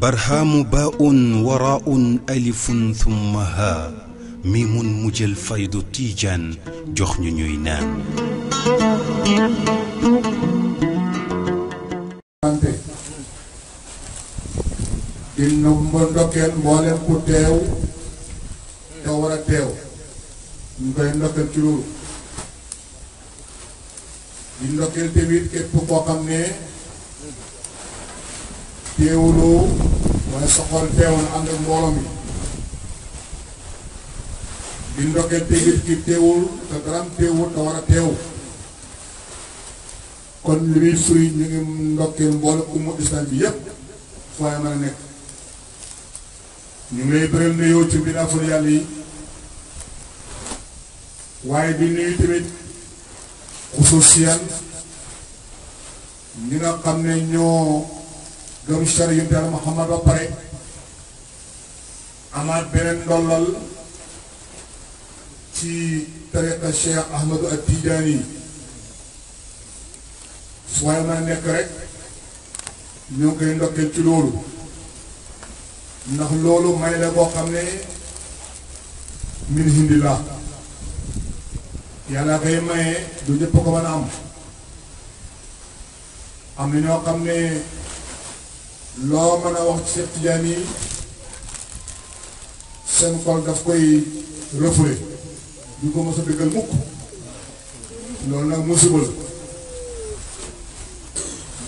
برهام باء وراء ألف ثم ها ميم مجل فيض تيجان جخن نينان di ma ndokkeel mbooleem ku teew te war a teew ci loolu di ndokkeel tamit képp koo xam ne teewuloo wala soxol teewoon ànd ak mbooloo mi di ndokkeel tamit ki teewul te garam teewul te war a teew kon li muy suy ñu ngi ndokkeel mbooloo umma islam bi yépp foo mën a nekk ñu ngi lay na yow ci mbindaafoon yàlla yi waaye di nuyu tamit xususiyan ñi nga xam ne ñoo gëm sariyante al Muhammad ba pare amaat beneen ndollal ci tariqa Cheikh Ahmadu at Tijaani su waaye mën nekk rek ñoo koy ndokkeel ci loolu ndax loolu may la boo xam ne min hindi la yàlla koy maye du ñëpp ko mën a am am na ñoo xam ne loo mën a wax ci Seex Tijaan yi seen xol daf koy refoulé du ko mos a dëggal mukk loolu nag musiba la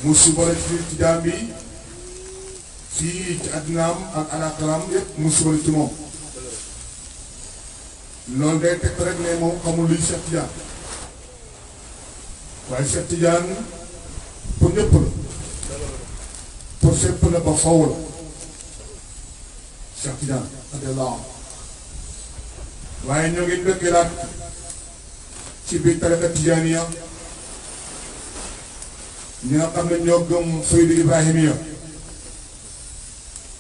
musiba la ci Tijaan bi fii ci àddinaam ak alaxiraam yépp musiba la ci moom loolu day teg rek ne moom xamul luy Cheikh Tidiane waaye Cheikh Tidiane pour ñëpp la pour sépp la ba faw la waaye ñoo ngi ndëkkilaat ci biir tariqa tijaaniya ñi nga xam ne ñoo gëm faydu ibrahimiya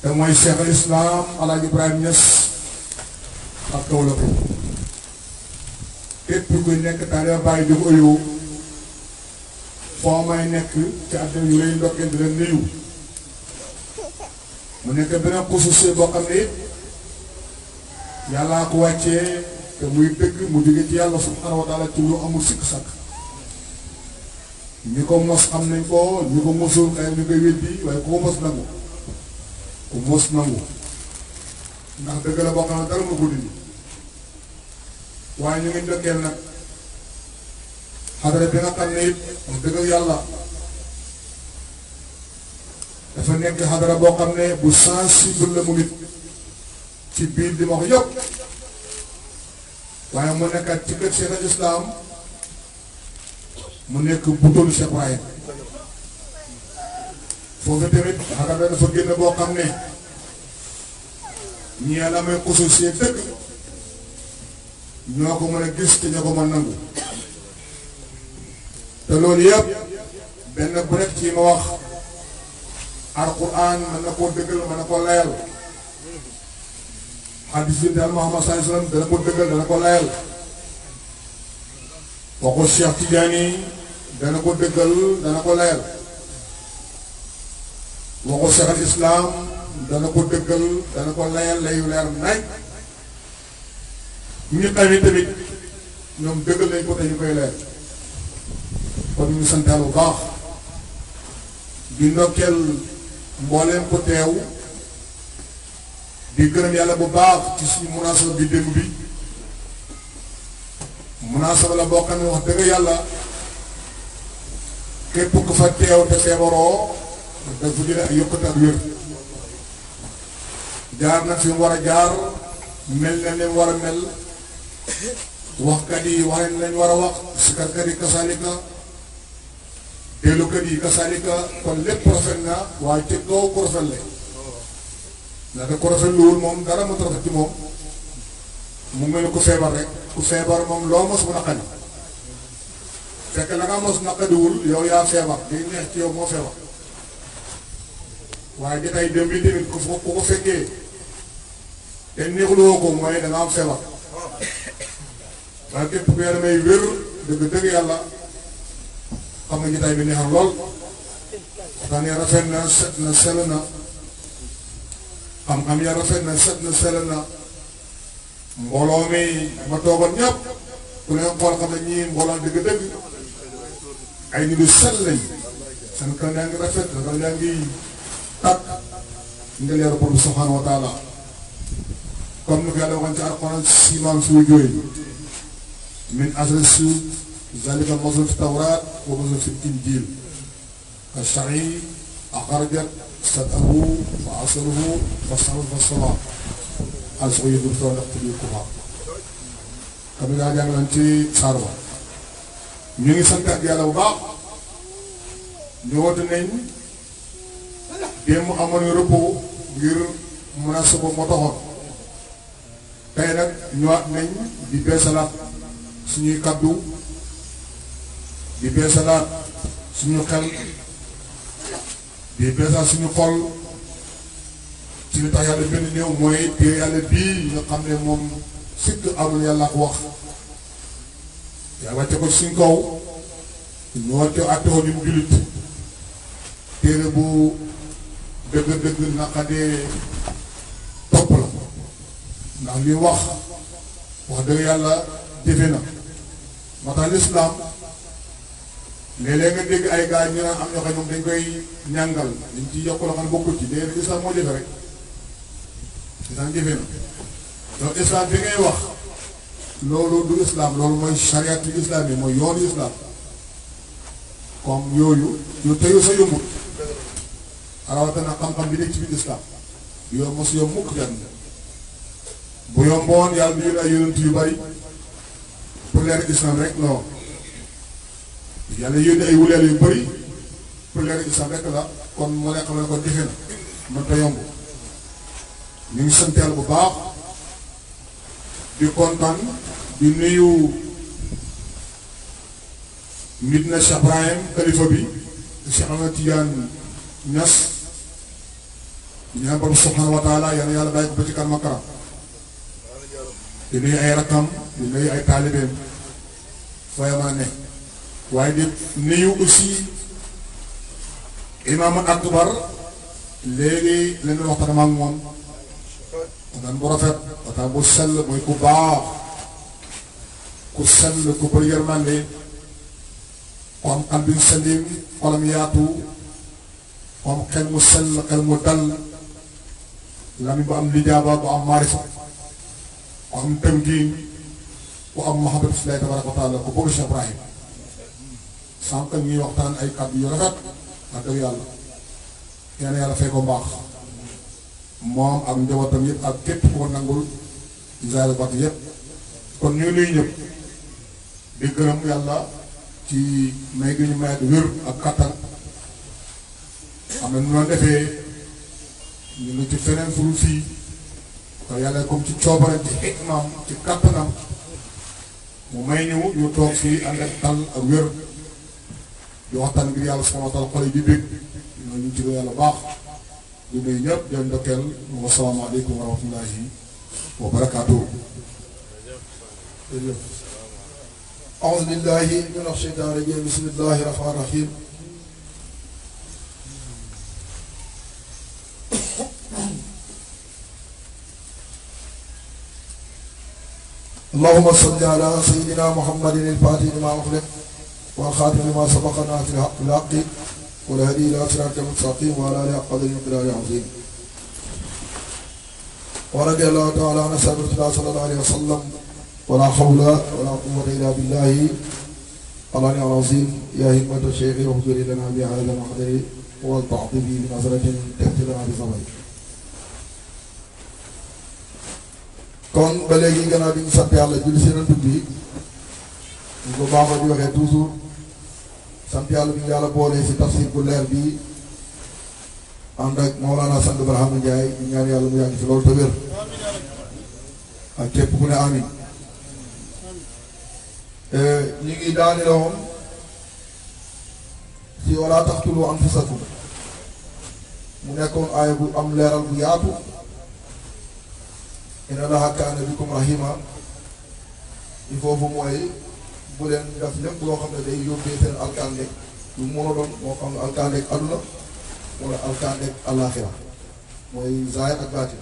te mooy cheikh al islam alaaj ibrahim ñas ak kaw la ko képp koy nekk taaliba bàyyi di ko ëyoo foo may nekk ci àddina ñu lay ndokkee di la nuyu mu nekk beneen xusuus boo xam ne it yàllaa ko wàccee te muy dëgg mu jóge ci yàlla subhanahu wa ci lu amul sikk sakk ñi ko mos xam nañ ko ñi ko mosul xëy ñu koy weddi waaye ku ko mos nangu ku mos nangu ndax dëgg la boo xam ne dara waaye ñu ngi ndokkeel nag xadara bi nga xam ne it wax dëgg yàlla dafa nekk xadara boo xam ne bu sensible la mu nit ci biir di wax yëpp waaye mu nekkat ci kër Cheikh al Islam mu nekk butoolu Cheikh Ibrahim foofu tamit xadara dafa génn boo xam ne ñi yàlla may xusu see dëkk ñoko mëna gis te ñoko mëna nangu té loolu yépp benn bu rek ci ma wax alquran mën na koo dëggal mën na layal hadith yi dal Muhammad sallallahu alayhi wasallam dana ko dëggal dana ko layal oko Cheikh Tidiane dana ko dëggal dana ko layal oko Cheikh al Islam dana ko dëggal dana ko layal layu leer nañ ñu xamee tamit ñoom dëggal nañ ko te ñu koy leer kon ñu santaal bu baax di ndokkeel mbooleem ko teew di gërëm yàlla bu baax ci suñu munaasaba bi démb bi munaasaba la boo ne wax dëgg yàlla képp ko fa teew te feebaroo dafa jële ay yokkute ak wér jaar na fi war a jaar mel na ni war a mel waxkat yi waxeen lañ war a wax sikarkat yi kasaalika dellukat yi kasaalika kon lépp rafet na waaye te doo ko rafet le ndaxte ko rafet luwul moom dara mu rafet ci moom mu mel ni ku feebar rek ku feebar moom loo mos mu naqari fekk la nga mos naqariwul yow yaa feebar day neex ci yow moo feebar waaye jotaay démb bi tamit ku ko fekkee te neexuloo ko mooy da am feebar waaye képp ku yàlla may wér dëgg dëgg yàlla xam nga jotaay bi neexal lool waxtaanee ya rafet na set na sell xam-xam ya rafet na set na sell na mbooloo mi ma toogoon ñëpp ku ne xool xam ne ñii mbooloo dëgg dëgg ay nit yu sell lañ seen kan yaa rafet dafa yang ngi tak nga leer borom subhanahu wa taala comme ni ko yàlla ci alquran suñu من أهل السوء ذلك مثل في التوراة ومثل في الإنجيل كالشعير أخرجت سدأه فأصله فصعد فالصلاة الصغير دكتور يقتلكما كما لا جعل أنت ساروا ñu ngi sant ak yàlla bu baax ñëwatu nañ démb amoon repos ngir munasaba moo taxoon tey nag ñëwaat nañ di beesalaat suñuy kaddu di beesalaat suñu xel di beesalaat suñu xol ci li tax yàlla benn néew mooy téere yàlla bii nga xam ne moom sikk amul yàlla ko wax yàlla wàcce ko suñ kaw ñoo te àttewoon topp la ndax li wax wax dëgg yàlla jëfe na moo tax lislaam léeg-léeg nga dégg ay gars ñu naan am ñoo xam koy ñàngal dañ ci yokk loo xam ne bokkul ci léegi islam moo jëfe rek islam bi mooy chariatu islam yoonu islam comme yooyu yu teyu sa yombut rawatina xam-xam bi nekk ci biir islam yooyu mos yomb mukk benn bu yomboon yàlla du yu bari pour leer islam rek non yàlla yónni ay wuleel yu bëri pour islam rek la kon mu nekk la ko jafe na mën ta yomb ngi bu baax di kontaan di nuyu nit na Cheikh Ibrahim bi Cheikh Ahmed Tidiane Niass ñaan subhanahu wa taala yàlla ko ci di nuyu ay taalibeem fooy ma ne waaye di nuyu aussi imaamu akbar léegi lañu waxtaan ak moom waxtaan bu rafet waxtaan bu sell mooy ku baax ku sell ku bëri yërmande ku ku am xel mu sell xel mu dal lami bu am lijaaba bu am maarifa ku am tëmkiin ku am Muhammad Rasulullah tabaraka wa taala ku bëgg Cheikh Ibrahim sànq ñuy waxtaan ay kàddu yu rafet ak yàlla yal na yàlla fay ko mbaax moom ak njabootam yëpp ak képp ku ko nangul Israël yàlla ci ak wér ak kattan am na ñu defee ñu ngi ci feneen furu fii yàlla comme ci coobareem ci xikmaam ci kattanam. mu may ñëw ñu toog fii ànd ak tal ak wér di waxtaan ngir yàlla subhanahu solo taala xol yi di bég ñoo ñu ci yàlla baax di nuyu ñëpp di leen ndokkeel wasalaamaaleykum wa rahmatullahi wa barakaatuhu أعوذ بالله من الشيطان الرجيم بسم الله الرحمن الرحيم اللهم صل على سيدنا محمد الفاتح لما أخلق والخاتم لما سبق ناصر الحق بالحق والهدي إلى صراط المستقيم وعلى آله حق قدر المقدار العظيم ورضي الله تعالى عن سيدنا الله صلى الله عليه وسلم ولا حول ولا قوة إلا بالله العلي العظيم يا همة الشيخ اغفر لنا بهذا المحضر والتعطي بنظرة تهتدنا بصبرك kon ba léegi gannaaw bi ñu sant yàlla julli seen tub bi ñu ko baaxoo di waxee toujours sant yàlla bi ñu yàlla boolee si tafsir bu leer bi ànd ak Mawlana Sang Barhama Ndiaye ñu ñaan yàlla mu yàgg fi loolu te wér ak képp ku eh, ñu ngi daani la woon si wala taqtulu anfusakum mu nekkoon aaya bu am leeral bu yaatu inna allaha kaana bikum rahima il foofu mooy bu leen def lépp loo xam ne day yóbbee seen alkande lu mën a doon moo xam ne alkande ak àdduna wala mooy zaahir ak baatin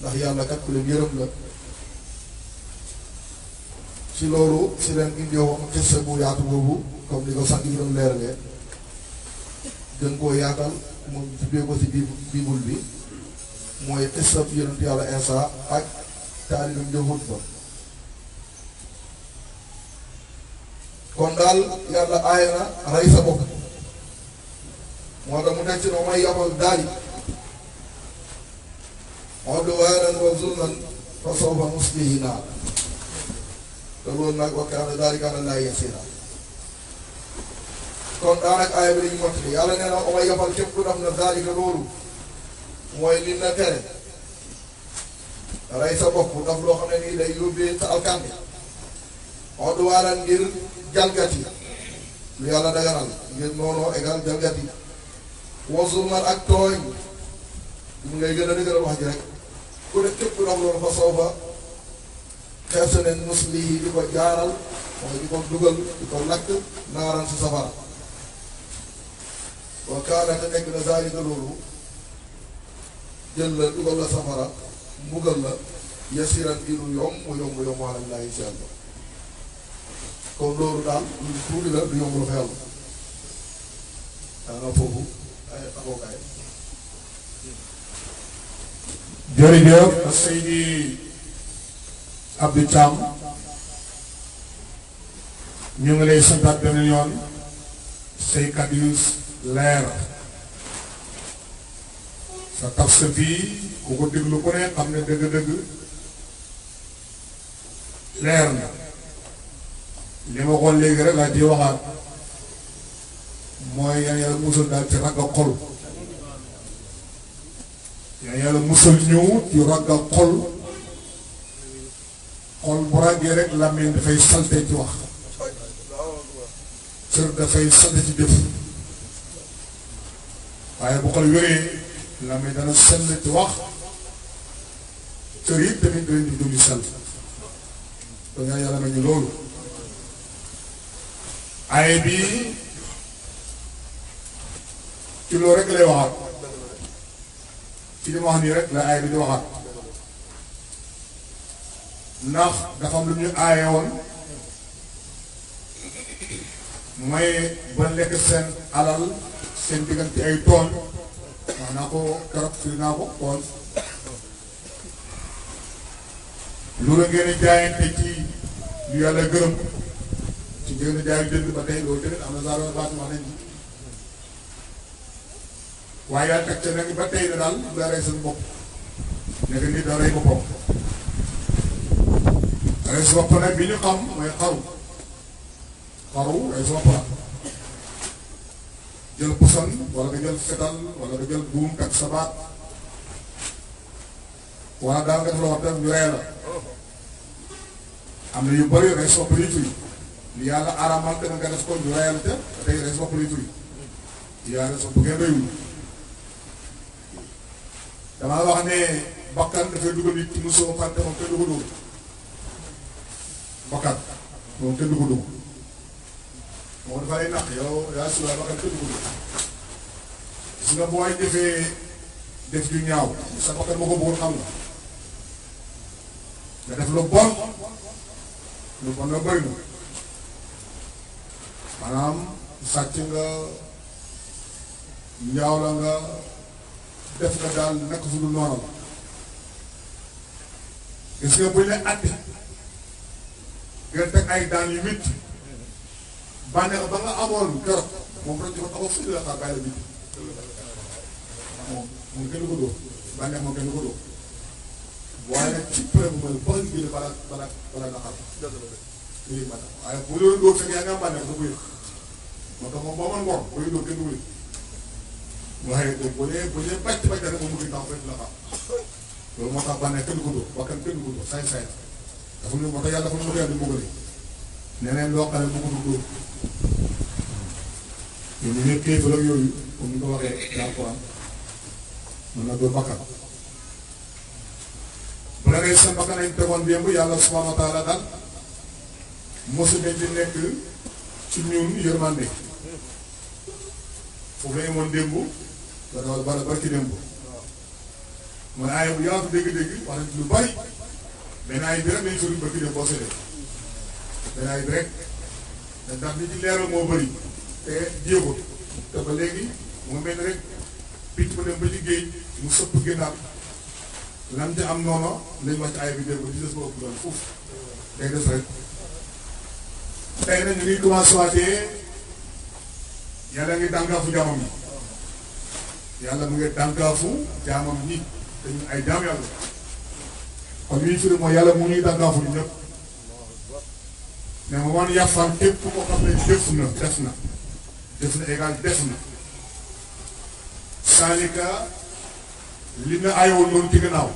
ndax yàlla kat ku leen yërëm la ci loolu si leen indi woon xisse bu yaatu boobu comme ni ko sànq yi leeralee gën koo yaatal moom jubbee ko si biibul bi mooy xisab yonent yàlla Insa ak taalibam Yahud ba kon daal yàlla aay na rey sa moo tax mu nekk ci ne may yabal daal yi moo du waanan wa zulman fa sawfa nuslihi naar te loolu nag wa kaana daalika ala llaahi yasiiraa kon daanaka aay bi dañu mottali yàlla nee na may yabal képp ku def na daalika mooy li na tere rey sa bopp ndax loo xam ne nii day yóbbee sa alkande odduwaara ngir jalgati lu yàlla daganal ngir noonoo égal jalgati wasulman ak tooñ mu ngay gën a dëgëral wax ji rek ku ne képp ku loolu fa soow fa xeesu ne musli yi di ko jaaral mooy di ko dugal di ko lakk naaran si safara wa kaana nekk na zaalika loolu jël la dugal la safara mbugal la yasiran dinu yomb yomb yomb alal laay si yàlla kon loolu daal lu tuuti la du yomb la fa yàlla daanaka foofu ay taxawkaay. jërëjëf Seydi Abdou Thiam ñu ngi lay santaat beneen yoon say kaddu leer. te tafsir bii ku ko déglu ku ne xam ne dëgg-dëgg leer na li ma xol léegi rek laa ci waxaat mooy yaa yàlla musal daal ci ragga xol yàlla musal ñëw ci ragga xol xol bu ràggee rek làmmiñ dafay salte ci wax cër dafay salte ci jëf waaye bu xol wéree la muy dana sell ci wax cër yi tamit doy di dund sell kon ñaan yàlla ma ñu loolu ay bii ci loolu rek lay waxaat ci li mu wax nii rek la ay bi di waxaat ndax dafa lu ñu aaye woon mooy ba lekk seen alal seen diggante ay tool naa ko keroog firi naa ko xool lu la ngeen jaayante ci lu yàlla gërëm ci ngeen a jaay jënd ba tey loolu tamit am na saa doon baat wax nañ ci waaye daal teg ca nag ba tey ne daal bu la rey seen bopp nekk nit da rey boppam rey su bopp nag bi ñu xam mooy xaru xaru rey su bopp la jël poson wala nga jël fetal wala nga jël buum kat sa baat daal nga def loo xam ñu ree la am na yu bëri yu rees bopp luy tuy lu yàlla aramal dana nga def ko ñu reyal te tey rees bopp luy bu ngeen doyul wax ne bakkan dafay dugal nit ci musoo fàtte moom kenn du ko dóor bakkan moom kenn du ko moo dafa lay naq yow yaa suba ba xam tëdd ko gis nga booy defee def yu ñaaw sa bakkan moo ko bëggoon xam nga def lu bon lu bon la bëri na maanaam sàcc nga ñaaw la nga def nga daal nekk fu dul noonu la gis nga buñ ne àtte nga teg ay daan yu métti bànneex ba nga amoon keroog moom la ñu jox amoo fii la xaar bàyyi la bitti moom moom kenn ko dóor bànneex moom kenn ko dóor waaye nag ci problème mooy ba nga liggéey bala bala bala nga xam. dëgg la waaye bu doon dóor fekk yaa ngi am bànneex da ko yëg moo tax moom boo mën ngor booy dóor kenn du ko yëg waaye bu dee bu dee bàcc bàcc rek moom mu ngi tax fekk la xam loolu moo tax bànneex kenn du ko dóor bakkan kenn du ko dóor saay saay la dafa ne moo tax yàlla dafa ne mu gën a neneen loo xam ne bëggu góor yooyu ñu ne kéefar yooyu comme ni ko waxee daa ko am mën na doo bakkan bu la nee sa bakkan lañ tegoon démb yàlla subhaana wa taala daal mosu dañ nekk ci ñun yërmande foofu la ñu mën démb ba dawal ba barki démb mooy aaya bu yaatu dégg-dégg wax nañ lu bari benn aaya bi rek lañ sori barki démb boo seetee danaay bi rek ndax li ci leeral moo bëri te jéego te ba léegi mu mel ni rek picc mu dem ba liggéey mu sëpp ginnaaw lan ca am noonu lañ wàcc ay bi démb di des ba ëpp doon fuuf day des rek tey jaamam yi yàlla mu ngi dànkaafu jaamam ñi te ñun ay jaam yàlla kon li ñu yàlla mu ñuy dànkaafu ñun ñëpp. mais ma wan yàppar képp koo xam ne na def na def na égal def na saalika li na ayoon noonu ci gannaaw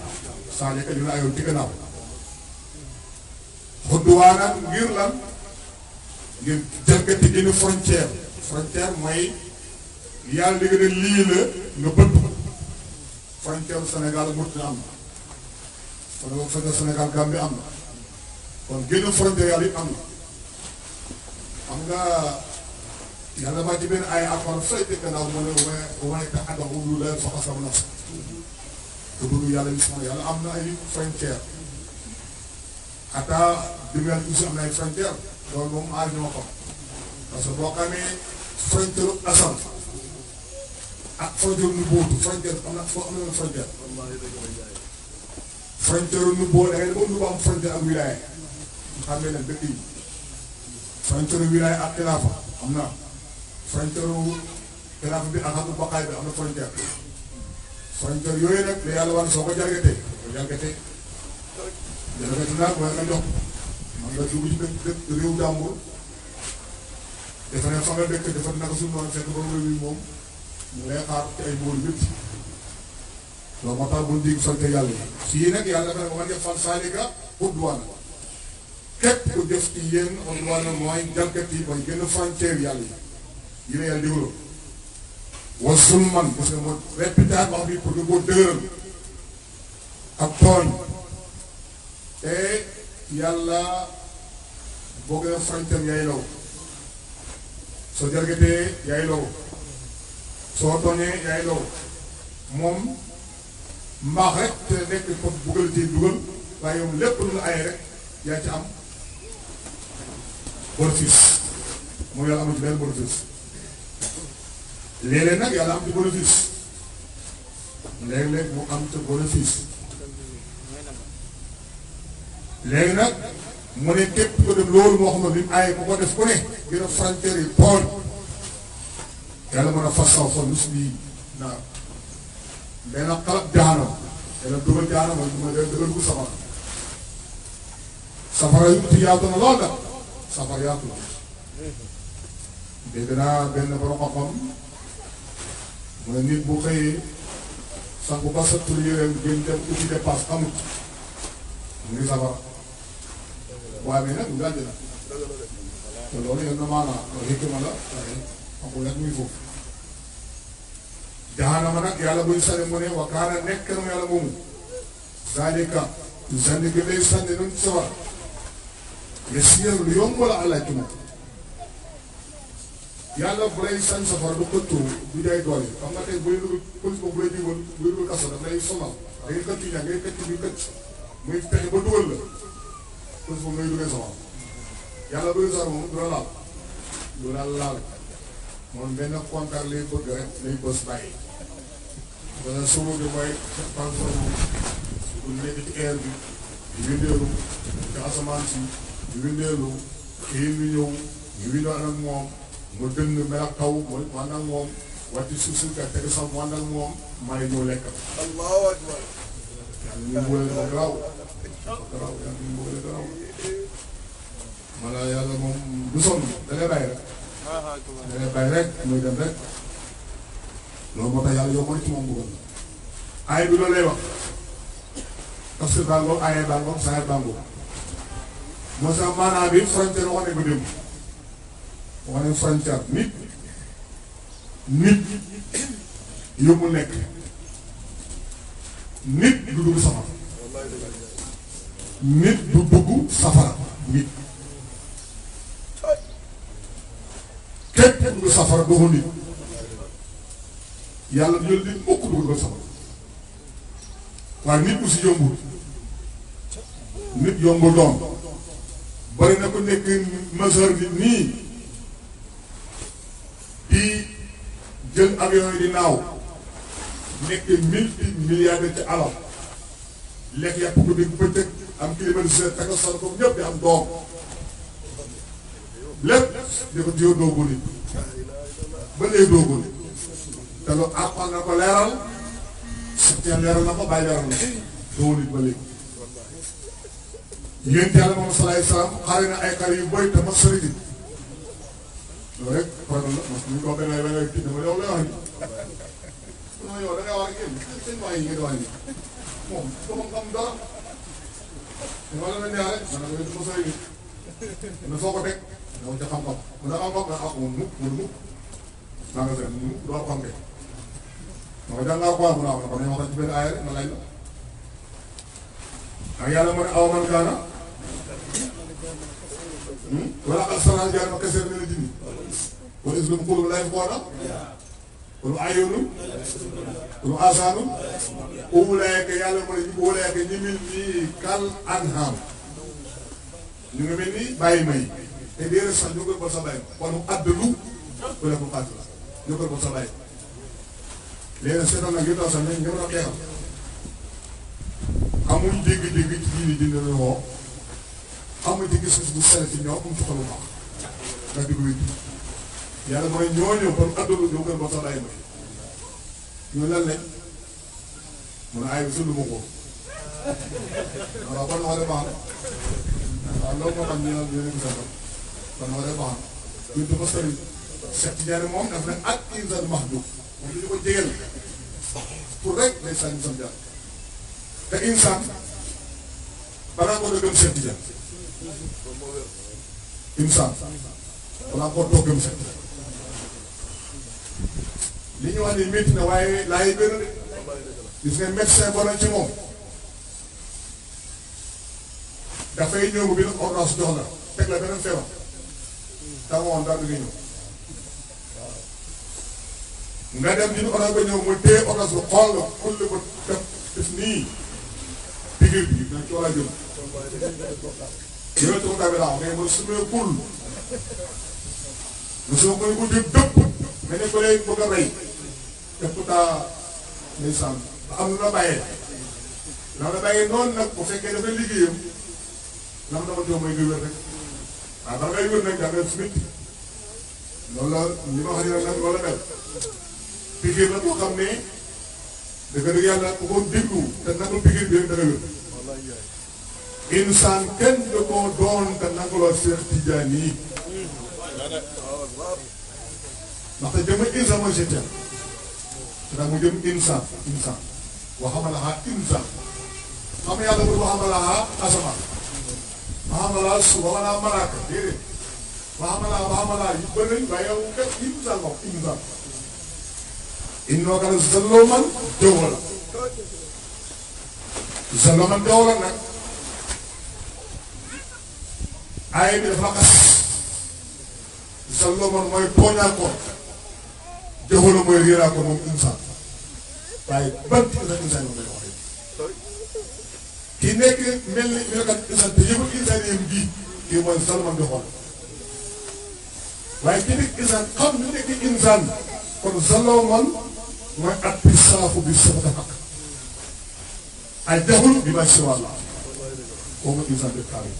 saalika li na ayoon ci xudduwaana ngir lan ngir jalgati jëni frontière frontière mooy yàlla li nga ne lii la nga bëtt frontière Sénégal Mauritanie am na frontière Sénégal Gambie am na kon génn frontière yàlla am na xam nga yàlla ma ci benn ay affaire sooy dëkk ndaw sama nas. te bëgg yàlla gis nga yàlla am na ay frontière ata bi am na ay frontière loolu moom aar ñoo xam parce que boo xamee frontière asal ak frontière nu boobu frontière am na foo am na frontière. frontière nu boobu da ngay dem ba am frontière ak yi. frontière wilaaya ak xilaafa na bi ak xam baqaay am na frontière frontière yooyu nag yàlla war soo ko jalgatee ko jalgatee jalgati nag war nga jox ko a def fan saalika képp ku def ci yéen onduwaana mooy jalkat yi bay gën bi pour nga ak tooñ te yàlla boo gën a fànteer yaay law soo jalgatee yaay law moom mbaax rek te nekk ko buggal ci dugal waaye moom lépp lu la ay rek ci am bénéfice mooy yàlla amul ci benn bénéfice léeg-léeg nag yàlla am ci bénéfice léeg-léeg mu am nag mu ne képp ko dem loolu moo xam ne bi mu aaye ku ko def ku ne gën a frontière yi pool yàlla mën a fas saw xol lu si bii naa benn xalab jaanam yàlla dugal jaanam mooy du ma dëgal ko safara safara yu ti yaatu na lool nag safar yaatu la dégg naa benn borom xam-xam mu ne nit bu xëyee sangu ba sëttul yéreem gën dem uti dépasse amut mu ngi safar waaye mais nag gàjj na te loolu yenn maanaa loolu hikma la waaye amul nag muy foofu jahanama nag yàlla buy sànni mu ne wa kaana nekk na mu yàlla moomu zalika sànni lay sànni nun safar nga siyal lu yomb la alaajuma yàlla bu lay sañ safara du xëttoo du jaay doole xam nga tey bu lay dugal police boobu bu bu kaso daf lay sonal da ngay xëtt ña ngay xëtt ñu xëtt muy pexe ba dugal la police boobu ngay dugal sama yàlla bu lay safara moom du la laal du la laal moom benn kontar lay bëgg rek lay bës bàyyi dana solo bi mooy transforme bu nekk ci air bi di windeeru ci asamaan si ñu windeelu xiin wi ñëw ñu windoon ak moom mu dëng mel ak taw mu wànd ak moom wàcc suuf si gerte gi sax wànd ak moom may ñëw lekk. allahu akbar. yàlla ñu mbugal ko garaaw garaaw yàlla ñu mbugal garaaw. mala yàlla moom du sonn da ngay bàyyi rek. da ngay bàyyi rek muy dem rek. loolu moo tax yàlla yombal ci moom mbugal aay bi loolu lay wax. parce que bàngoog aayee bàngoog saa yàlla bàngoog maanaam maanaam bi frontière wax ne ko démb wax ne frontière nit nit yu mu nekk nit du dugg safara nit du dugg safara nit nit yàlla jël nit mukk dugg dugg safara waaye nit ku si yombul nit yombul doom bari na ko nekk majeur bi nii di jël avion yi di naaw nekk multi milliardaire ci alal lekk yàpp ko dégg bëccëg am climatiseur takk sol ko ñëpp di am doom lépp di ko jiw doogu ba léegi doogu ni te lu àppal na ko leeral. Cheikh leeral na ko bàyyi leeral na ko doogu ba léegi. yéen yàlla moom salaay salaam xare na ay xare yu bëri te mos sori ji loolu rek kon nag ko yow lay ma yow da yi moom dama xam xam-xam doo ko ne ak yàlla man gaana Hmm? wala ak saraan jaar ma kese mel dini wala islam kulum lay xoona wala ayoonu wala asaanu uwulaayaka yàlla mu ne ñu uwulaayaka ñu mel ni kal anham ñu ngi mel ni bàyyi may te déedéet sax ñu koy bol sa bàyyi wala addalu wala mu xaatu la ñu koy bol sa bàyyi léegi nag nag yu tax sax ñu mën a xeexal amuñ dégg-dégg ci diini dina woo amuñ ci gis-gis bu sell ci ñoom a ay sëluma ko waaw na waaw loolu moo tax ñu ne ñu ne gisal kon wax dëgg moom daf ne ak insan mahdoub moom dañu ko jegeel pour te insan balaa ko dëgëm Cheikh Tidiane insan balaa koo toog gëm set li ñu wax ni na waaye laa yi gën a de gis nga dafay ñëw bi ordonnance jox la teg la beneen feebar tamoon daal di nga nga dem di ñu ordonnance ba ñëw mu téye ordonnance bu xool la xulli ko def def nii digir bi na ci yooyu tamit daaw mais su ma gul mosoo koy guddi bépp mais ne ko lay bëgg a béy bépp daa ndeysaan am lu bàyyee la la bàyyee noonu nag bu fekkee dafay liggéeyam lam dama jox mooy nga wér rek waaw bala ngay wér nag da ngay smith la li ma wax ni nag la mel pikiir la boo xam ne dëgg dëgg yàlla ku ko déglu te naka pikiir bi rek da nga wér Insan ken da ko don te nanguloo Cheikh Tidiane yi ndaxte jëm insa mooy si teel te mu jëm insaan insaan waxamalaha insaan xam yàlla bu waxamalaha asamaan waxamalaha suba wala malaaka déedéet waxamalaha waxamalaha yi ba nañ ba yow kat insaan wax insaan innoo kan zalloman man jawwala aaya bi dafa mooy tooñaa ko mooy réeraa moom insaan waaye ban kii la insaan moom lay wax ki nekk mel ni melokat insaan te yëgul insaan yem bii kii mooy Salman di xool waaye ki nekk insaan xam ni nekk insaan kon Salman mooy at bi saafu bi sabata fakk ay jaxul bi ma si wàlla kooku insaan bi kaamil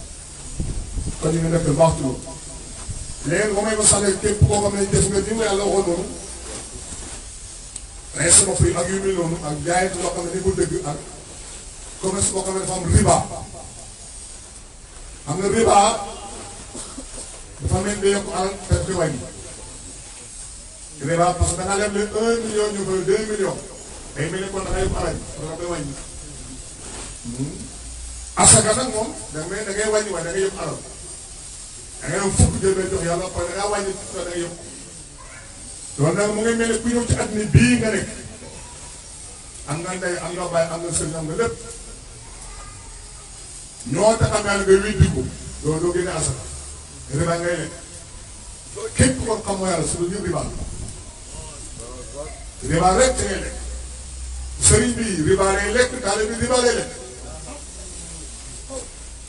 kon ñu ngi nekk mbaxtu léegi ba may ma sànni képp def nga ni mu yàlla waxoon noonu ak yu mel noonu ak jaayit loo xam ne ni ko dëgg ak commerce boo xam ne dafa am riba am na riba dafa mel ni yokk alal te di wàññi riba parce que da nga leb million ñu koy deux millions day mel ni kon dafay yokk alal da koy wàññi hmm. asaka nag moom da ngay da ngay wàññi waaye da ngay yokk da ngay fukk jël benn jox yàlla ba pare da ngaa wàññi sa da ngay yokk loolu nag mu ngi mel ku ñëw ci àddina bii nga nekk am nga ndey am nga bàyyi am nga sëñ am nga lépp ñoo tax am naa ne nga wiy diggu loolu doo génne asaka riba ngay lekk nga yàlla suñu biir riba riba rek ci ngay lekk sëriñ bi riba lay lekk daal bi riba lay lekk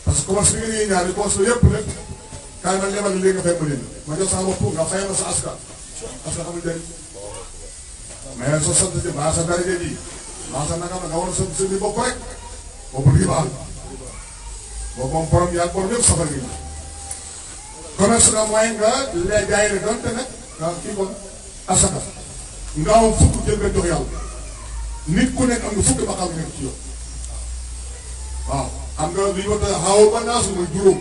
parce que commence bi nga ñuy yëpp lépp. kaay ma lebal léegi nga fay leen ma jox sama bopp nga fayal ma sa aska aska amul njëriñ mais sa sant ji mbaa sa daraja ji sa naka nga war a sant seen i bopp rek boobu riba boobu moom borom yaa borom yëpp safar gi commerce nga mooy nga lee jaay ne donte nag nga kii kon asaka nga am fukk jël nga jox yàlla nit ku nekk am nga fukki baqaam nekk ci waaw am nga li ñu wax xaw ba naasu mooy juróom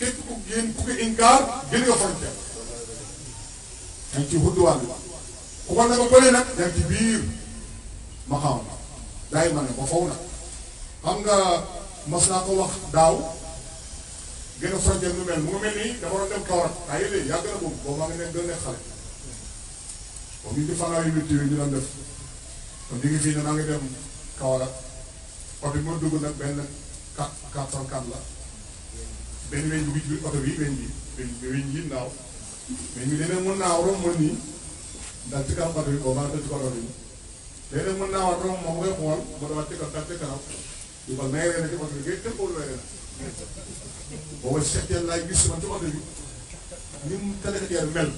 képp ku génn ku ko génn nga frontière yaa ngi ci xudduwaan ku ko naka bële nag yaa ci biir ma xam nga mas ko wax daaw génn frontière nu mel nii dafa doon dem kawar ay yële yàgg na boobu boobu maa ngi nekk gën a nekk xale boobu ñu ngi ci fanaa yu métti ñu doon def kon ñu ngi fii ne maa dem kawar oto bi ma dugg nag benn 4 4 la ben weñ bi bu ci auto bi weñ bi weñ weñ yi naaw mais ñu leneen mën naa romb nii dal ci kanam oto bi boo baax dal ci kaw oto bi leneen mën naa war romb moom ngay xool mu dawal ci kaw dal ci kanam di ko neeree na ci oto bi ngay tëb wala leeree na booba seeteen laay gis man ci oto bi ni mu télécteer mel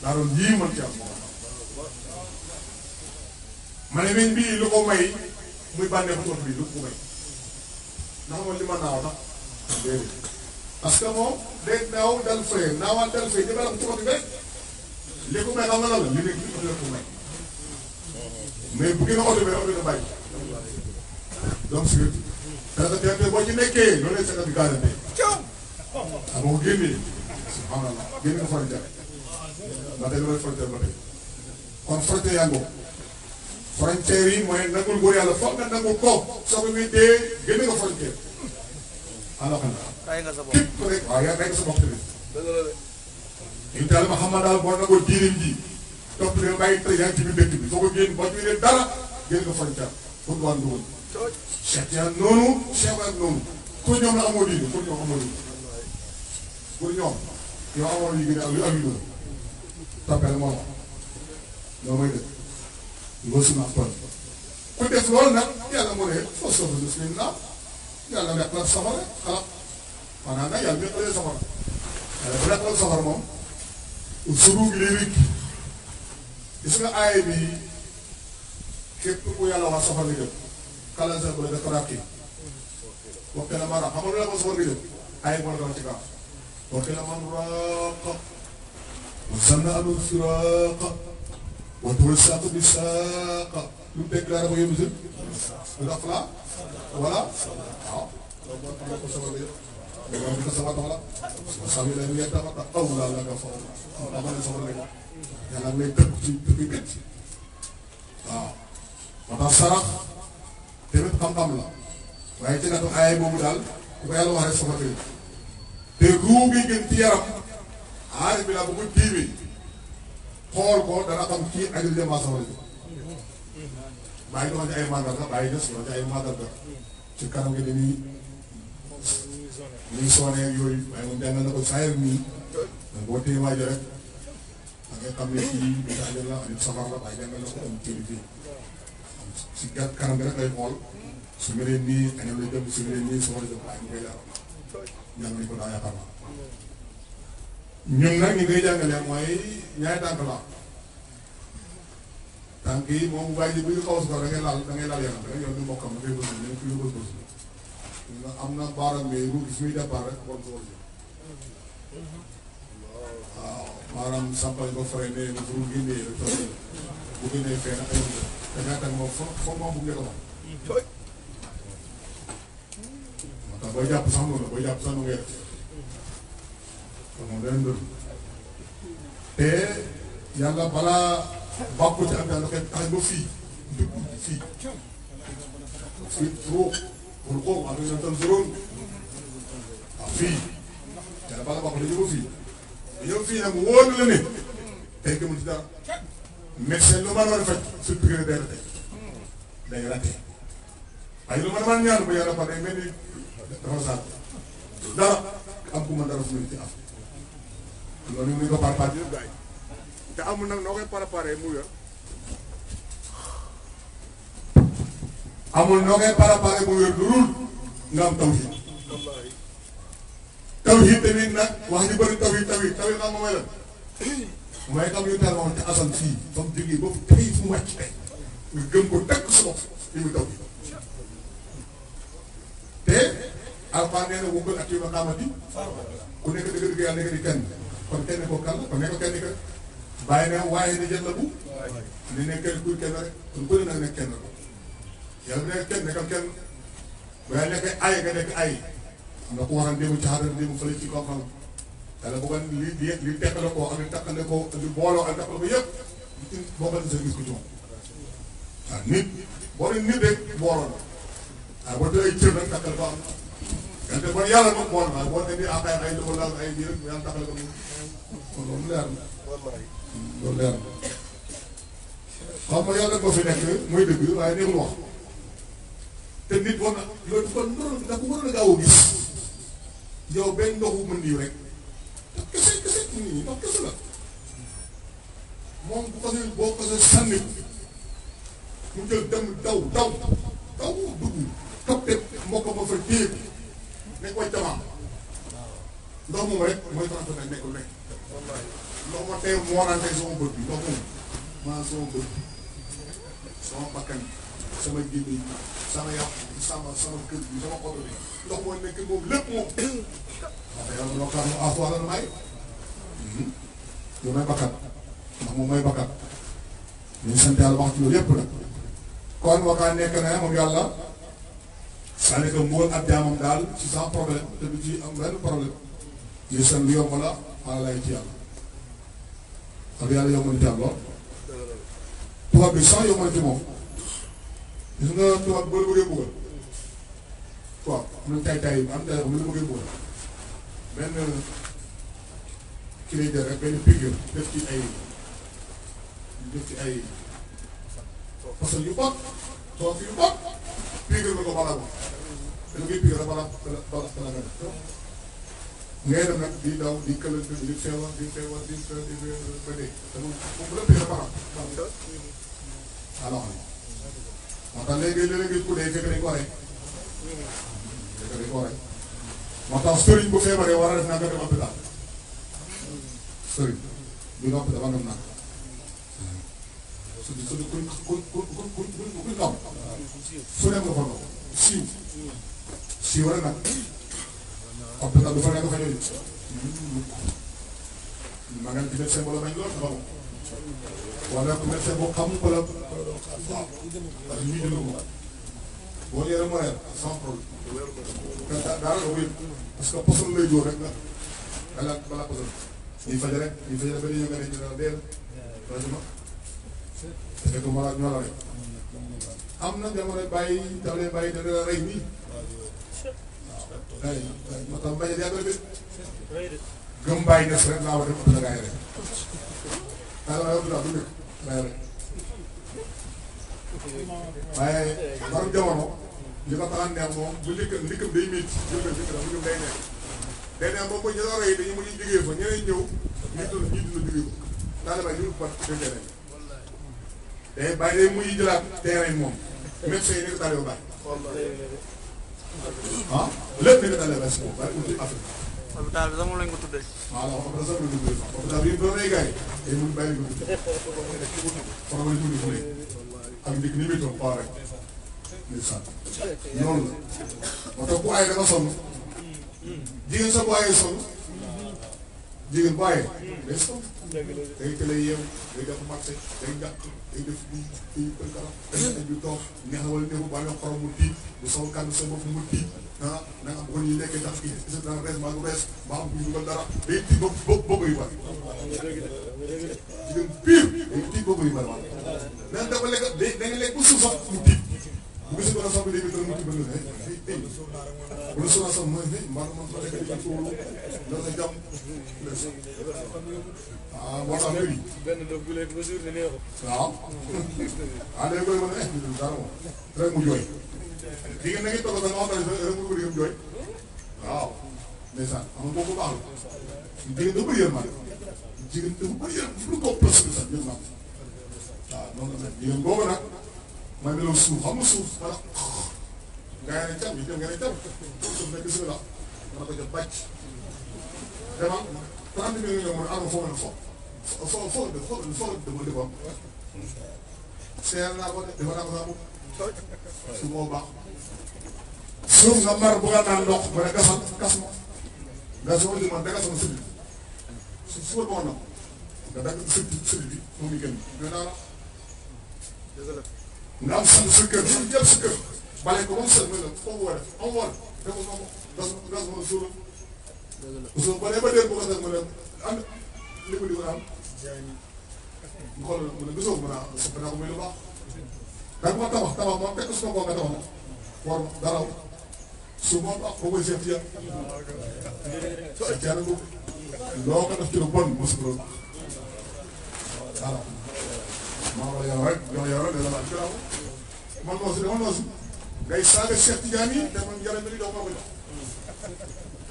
da ron yi mën ci am mo mané ne weñ bii lu ko may muy bandé ko auto bi lu ko may ndax mo li ma naaw tax déedéet parce que moom day naaw dal fee naawaan dal fee jëmale ko ci côté rek li ko may xam nga lan la li nekk li ko may mais bu gën a oto bi oto bi bàyyi donc si parce que TNT boo ci nekkee loolu lay seqal di garanti xam nga ah, ko génnee subhanallah génne ko frontière ba tey loolu frontière ba tey kon frontière yaa ngoo frontière yi mooy nangul góor yàlla foog nga nangul ko soo ko muy dee génne ko frontière alors que bàyyi nga sa bopp waaw yaa nga sa bopp tamit ñu ma xam ma daal boo nangoo diineem ji topp leen bàyyi te yaa dëkk bi soo ko génn boo ci leen dara génn nga frontière pour ñu a am yu doon toppeel moo loo may def nga suma tool ku def loolu nekk nag sama rek xalaat maanaam nag yàlla ñoo ëlee safara waaye bu nekk nag safara moom suruug liwig gis nga aay bi képp ku yàlla wax safara nga jëm kalansa bu la def raak yi waxte la mara xam nga lu la ko safara nga jëm aay bi la ci gaaw waxte la man raaq wa sanna alu firaaq wa tuwal saaq bi saaq lu mu déclaré ko yóbbu si lu daf la voilà waaw ويعمل سبعة وسبيلا أن يتبقى أولى لك فأولى أولى من صبر لك yàlla may tënk ci tënk yu métti waaw moo tax sarax tamit xam la waaye ci sama te ruu bi gën ci yaram aay bi la bu ko tiimee xool ko dana kii ak li dem sama rajo bàyyi doon ci ay màndarga bàyyi des doon ci ay màndarga ci kanam gi dañuy. muy soonee yooyu waaye moom jàngal na ko saayir nii donc boo téye waajo rek da xam ne kii daajal la am la waaye jàngal na si gàtt kanam bi rek lay xool su ma nii añam la jëm su ma nii soxla jëm waaye mu koy leeral jàngal ko daa yaakaar ñun nag ñu koy jàngalee mooy ñaari tànk la tànk moom bàyyi ji bu ñu xaw a da ngay laal da ngay laal yaram da ngay am na baaraam mais ru gi fi muy départ rek bon ko wërëm waaw maanaam sampal ba fay nee na ru gi nee na bu gënee fee na ay da ngaa tànn moom foo foo moom bu ngeen ko wax. moo tax booy jàpp sax noonu la booy jàpp sax nu ngay def kon moom leneen dëgg te yàlla balaa bàkku ci ak daal da koy tax ba fii dugg fii fii trop. والقوم أفلا تنظرون fii yàlla ba nga baaxul dañu ko fii dañoo fii nag wóolu la ne tey demul ci dara médecin lu mën a faj suñ bi gën a day day raté waaye lu mën a mën ñaan ba yàlla ba day mel ni dafa saat dara am ku mën fu mu ci am loolu ñu ko préparé te amul nag noo koy mu wér amul noo ngay préparé bu wér lu nga am tawhid tawhid tamit nag wax ñu bëri tawhid tawhid tawhid nga mooy lan mooy xam ñu teel woon mu jógee ba mu mu wàcc tey nga ko tekk sa bopp li te alxuraan nee na wëggal ak yu ma xamati ku nekk dëgg dëgg yàlla nekk ko kan la kon nekk kenn ka bàyyi na waaye ne kenn kuy kenn rek kon bëri na nekk kenn ko yàlla bu nekk kenn nekkal kenn bu yaa nekkee ay nga nekk ay am na ku waxoon démb ci xaaral démb fële ci koo xam yàlla bu li li li teqale koo ak li teqale koo li booloo ak teqale ko yëpp boo ko defee gis ko ci moom waaw nit boo nee nit rek booloo la waaw boo dee ay cër nag teqale ko am yàlla te bon yàlla moom bool waaye boo demee ak ay ay dafa laal ay ji rek yàlla teqale ko moom kon loolu leer na loolu leer na xam nga yàlla moo fi nekk muy dëgg waaye nekkul wax. te nit war na yooyu kon waroon da a gaaw a gis yow benn ndoxu mën di rek kese kese nit ñi ndox kese la moom bu ko see boo ko see sànni mu jël nekk koy jamaa ndox moom rek mooy transport nekk nekk ndox ma tey moo naan tey sama bët bi ndox moom maa sama sama bakkan sama yàqu sama sama kër gi sama oto bi ndox moo moom lépp moom. waaw te yàlla loo xam ne ah wala may. yow may bakkat ndax moom mooy bakkat ñu sant yàlla moom la xaaral laay moom. gis nga tubaab boo la bëggee bëggal tubaab am na tay tay yu am dara bu la bëggee bëggal benn kii lay jël rek benn pigure def ci ay def ci ay fasal yu bokk soos yu bokk pigure nga ko bala ko da ngay pigure bala bala bala nga def ngay dem nag di daw di kële di feewal di feewal di feewal di ba dee dama bu la pigure bala bala alors moo tax léegi léeg nit ku dee fekk dañ ko rey fekk dañ ko rey moo tax sëriñ bu feebaree war a def nanga dem hôpital sëriñ du nopp dafa ngam nag su su ku ku ku ku ku ndaw fu nekk nga fa ndaw siiw siiw rek nag hôpital du fa nekk fa ñëw hmm. ma nga ci def seen bolo bañ lool wala ku médecin bu xam ku la ak ñuy jënd ko boo yoree moyen sans problème te daal wér parce que poson lay jóor rek la balaa balaa poson ñuy faj rek ñuy faj rek ba dañoo gën a ñu dee la vraiment fekk malade ñoo la rek am na jamono bàyyi daf lay bàyyi dana la rey nii waaw day moo tax mbañe yàgg la gëm bàyyi des rek laa war a def ak la gaay rek daanaka Abdoulaye bu nekk lay rey waaye borom jamono li ko faral neex moom bu liggéey liggéey day métti jëndal jëndal bu ñëw day neex day neex boo ko ñu doon rey dañu mujj jógee fa ñeneen ñëw ñu dund ñu dund jógee ko daanaka ñu pat dëgg rek day bàyyi day mujj jëlaat terrain moom médecin yi nekk daal yoo baax ah lépp nekk daal yoo baax si moom bàyyi ko ci Afrique hôpital bi sax moom lañ ko tuddee. waaw waaw xam nga sax lañ ko tuddee hôpital bi yëpp doon ay gars yi. tey mu bàyyi ko tuddee. xoolal ma tuuti fu ne ak ndik ni muy toog paa rek. ndeysaan noonu la moo tax bu aayee dama sonn jigéen sa bu aayee sonn jigéen bu aayee day sonn day tële yeew day def marché day gàtt. day def di di përkala dañuy ñu toog neex wala neexul bu amee xorom mu tiit bu sow kàddu sa bopp mu tiit ah na nga am bu ko ñuy lekkee tax kii gis naa rees maa ngi rees maa am bu ñu ko dara day tiit bopp bopp bopp yu bari. jigéen pire day tiit bopp yu bari. mais dafa lekk day day lekk bu suuf sax mu tiit. musu bana sabu debi tan mutu bana hey wala sala sa moy ni ma ma fa rek ci eh, ko la la jam ah mo tam bi ben do bu lek ba jour ne neexo waaw ande koy mo eh du dara mo rek mu joy di nga ngi togo tan on tan rek mu ko di joy waaw ndeysaan am ko ko baax jigéen da bëri yéen ma jigéen da bëri yéen fu ko plus sax ñu ma waaw noonu la jigéen boobu nag mooy melaw suuf xam nga suuf wala nga ne jàmm yi nga ne jàmm suuf nga ah, mën a am foo mën a fo fo naa ko dafa baax suuf nga mar bu nga naan ndox ba ne gasal gas ma nga soo di man dagasal sëbi su suba boon na nga dagg sëbi sëbi bi moom i gën mais daara désolé nga am sant sa kër suñu jël sa kër bale ko ba mu set mooy nag foofu war a def am war da ko sama das das ma suuna suuna ba dee ba dee bu ko des ma dem am li ko di ko am mu xool mu ne gisoo mën a sopp naa ko muy lu baax da ma tabax tabax moom fekk su ma koo nga tabax moom war daraw su moom ak boo koy seet yàlla seet yàlla boobu loo ko def ci lu bon mosu ko voilà maa wala yow rek yow yow rek dana laaj gannaaw man noosu dama noosu day saaga Cheikh Tidiane yi te man njëriñ li jox moo ko jox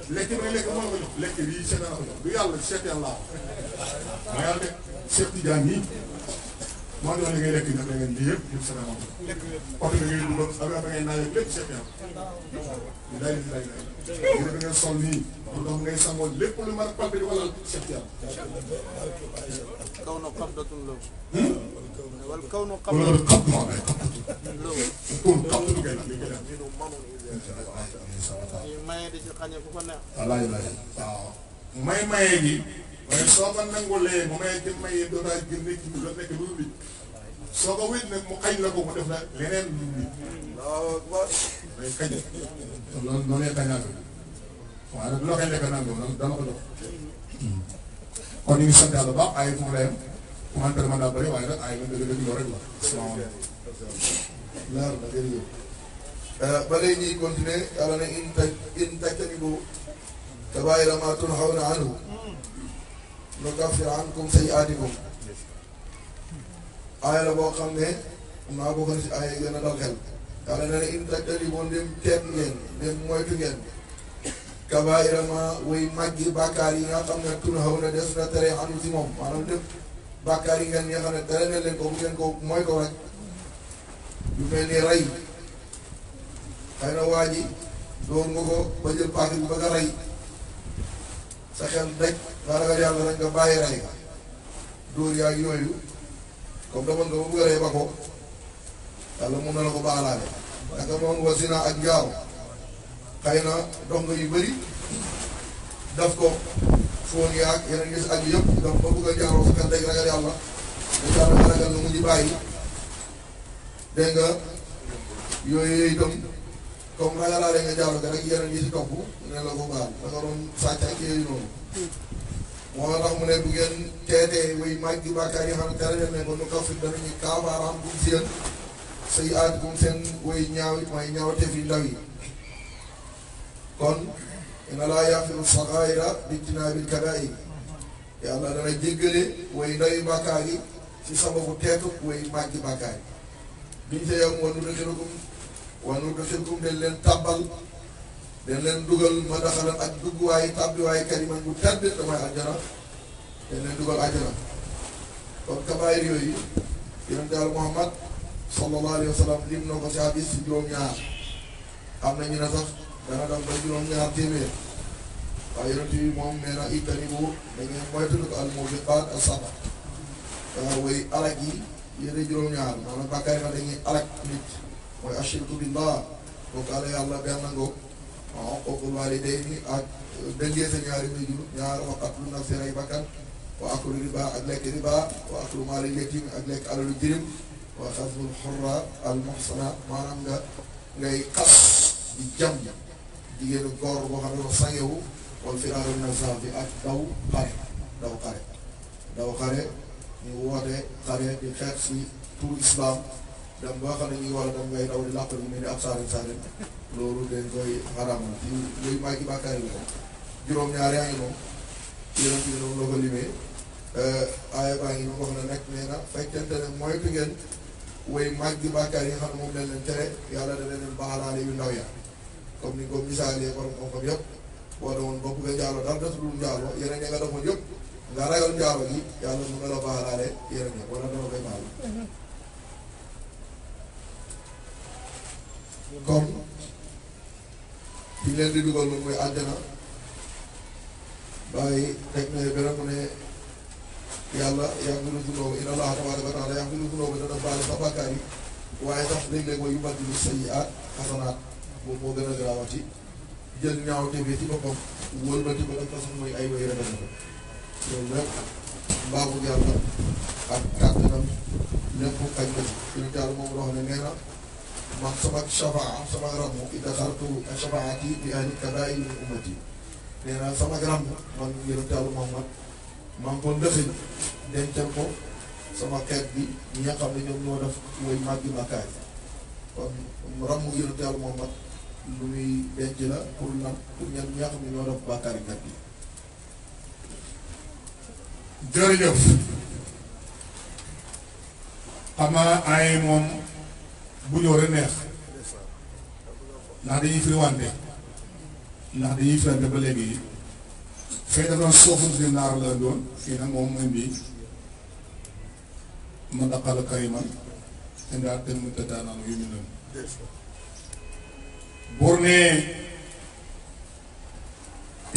bi ne moo la ko jox bi Cheikh dana ko jox yàlla Cheikh yàlla laa wax yàlla de Cheikh yi moo ñoo li ngay lekk ndax da ngeen di yëpp yëpp sa dama oto bi ngay dugal ak da ngay naawee lépp seet yow ñu daal di lay lay ñu ne da ngeen sol nii mu dox ngay sangoo lépp lu mën a pampe di walal seet kaw na xam datul loolu hmm? wala kaw na xam loolu xam moo lay xam xam lu ngay li may maye gi waaye soo ko nangulee bu may jëm may yee dootaa jël nekk lu la nekk lu wér soo ko wér nag mu xañ la ko mu def la leneen lu wér. day xañ la te loolu noonu lay xañaat la waaye nag bu la koy lekk nangam nag dana ko jox. kon ñu ngi sant yàlla baax ay fu mu la yem commentaire man daa bëri waaye nag ay man dëgg-dëgg yow rek la. asalaamaaleykum. leer na jërëjëf. Euh, ba léegi ñuy continuer yàlla ne in taj in tajtanibu kabaa'ira maa tunhawna anhu loolu nukaffir ankum sayyi'aatikum aaya la boo xam ne naa bokk na si aaya yi gën a dal xel yàlla nee na in tajtanibu ndem teet ngeen ndem moytu ngeen kabaa'ira ma way màggi yi nga xam ne tunhawna des na tere anu si moom maanaam lépp bàkkaar yi ngeen nga xam ne tere na leen ko bu ngeen ko mooy ko rek yu mel ni rey xëy na waa ji doon nga ko ba jël paaka bi bëgg a rey sa xel daj naa ragal yàlla nañ nga bàyyi rey dóor yaa ngi yooyu comme demoon nga ba bëgg a rey ba ko yàlla ak njaaw xëy dox ba bëgg a jaaroo sa xel daj ragal yàlla da yàlla nga ragal la mu bàyyi dégg nga yooyu yooyu itam comme nga yàllaale nga jaaru ga rek yeneen yi si topp ne la ko baal da nga doon sàcc ak yooyu noonu. moo tax mu ne bu ngeen teetee way màgg gi yi xam ne tere ne ba nu kafir danañu kaabaaraam bu si yéen say aat bu seen way ñaaw it mooy ñaawteef yi ndaw yi kon inna laa yaghfiru sagaayira bi ijtinaabil yi si sababu teetu way màgg gi bàkkaar yi biñ see wax nu daxilkum dañ leen tàbbal leen dugal ma daxalan ak dugguwaay tàbbiwaay kariman bu tedd damay àjjana dañ leen dugal àjjana kon kabaayir yooyu yonent Yàlla Muhammad sallallahu alayhi wa sallam lim na ko si hadis si juróom-ñaar am na ñu ne sax dana dem ba juróom-ñaar téeméer waaye yonent bi moom nee na ijtanibu da ngeen moytunu ko al mubiqaat as saba way alag yi yéen juróom-ñaar maanaam bàkkaar yi dañuy alag nit أشرك بالله وقال يا الله بأن عقوق الوالدين بلية نيار ميجو نيار وقتل النفس رأي بكر وأكل ربا أدلك ربا وأكل مال اليتيم أدلك على الجرم وخذ الحرة المحصنة ما رمنا لي قص بجمع ديال القور وهم رصيه والفرار النزام في أكدو قرح دو قرح دو قرح نيوه دي قرح دي خيخ في طول إسلام dem ba xam ne ñu ngi wala dem ngay daw di làq lu mel ni ab saarin saarin loolu dañ koy xaraamal ci luy maa ngi bàkkaar yi moom juróom-ñaar yaa euh, ngi moom yéen ci mag gi bàkkaar yi nga xam ne moom dañ leen tere yàlla da leen baaxalaale yu ndaw ya comme ni ko misaalee borom xam-xam yëpp boo demoon bopp nga njaalo dara desulul njaalo yeneen ya nga defoon yëpp nga ragal njaalo gi yàlla mu nga la baaxalaale yeneen ya wala dama koy baal comme fi leen di dugal muy àjjana bàyyi teg na beneen mu ne yàlla yàggulu dunoo inna allaha tabaraka wa taala yàggulu dunoo dana baale sa bàkkaar yi waaye sax léeg-léeg mooy yu bàtt yu sayyi'aat xasanaat moom moo gën a garaawati jël ñaaw tefee ci boppam wëlbati ko def ko sax mooy ay way rafet ko loolu nag mbaamu yàlla ak kàttanam lépp kañ la ci. suñu taal moom loo xam ne nee na. مقصبة الشفاعة sama ramu إذا دخلت شفاعتي di الكبائر من أمتي nee sama ramu man yonent Yàlla Muhammad maa ngi sama xeet bi ñi nga xam ne ñoom def kon ramu yonent Yàlla Muhammad lu muy denc la pour lan pour ñan ñi nga xam ne def bi ay bu ñëw rek neex ndax dañuy firiwante ndax dañuy firante ba léegi fee dafa doon soofum si naar la doon fii nag moom mooy bii ma daqal kariman te ndaa te mu tëddaanaan yu ñu leen buur ne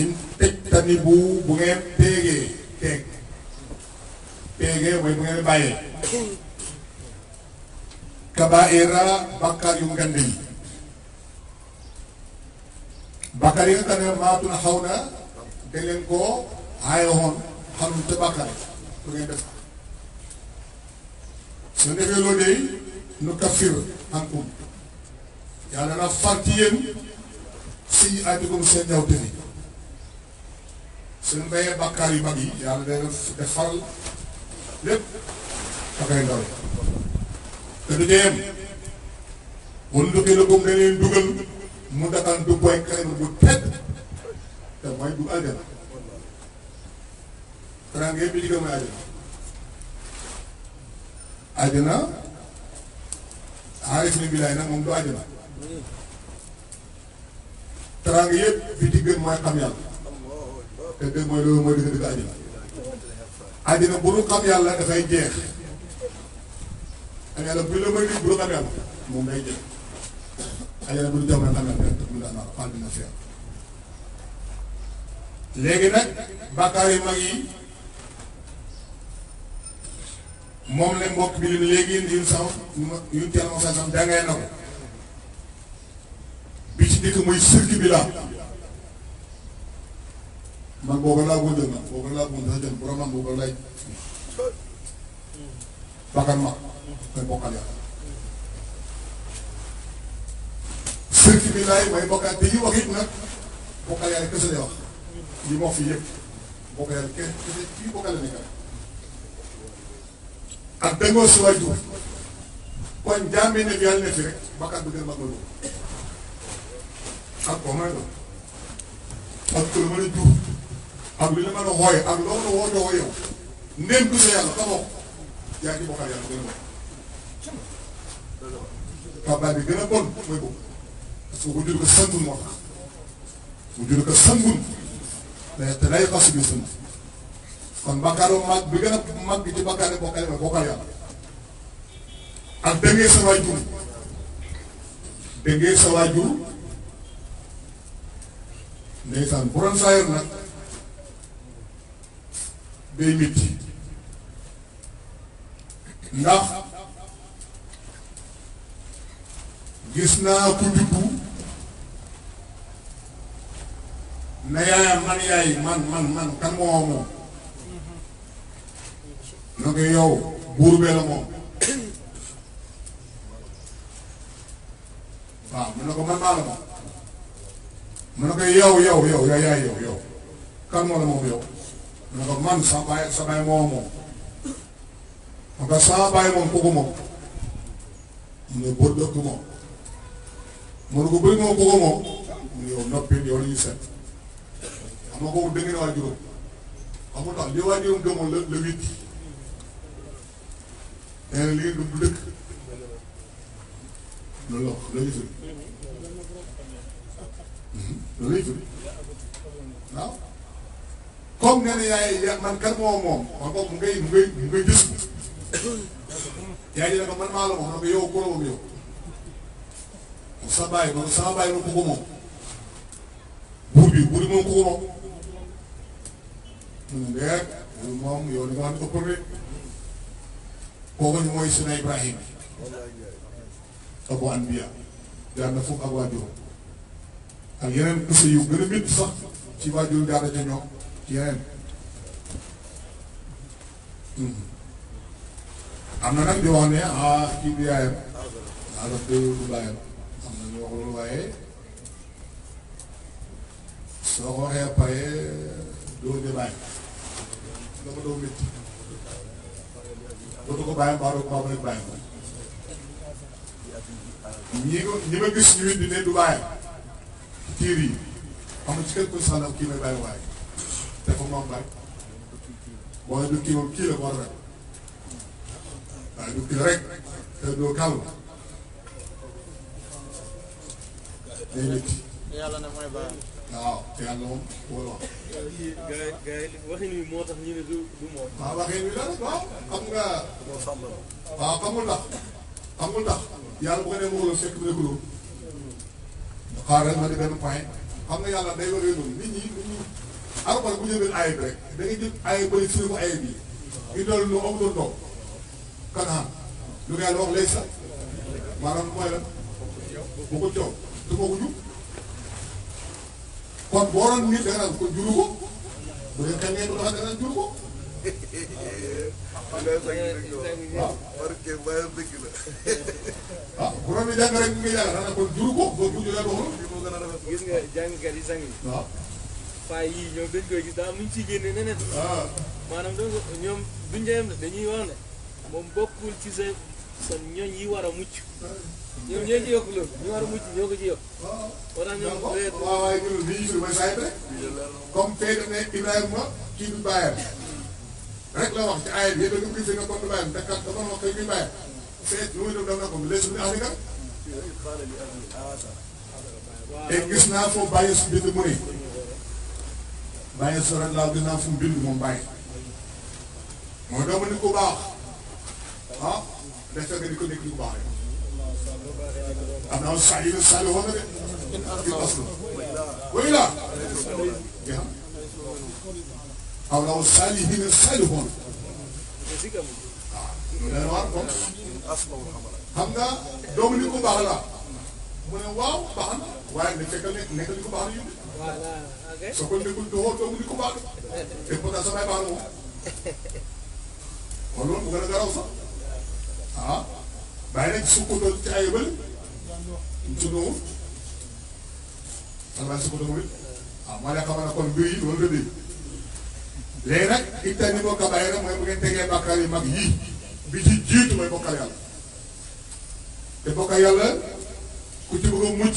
in tëj tani bu bu ngeen téegee teeg bu ngeen bàyyee kabaira bàkkaar yu ngand yi bàkkaar yi nga xam ne maatun xaw na da leen koo aayoon xamul te bàkkaar du ngeen def su defee nu kafir ankum yàlla na far ci yéen si atikum seen ñawte ni suñu bayee bàkkaar yu mag yi yàlla dana defaral lépp da koy ndaw te du jeem wala lu xëy na comme da leen dugal mu dagaan du booy xëy bu te mooy du aljana. xanaa ngeen bi ci gën mooy aljana. aljana aarif ni bilaay nag moom du aljana. teraanga yëpp bi ci gën mooy xam yàlla te dëgg mooy loolu mooy dëgg dëgg àddina àddina bu nu yàlla dafay jeex xam yàlla bu la may bu la xam yàlla moom day jël xëy na bu ñu jamono xam yàlla rek mu daan xal dina seer léegi nag bàkkaar yu mag yi moom la mbokk bi leen léegi yu saw yu teel ma sax dangay na bi ci dëkk muy sirk bi laa man boobu laa bëggoon jël man boobu laa bëggoon sax jël borom man boobu lay bàkkaar mag mooy bokkal yàlla. sëriñ bi laay mooy bokkal te yi wax it nag bokkal yàlla kese lay wax li mu wax fii yëpp bokkal yàlla kese kii bokkal la nekk rek ak si waay tuur kon jaam ne fi yàlla ne fi rek bu gën mag la ak koo may doon ak lu mën a jur ak lu la mën a xooy ak loo mën a woo yow ndéem du sa yàlla xamoo yaa ngi bokkal yàlla gën a kabaar bi gën a bon mooy boobu parce que bu jur ko sangul moo tax bu jur ko sangul te day xas bi sën kon bàkkaaru mag bi gën mag bi ci ak sa sa ndax gis naa ku juddu na yaayam man yaay man man man kan moo moom na nga yow buur bee la moom waaw mu ne ko man maa la moom mu ne ko yow yow yow yaay yaay yow yow kan moo la moom yow mu ne ko man sa baay sa baay moo moom mu ne ko sa baay moom kooku moom mu ne bët dëkk moom mënu ko bëri moo ko moom mu yow noppi yow la ñuy seet xam nga kooku dégg na waajuram xam nga tax li waajuram gëmoon la la huit nee na li ngeen gëm du ya man kan moo moom wax boobu mu mu ngay mu ngay gis yaay ji nag man maa moom nag yow ku la moom yow sa bàyyi noonu sama bàyyi noonu ku ko moom buur bi buur bi moom ku ko moom mu ndeer moom yow li nga ne ëppal rek kooku mooy suna Ibrahima abu anbiya ak waajur ak yeneen kese yu gën a métti sax ci waajur jaar ca ñoom yeneen hmm. am na nag di wax ne ah kii bi yaayam alors ah, que du baayam Mongoloae, soo ko waxee pare doo ñu bàyyi dama doo métti dootu ko bàyyi mbaa doo ko rek bàyyi ñi ko ñi ma gis ñu indi ne du bàyyi tiir yi am na ci kenn koy sànnal kii may bàyyi waaye te fa moom bàyyi mooy du kii moom kii la ko war a waaye du kii rek te doo kàll day métti. yàlla nag mooy baax. waaw te yàlla moom wóor wax. gars gars waxin wi moo tax ñu ne du du moom. waaw waxin wi la waaw xam nga. waaw xamul ndax. xamul ndax yàlla bu ko defee wóor fekk na ko xaaral ma ne benn point xam nga yàlla day waree noonu nit ñi nit ñi alxuraan bu jëlee ayib rek da ngay jël ayib bëri firi ko ayib yi. ñu doon lu amutoon doom. kanaan lu ngay wax lay sax maanaam mooy lan bu ko coow. te kooku jub kon boo doon nit da nga naan kon juru ko bu dee xel ngeen ko tax da nga naan juru ko. waaw. waaw ah, bu doon jàng rek nga jàng da nga kon juru ko boo juru yaa doxul. gis nga jàngkat yi sang yi. waaw. Ah. fay yii ñoom dañ koy gis daa muñ ciy ah. dañuy wax moom bokkul ci sa sa ñoñ yi war a mucc. ñoom ñoo ci yokk loolu ñu war ñoo ko yokk. moo tax ñoom waaw waaye ñun li ñu gis mooy saa rek comme kii du bàyyam rek la wax ci aaya bi yëpp da nga gisee nga comme du bàyyam dafa dafa wax kay muy bàyyam te lu muy def daf na ko naa foo bàyyi su bind mu ne bàyyi su ren naa fu mu bind moom bàyyi doomu nit ku baax ah des di ko nekk nit baax am na am saali la saali woon na de i aslu way laa am na am saali bi na saali woon waaw ah, len waar kon xam nga doomu nit ku baax la mu ne waaw baax na waaye ne fekk nekk nekk nit ku baax yu soo ko nekkul doo doomu nit ku baax de pourtant samay baax la moom kon loolu mu gën a garaw sax ah bàyyi nañ sukkandoon ci ay bële ñu tuddoo xanaa sukkandoo bi waaw ah, kon mbir yi loolu la dégg léegi ni bokk a bàyyi nag mooy tegee bàkkaar yu mag yii bi ci jiitu mooy bokkal yàlla te bokkal yàlla ku ci bëgg a mucc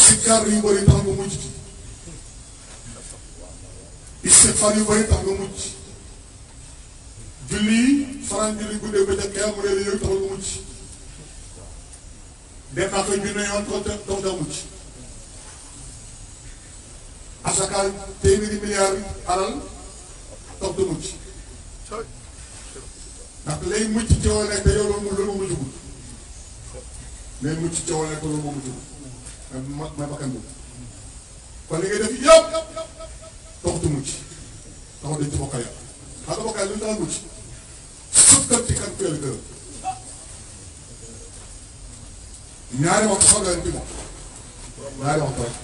sikkar yu bëri tax nga mucc istigfaar yu bëri tax nga mucc. julli yi faral julli guddee ba ca kër mu ne yooyu taxul nga mucc dem naa ko junne yoon taxul ca taxul ca mucc alal taxul ca mucc ndax lay mucc ci wàllu nekk loolu moom loolu moom la jugul lay mucc loolu moom la jugul ma ma kon li def yëpp taxul ca mucc taxul dañ ci bokk a yàq xam nga bokk a yàq lu sukkanti kan peel gërëm ñaari waxtu soxla leen ci moom ñaari waxtu rek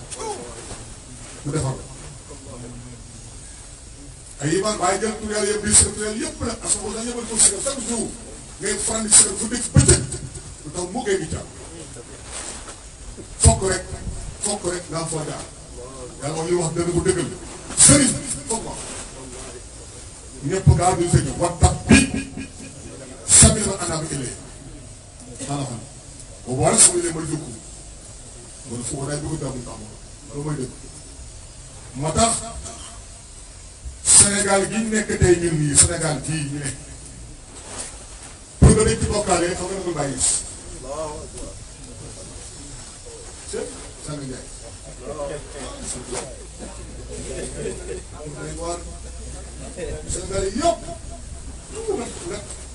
mu defar ko ay imaam bàyyi jël tur yàlla yëpp di sëkk yàlla yëpp nag parce que la ñëwal ko sëkk chaque jour ngay faral di sëkk fu nekk mu ngay di jàpp fokk rek fokk rek daa foo jaar yàlla wax wax dëgg bu dëggal sëriñ fokk wax ñëpp daal di sëñ wax tax bi saabikele sana man boobu ma jukku loolu fu ko day dugg damu tam loolu mooy dëgg moo tax Sénégal gi ñu nekk tey ñun nii Sénégal gii ñu ne pour nga dañ ci bokkaale xam nga ko bàyyi sanga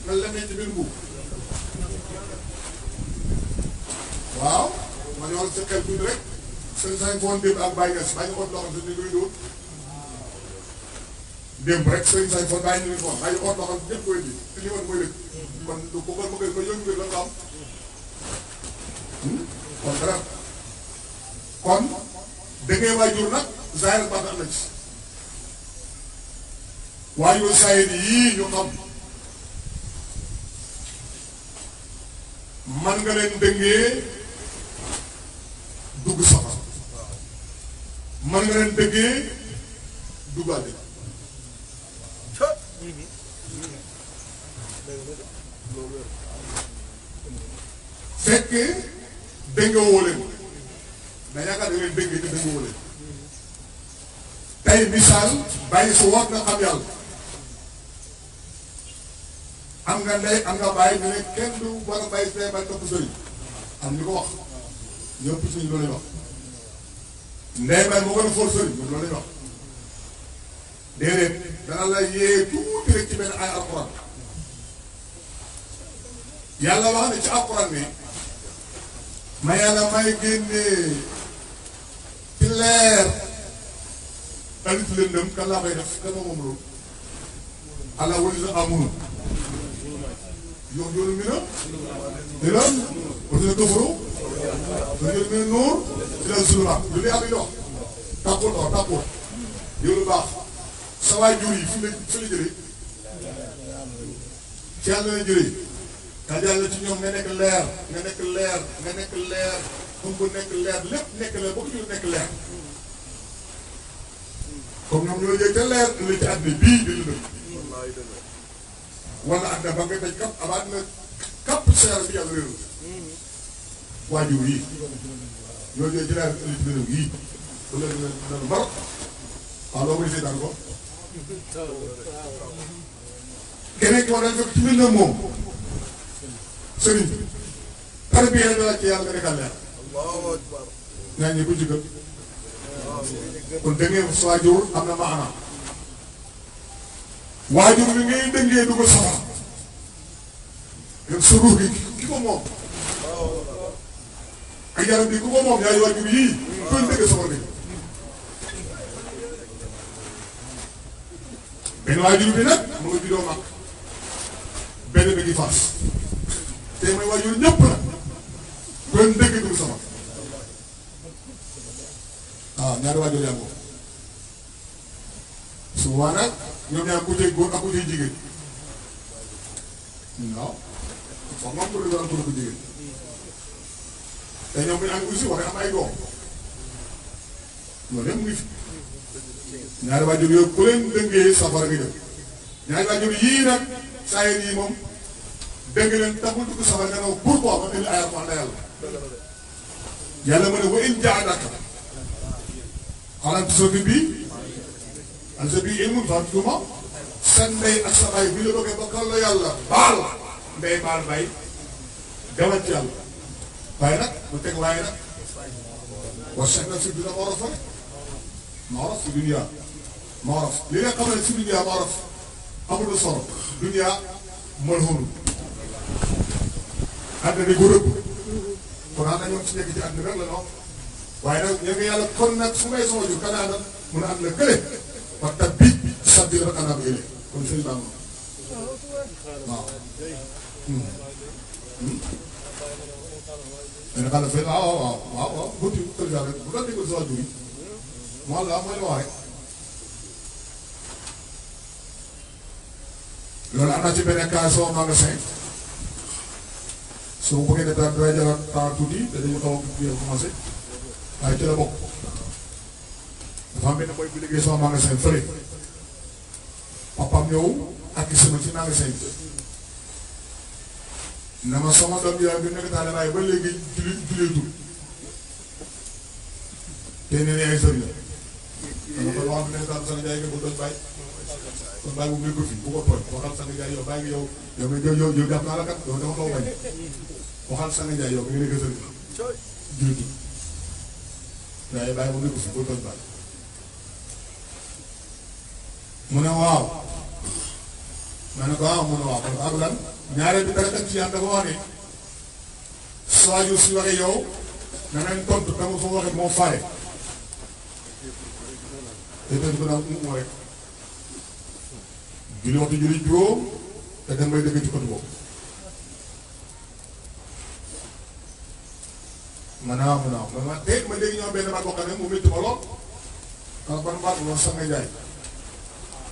man la nekk ci biir mbubb waaw ma ñëwoon sa xel tuuti rek seen saa ko démb ak bàyyi gas bàyyi oot loxo te ñu koy dóor démb rek sëriñ say fon bàyyi ñu ko wax bàyyi oot loxo ñëpp koy di te li nga am hmm? kon nag zaahir baax na ci yii ñu xam man nga leen dëggee dugg safara man nga leen dëggee dugg àddina fekk dënga woo leen da yaakaar leen dëngee te dënga woo leen misaal bàyyi su war nga xam yàlla am nga ndey am nga bàyyi ne kenn du war a bay see bay topp sëriñ am ñu ko wax ñëpp suñu loolu wax ndey may moo gën a fóor sëriñ ñoom loolu yàlla wax ne ci alquran bi ma yàlla may génnee يخرجون من إلى الذين كفروا dañu ne nuur dina zulma lu li am yi dox tàqul oo tàqul yow lu baax sa waay jur yi fu la fu la jëlee ci yàlla la jëlee daal nekk leer nga nekk leer nga nekk leer comme ca leer li bii di lu dëkk wala ak dafa nga kap abaat na kap seer bi yàlla réew waajur yi ñoo ñooy jëlaat ëllëg ci réew yi bu la dina dina mar waaw loo koy seetaan ko keneen koo dañ fekk ci biir na moom sëriñ tarbiya na la ci yàlla nga nekkal leer ñaan ñi ko jëkkal kon da ngeen waajur am na maanaam waajur wi ngay dëngee dugal safara yow sa ruux gi ki moom ak yaram bi ku ko moom yaay waajur yii doon dëgg safara bi benn waajur bi nag mu nga juddoo bi ngi te mooy waajur ñëpp la doon dëgg dugal safara waaw ah, ñaari waajur yaa ngi ko waa nag ñoom ñaar ku cay ku cay jigéen waaw soxna am ku ne am ku jigéen te ñoom bu ñu amee aussi waxee doom loolu yëpp mu ngi fi ñaari waajur yooyu ku leen dëngee safara nga jëm ñaari waajur yii nag saa yéen yii moom dëng leen taxul dugg safara nga ne pourquoi ma indi ayat wax na yàlla yàlla ma ne wa in jaadaka xalaat bi an sa bii ilmun fàttuma sa ndey ak sa baay bu ñu la bëggee bokkal la yàlla baal ndey baal bay demal ci yàlla waaye nag mu teg waaye nag war seen nag si dina morof rek morof si dunia morof li nga xam ne si dunia morof amul solo dunia malhunu àddina ko rëbb kon ànd ñoom si nekk ci àddina rek la no waaye nag ñu ngi yàlla kon nag su may soo ju kanaana mun a am la kële ba tab bi tab bi la ba tànnaa bëggee kon sëñ baa moom waaw. dana hmm. hmm. hmm. xaaral fay waaw waaw waaw waaw bu tudd kër ga rek bu doon déglu sa wàllu mooy la wax rek. loolu am na ci benn cas soo magasin soo bëggee ne daal dina jëlaat temps tuuti danañu xaw a commencé waaye ci la bokk. waa am benn boy bu liggéey sama fële papaam ñëw ak sama ci magasin bi na ma sama doom yaay bi nekk taale raay ba léegi julli jullitul te nee na ay sëriñ la dama koy waxal ne daal sama jaay nga ko doon bàyyi kon bàyyi bu ko fi bu ko tooñ jaay yow bàyyi yow yow nga yow yow jàpp naa la kat yow dama koo yow nga nekk sëriñ waaye bàyyi bu nekk fi bu tooñ bàyyi mu ne waaw ma ne ko waaw mu ne waaw kon ak lan ñaareel bi dara teg ci yàlla dafa wax ne saaju si waxee yow na ngeen tontu dama fa waxee moo fare te dañ ko daan um rek julli waxtu julli juróom te dañ may dëgg ci côté boobu ma naa mu naa ma dégg ñoo benn baat boo xam mu métti ma lool parce ban baat bu wax jaay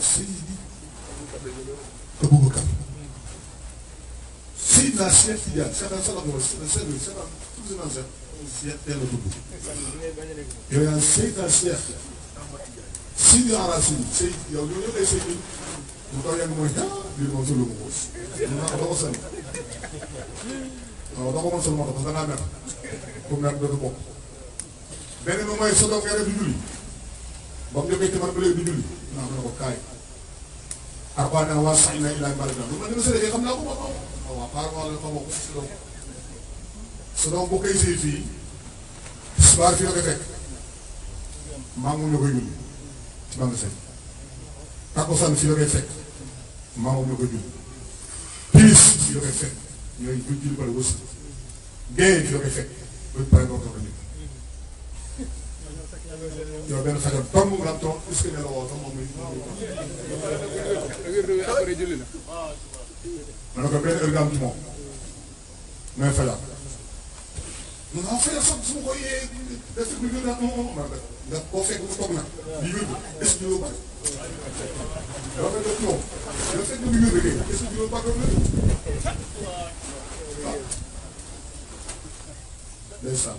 Seydi Aboubacar Seydina Cheikh Tidiane Cheikh al Salam wala Cheikh Cheikh Cheikh toujours naan Cheikh Cheikh teel a dugg. yow yaa Seydina Cheikh Seydi Aracine Seydi yow ñoo ñëw ay Seydi mu taw yàgg mooy ah bii moom solo ma ko woon. naa ko doxal waaw doxamoon solo ma ko parce que danaa mer comme mer dootu bokk. beneen bi mooy sa doom nga def du julli ba mu jógee ci man ba léegi du julli naa ko ne ko kaay. Arba da nga war a sañ na Ibrahima Ba lu ma demee sa liggéey xam naa ko ma ko ma waaw par ma ko koy sëy fii subaar fii la ko fekk maamu ñu koy julli ci bànq sëy takkusaan koy fekk maamu ñu koy koy fekk ñooy julli ba la koy fekk yow benn xajam dong nga toog est-ce que la woo sax moom ma ne ko benn heure nga am ci moom mooy fajar. mu ne ah fajar sax su ma ko yee def ci biir ndax moom moom ndax boo fekk mu toog nag di yóbbu est-ce que yóbbu dafa def moom dafa fekk mu yóbbu kay est-ce que yóbbu bàkkam la ndeysaan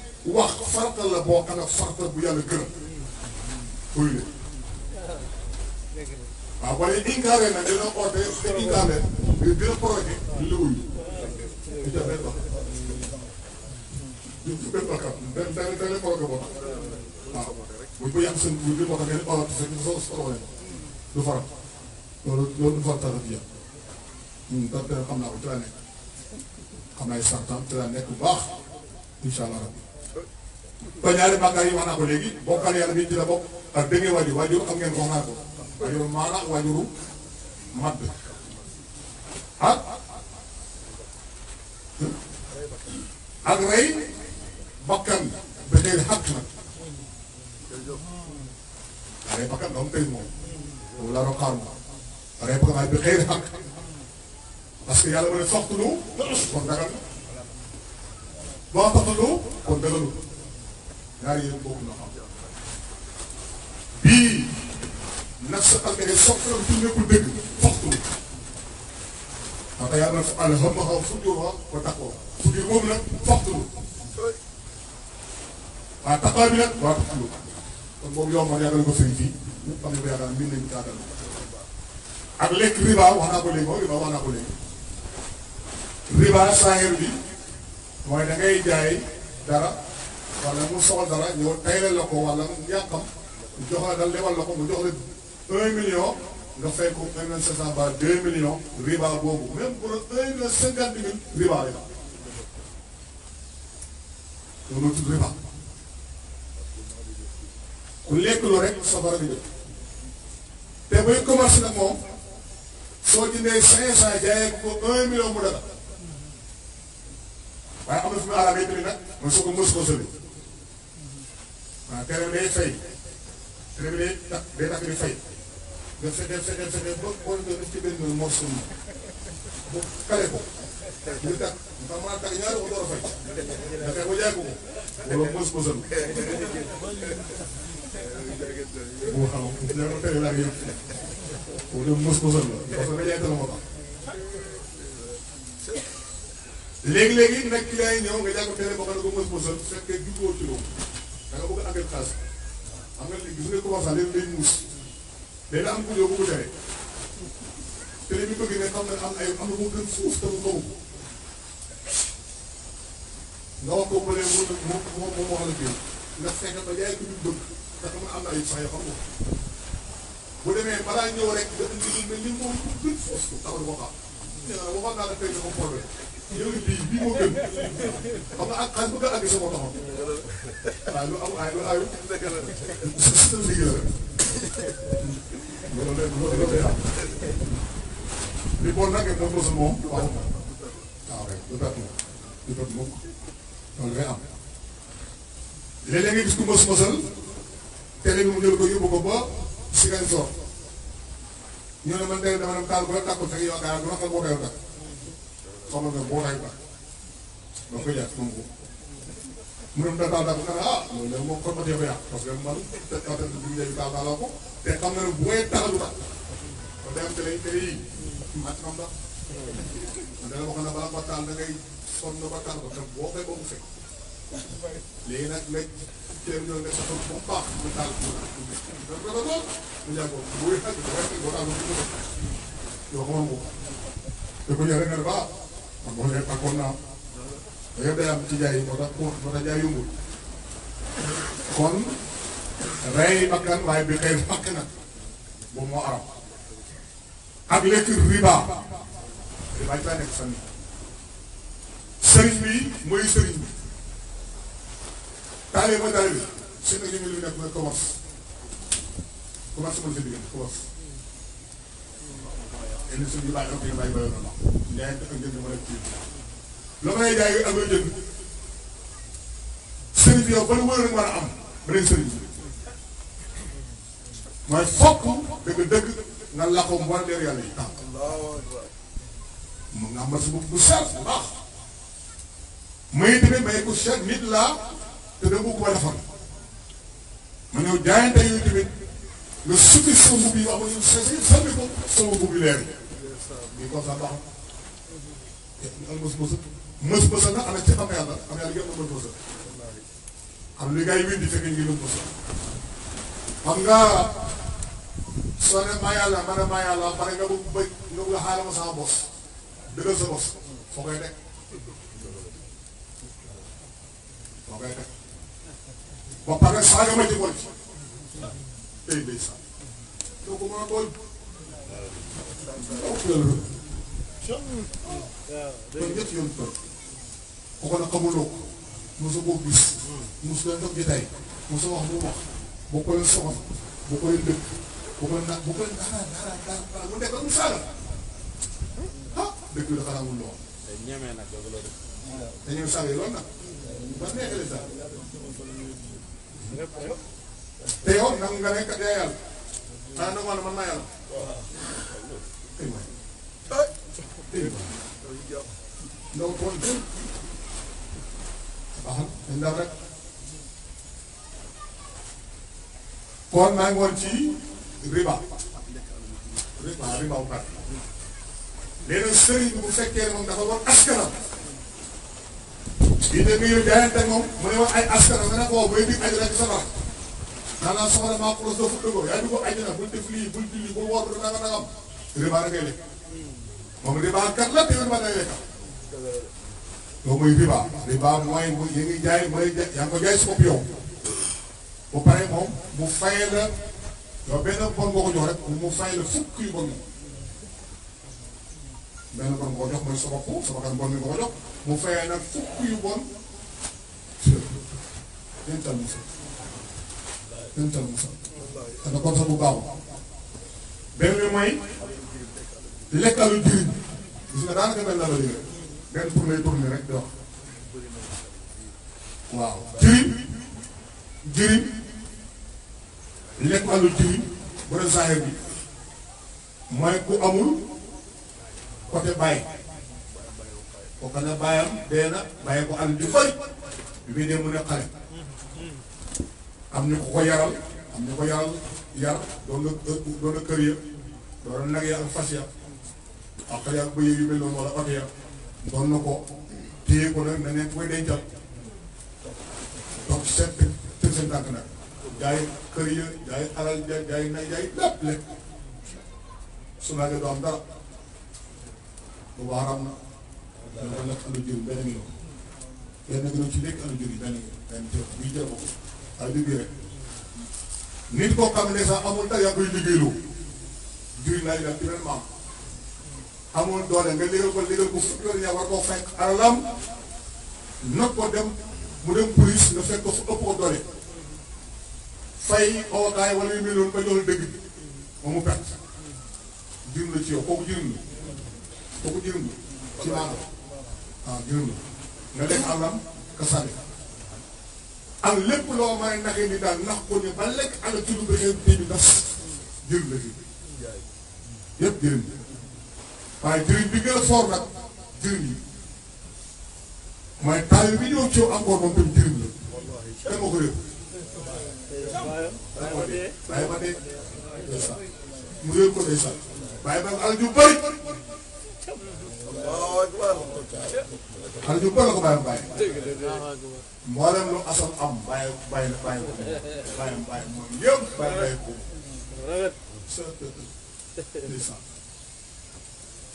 wax farata la boo xam ne farata bu yàlla gërëm buy ne waaw wala incarné na dina oote te incarné dina projet li wuy di ca benn wax di benn wax benn benn benn projet boo waaw buñ ko yàq seen buñ ko wax ngeen oote seen soo soo problème du faram loolu loolu du farata la fi yàlla ñun dara xam naa ko ci laa nekk xam naa ay sartan ci laa nekk bu baax incha allah rabbi te ñaari bàkkaar yi wax naa ko léegi bokkal yàlla bi ci bokk ak dëggee waajur waajur am ngeen ko wax ko waajuru maana waajuru madd ah? ak rey bakkan ba xëy na xàq na rey bakkan doomu tey moom boobu laa doon xaar ah, rey bakkan waaye ba xëy na xàq yàlla ma ne soxtu lu kon dagal boo soxtu lu kon dagalul ñaari yëpp boobu na xam bii nag sa tànk de soxnaam fi nekkul dëgg foxtu parce que yàlla na xam nga xaw futuura ba taxaw futur boobu nag foxtu waa taxaw bi nag waa taxaw kon boobu yow man yàgg na ko sëriñ fii ñëpp xam ne ko yaakaar mën nañu tàggal ak lekk riba wax naa ko léegi moom wax naa ko léegi riba saa bi mooy da jaay dara. wala mu soxla dara ñëw taylal la ko wala mu yàqam jox la dal lebal la ko mu jox la 1 million nga fay ko 1 million 500 ba 2 millions riba boobu même bu la 1 million 50 mille ku lekk lu rek safara bi jot te buy commerce nag moom soo jëndee 500 jaayee ko 1 million mu dara waaye am na fi mu aaralee tamit nag mooy soo ko mës ko sëbi. waaw ah, terewul day fay terewul day tax day tax di fay def sa def sa def sa def ba xool ci benn morceau bi bu kale ko muy tax nga mën a tax ko door a fay nga fexe ba jaay ko ko ko. boo xam ne ñoom nga jaay dara moo tax. léegi-léegi nag ki lay da nga bëgg engrais xaalis xam nga gis nga commencé léegi day muus léegi am ku ñëw bu ko tere te li ñu bëgg ne xam nga am ay am na gën suuf te mu kaw nga wax ko ba léegi moom moom moo wax la kii nga fekk ba jaay ko ñu bëgg ndax man am na ay sax yoo xam nga bu demee balaa ñëw rek nga indi lu mel ni moom gën suuf te taxul ko xam. waxoon naa problème. yow bii bii moo gën xam nga ak xam nga àgg sa li bon nag moom mosul moom waaw waaw rek am léeg-léeg gis ku mos mosal télé bi mu jël ko yóbbu ko ba si gañ soor ñu ne man dégg dama dem bu la tàkkul fekk yow ak bu la xam moo koy xaw ma ne mbootaay ba ba koy yàq moom ko mu dem daal daal ko ah loolu léegi moom kon ba tey ba yàq parce daal daal ko te xam ne bu may taxalu ba kon day am télé télé yi màcc xam ndax man dana wax ne balaa bakkaan da boo koy ba mu fekk léegi nag nag ceeb ñoo nekk saxoon bu baax mu ko mu taal ko mu jàppoon bu wéy xaj bu wéy boo taal ko mu man boo nee pàccoon naa da nga day am ci jaay yi moo tax jaay yombul kon rey bakkan waaye bi xëy pàcc nag moom moo aram ak lekk riba riba yi daa nekk bi mooy sëriñ bi taalee mooy taalee bi seen ak ñu ngi lu nekk mooy commerce commerce mooy sa diggante commerce yenn suñu yu bàyyi xel yu bàyyi bayoon na war a am ba day nga laqoo mboolem leer yàlla yi nga amal sa bopp bu sell bu baax may tamit may ku set nit laa te da ko ba defar ma ñëw jaayante yooyu tamit nga sukki sama mbubb yi wax ma ñu sa sa ko sama mbubb leer yi contrat baaxul. te mës mës mës mësal na am na ci am yàlla am yàlla yëpp mën mësal. am li ngay windi fekk ñu ngi mën mësal. xam nga soo ne maa yàlla ma ne maa yàlla pare nga bëgg bëgg nga bëgg xaaral ma sama bos. dëggal sa bos foo koy nekk. foo koy nekk. ba pare saaga ma ci bool ci. tey day saaga. donc maa tooñ. kon ñett yoon toog ku ko nag xamuloo ko mosu koo gis mosu leen toog jotaay mosu wax mu wax boo ko leen soxal boo ko leen dëkk boo ko leen na boo ko leen dara dara dara mu nekk mu saaga ah dëkk bi dafa amul loo te ñemee nag loolu la te ñemee saaga yi loolu nag man nekk la saaga te yow nag nga nekk yaa yàlla xanaa nag man man naa yàlla ndaw tool bi baax na rek kon maa ngi woon ci riba riba riba wu pare nee na sëriñ bu fekkee moom dafa war askanam lii dégg yow jaayante moom mu wax ay askanam nga ne ko bay dig aju rek safara maanaam safara maa ko doo fu dëggoo yaa dugg aju na bul def lii bul julli bul wóor nanga nangam riba rek ngay moom riba kat la te yow dafa day loolu mooy riba riba mooy yi ngi jaay mooy yaa ngi ko jaay sa bopp yow ba pare moom mu fay la yow benn bon boo ko jox mooy sa bopp sa bon mi boo ko jox mu fay nag fukk yu bon dental mu sax dental mu sax bu baaxul benn bi mooy lekkalu jëriñ gis nga daanaka mel na la léegi benn tourné tourné rek di wax waaw jëriñ jëriñ lekkalu jëriñ bëri zahir bi mooy ku amul côté bàyyi ko xam ne bàyyam dee na bàyyi ko àll bi fay bi muy dee mu ne xale am ñu ko ko yaral am ñu ko yaral yar doon na doon na kër ya doon na nag ya ak fas ya ak xale ak bëyee yu mel noonu wala oto ya doon na ko téye ko nag na nekk koy dencal donc seet teg seen tànk nag jaay kër ya jaay alal jaay nay jaay su naajee doo am dara bu baax ram na dana nekk alu jëri benn ngi benn ngi ci nekk alu jëri benn ngi benn jëf buy jël ko ay liggéey rek nit koo xam ne sax amul dara yaa koy liggéeyloo jëri naa yi daal ci benn maam amoon doole nga légal ko légal ko fukki yoon yaa war koo fekk alalam nag ko dem mu dem police nga fekk ko ëpp ko doole fay ookaay wala yu mel ba jox dëgg moom mu perte jërëm la ci yow la waaw ah, jërëm la nga lekk alalam ka am lépp loo mën a naxee ni daal nax ko ne ba lekk alal ci lu bëri xew bi la ci yëpp jërëm la waaye jëriñ bi gën a soor nag jëriñ yi mooy taal bi ñëw ci encore moom tamit jëriñ la kenn moo ko réer bàyyi ma dee mu réer ko ndeysaan bàyyi ma alal ju bëri alal ju bëri la ko bàyyi ma bàyyi mboolem lu asal am bàyyi bàyyi bàyyi ko bàyyi bàyyi moom yëpp bàyyi bàyyi ko ndeysaan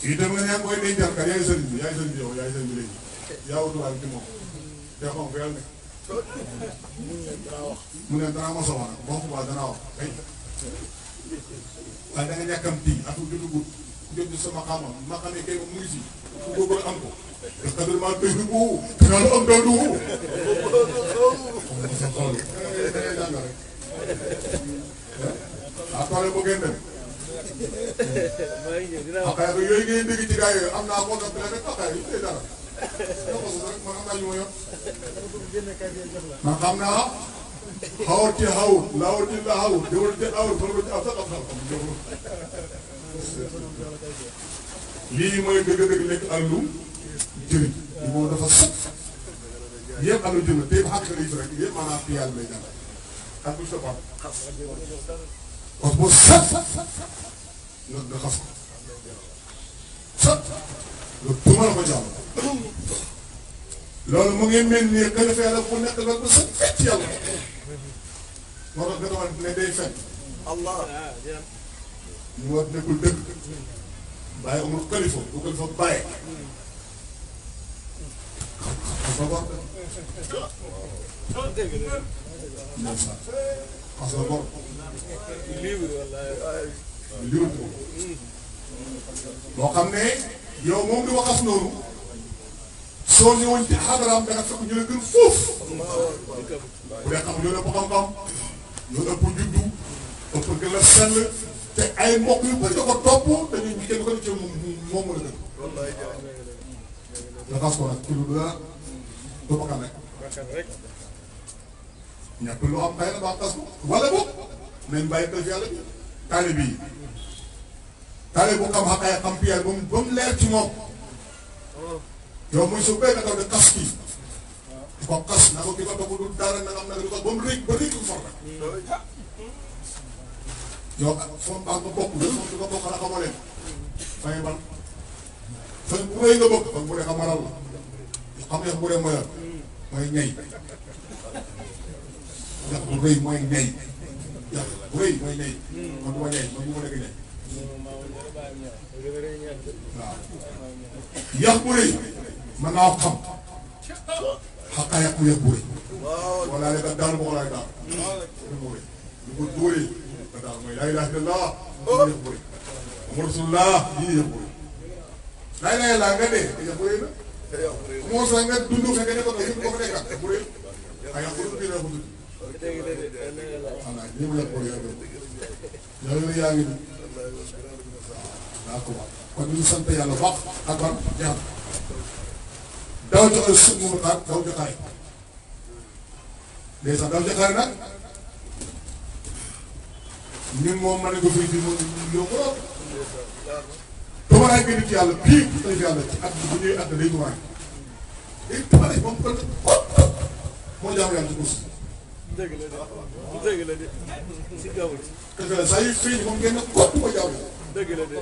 itam nga ne yaa ngi koy dencal kat yaay sëriñ bi yaay sëriñ bi yow yaay sëriñ bi léegi yaa wutulaal ci moom te xonk yàlla nekk mu ne danaa mos a wax nag xonk ba danaa wax kay waaye da nga ñàkkam tii ak lu jot jot sama xaamam ma xamee kay mu ngi si ku góob am ko parce que vraiment béy bi wuu dinaa la am doo du wuu. ah tool yi mu gën dem. xaqaay ba yooyu ngay dégg ci gars am naa koo gàtt rek xaqaay yi tey dara. man am naa ñu ma yor. man xam naa. xawati xawut laawati la xawut la ci lii mooy dëgg-dëgg lekk àllu jëriñ. li moom dafa set. yëpp àllu jëriñ tey ba ak bu sa bopp. parce nga xas ko sat nga tumal ko jàll loolu mu ngi mel ni gën a feeral bu nekk la bu set fett yàlla moo tax nga xamante ne day fen allah ñu war nekkul dëgg bàyyi amul kalifa bu kalifa bàyyi xas na bor xas na bor limu moo xam ne yow moom di waxas noonu soo ñëwoon ci xadaraam danga fekk ñu la gën fuuf bu dee xam ñoo ëpp xam-xam ñoo ëpp juddu ëpp gën a sell te ay mbokk yu bëri da ko topp dañuy ñu kenn ko ci moom moom la gën laxas ko nag ci bi taalib yi taalib bu xam xaqaay xam piyaar ba mu ba mu leer ci moom yow muy su béykat bi kas kii di ko kas na ko di ko toog du dara na nga xam ne di ko ba mu rëy ba rëy du for nag yow foog baax nga bokk yow moom di ko bokk la xamoo leen fay ban fan bu rëy nga bokk fan bu ne xamaral la xam nga bu ne moyal mooy ñay ñax bu rëy mooy ñay wéy mooy nay man du ma nay man bu ma dëgg nay waaw yàq bu rëy mën naa xam xaqaa yàq bu yàq bu rëy wala le daal boo laay daal bu rëy lu ko dóoree ba daal mooy laa ilaha illallah yàq bu rëy Muhammad rasulullah yii yàq bu rëy laa ilaha illallah nga dee yàq bu rëy la moo sax nga dund fekk nga def ko yëpp ko fa nekkat bu rëy ay yàq bu rëy la ko dund ñëpp la ko yàggal loolu yaa ngi nii d'accord kon ñu sant yàlla baax ak ban jàmm daw joxe suñu nag daw jotaay daw jotaay nag moom ma ne ko fii di nit yàlla bii bu tëj yàlla ci at bu ñuy at day tubaaraay day moo jaamu yàlla ci suuf. dëgg la de dëgg la de si gawul. saa yu xëy moom ngeen ne kot moo jaww ji. dëgg la de.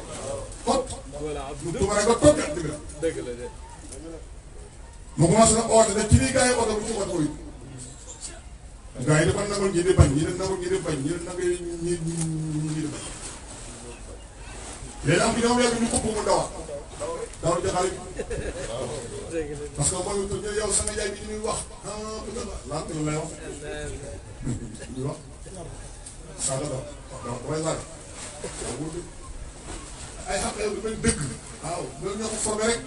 kot. voilà du ma ne ko kot dëgg la. dëgg la de. mu commencé na oote ne ci lii gars yi oote bu ñu oote ko it. gars yi dafa nangul ñi di bañ ñi di nangul ñi di bañ ñi di nangul ñi ñi ñi di bañ. léegi am bi ñoom léegi ñu xupp mu ndaw a. daaw jaxale. parce que mooy ko yow sama yaay bi ñuy wax ah lan la lay wax. ñuy wax. loolu ñoo ko formé rek.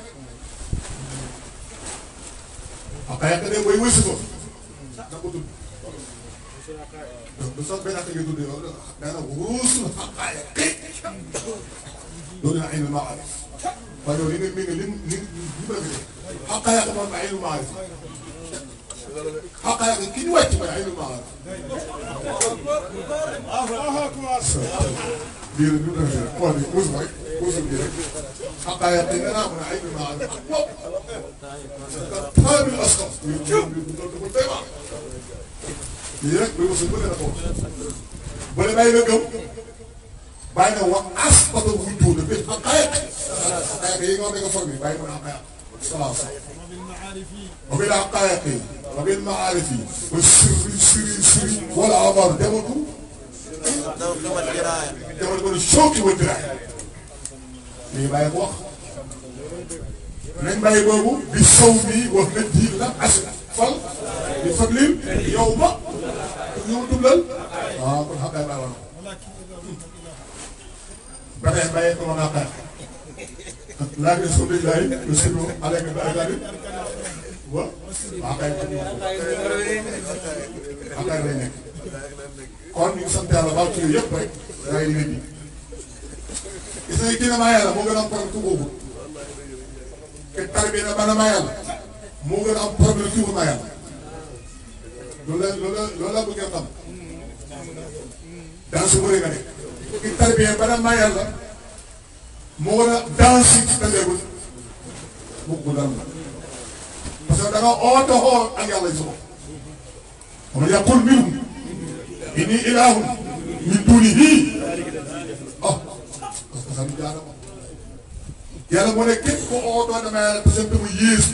ah ay ak booy wësi ko. da ko tudd. du soog benn at ngay tudd yow daanaka ruus la. loolu ay na maa قالوا لين مين لين لين حقا يا اخي ما عينه ما عارف حقا يا اخي كل وقت ما عينه ما عارف الله اكبر دير دير قولي وزمك وزم ديرك حقا يا اخي انا ما عينه ما عارف طيب, طيب، الاسقف ديرك بيوصل بلا نقول بلا باين هو اسقط الغدود في الحقائق الحقائق هي غادي نفهمي باين الحقائق خلاص وبالحقائق وبالمعارف والسر السر السر والعمر دمكم دمكم والدراية دمكم الشوك والدراية مي باي بوخ من باي بوخ بالصومي وهدي لا أسلا فل بفضل يوم يوم دبل آه كل حقائق الله ba tey bàyyi ko mën a xeex laakin su dul lay lu sunu alek bi ay daal wa attaque attaque lay nekk kon ñu sant yàlla baal ci yëpp rek day nit ñi gis nga dina maa yàlla moo gën a am problème ku boobu te tarbi na bana maa moo gën a am problème ku maa yàlla loolu la loolu la loolu la bëgg a xam dans su bëri nga nekk ki tarbiya ba daan naa yàlla mu war a dansi ci tëndeegul bugg daan la parce que da nga oote xool ak yàlla si bopp. wa man yaqul minhum inni ilahun min dunihi ah parce que xam nga moo ne képp ku ootoo dama yàlla parce que mu yées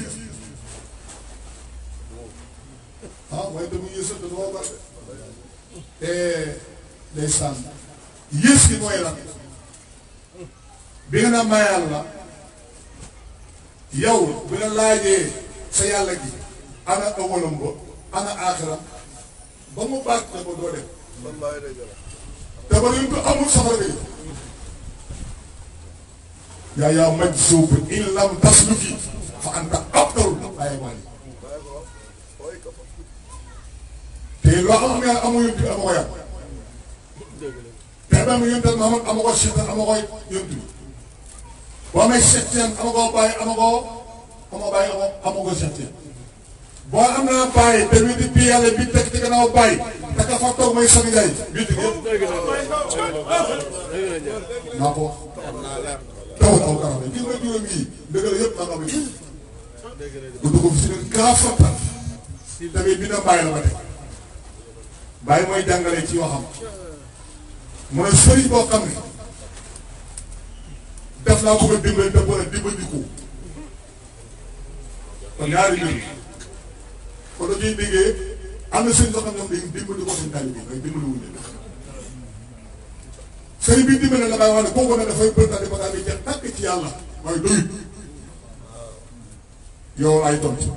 ah waaye dama yées te day yées gi mooy lan bi nga naan ma yàlla yow bu la laajee sa yàlla gi ana awalam ba ana aaxiram ba mu bàcc na ko doo dem te ba luñ ko amul safara bi yaa yaa majzuub in lam tasluki fa anta abtarul bàyyi waay te loo xam ne amul yëpp amoo yàlla mais ba mu yóntal Muhammad amagoo seetaan amagoo yóntu boo amee seetaan amagoo bàyyi amagoo amoo bàyyi amagoo seetaan boo am naa bàyyi te wii di bii yàlla bii teg ci gannaaw bàyyi te ka fa toog mooy Sëñ Njaay bii di maa ko wax taw taw kanam yi gis nga juróom yi ndëgël yëpp maa ngi am bu dugg si leen gaa fàttal tamit bi na bàyyi la ba teg bàyyi mooy jàngale ci waxam mooy sëriñ boo xam ne def laa bëgg a dimbali te war a dimbandiku kon ñaari mbir kon dañuy déggee am na sëriñ boo xam ne ñoom dañuy ko seen taalibe bi mais dimbali wuñ leen sëriñ bi dimbali la bàyyi wax ne kooku ne dafay bëri daal di bëgg a amee tàkk ci yàlla waaye doyut yow ay tontu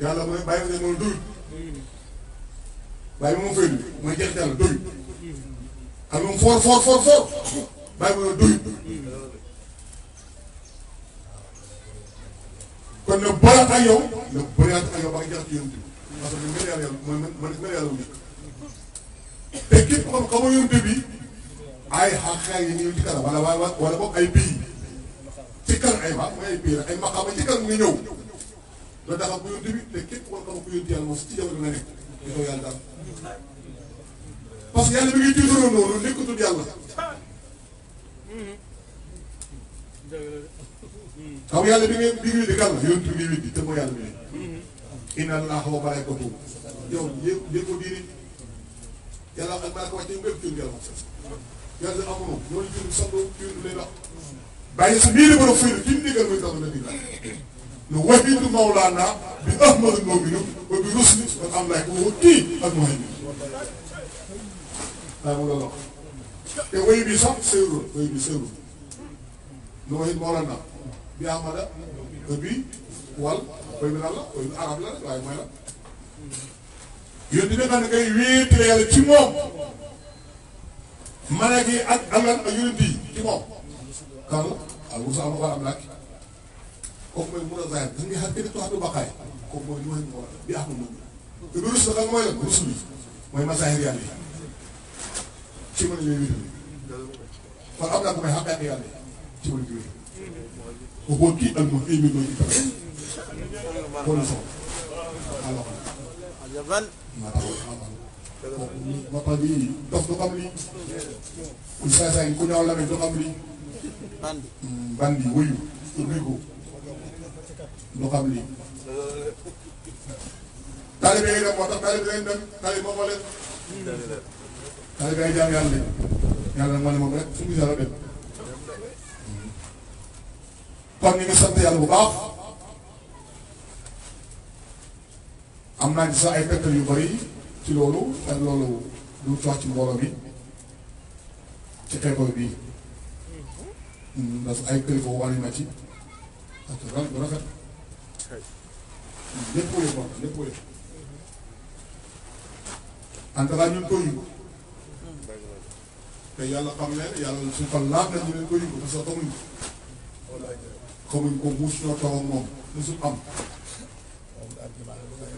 yàlla mooy bàyyi nga ne moom doyut bàyyi mooy jeex yàlla doyut. ak lu mu foor foor foor foor bàyyi ma doy bi parce que mel yàlla yàlla mooy man mel yàlla wu bi ay xaaxaay yi ñëw ci kanam wala wala wala boog ay bii ci kan ay ma mooy ay bii la ay maqaama ci kan nga ñëw la daxam ko yonent bi te képp xam xamoo ko yonent yàlla moom si ci jamono la nekk di ko yàlla daal parce que yàlla mi ngi jiitaroon loolu nekkutul yàlla. xam yàlla bi ngeen bi ngeen di kan la yow tuuti wit bi te mooy yàlla bi. inna allaha wa malaikatahu yow yëpp yëpp ko diini yàlla ak malaaka wàcce ñu bépp tur yàlla yàlla amuñu loolu tur sax doo tur lay dox. bàyyi su biir borom fii fi mu nekk mooy tax na di la lu wahidu mawlaana bi ahmad moominu wa bi rusli wal amlaak wa kii ak muhaymin daaw loolu la ko te woy bi sax séeréer woy bi séeréer lu woy Morana bi Amada woy bi wal woy bi lan la woy bi arab la waaye mooy la ci moom malaaka ak allan ak yonent yi ci moom. kan la waaw Moussa Amadou am laaj kooku mooy mun a zayat da ngay xam kenn tuwaatu baqaay kooku mooy li ma leen ko war a def bi Amady mooy la te loolu sax mooy la rusul yi mooy masaahir yàlla yi ci mën leen wér kon am naa ko may xàqaat yàlla ci mën wér ko boo kii al moom émi mooy itam kon so alors ajaban ma taw ma taw bi dof du xam lii ku saay saay ku ñaaw lamee du xam lii bandi bandi wuyu rigo du xam lii taalibe yi dem moo tax taalibe yi dem taalibe moo ko leen daal di ay jaam yàlla lañu yàlla nag ma ne moom rek suñu gisee dem kon ñu ngi sant yàlla bu baax am naa ci sax ay tegtal yu bari ci loolu te loolu du wax ci mbooloo bi ci xeexoo bii ndax ay kilifa wàllu na ci ak bu rafet lépp lépp lépp en tout cas ñun tooñu te yàlla xam ne yàlla suñu fan laaj la ñu leen ko yëngu parce que xamuñ ko. ko muus ñoo taw ak moom musul am.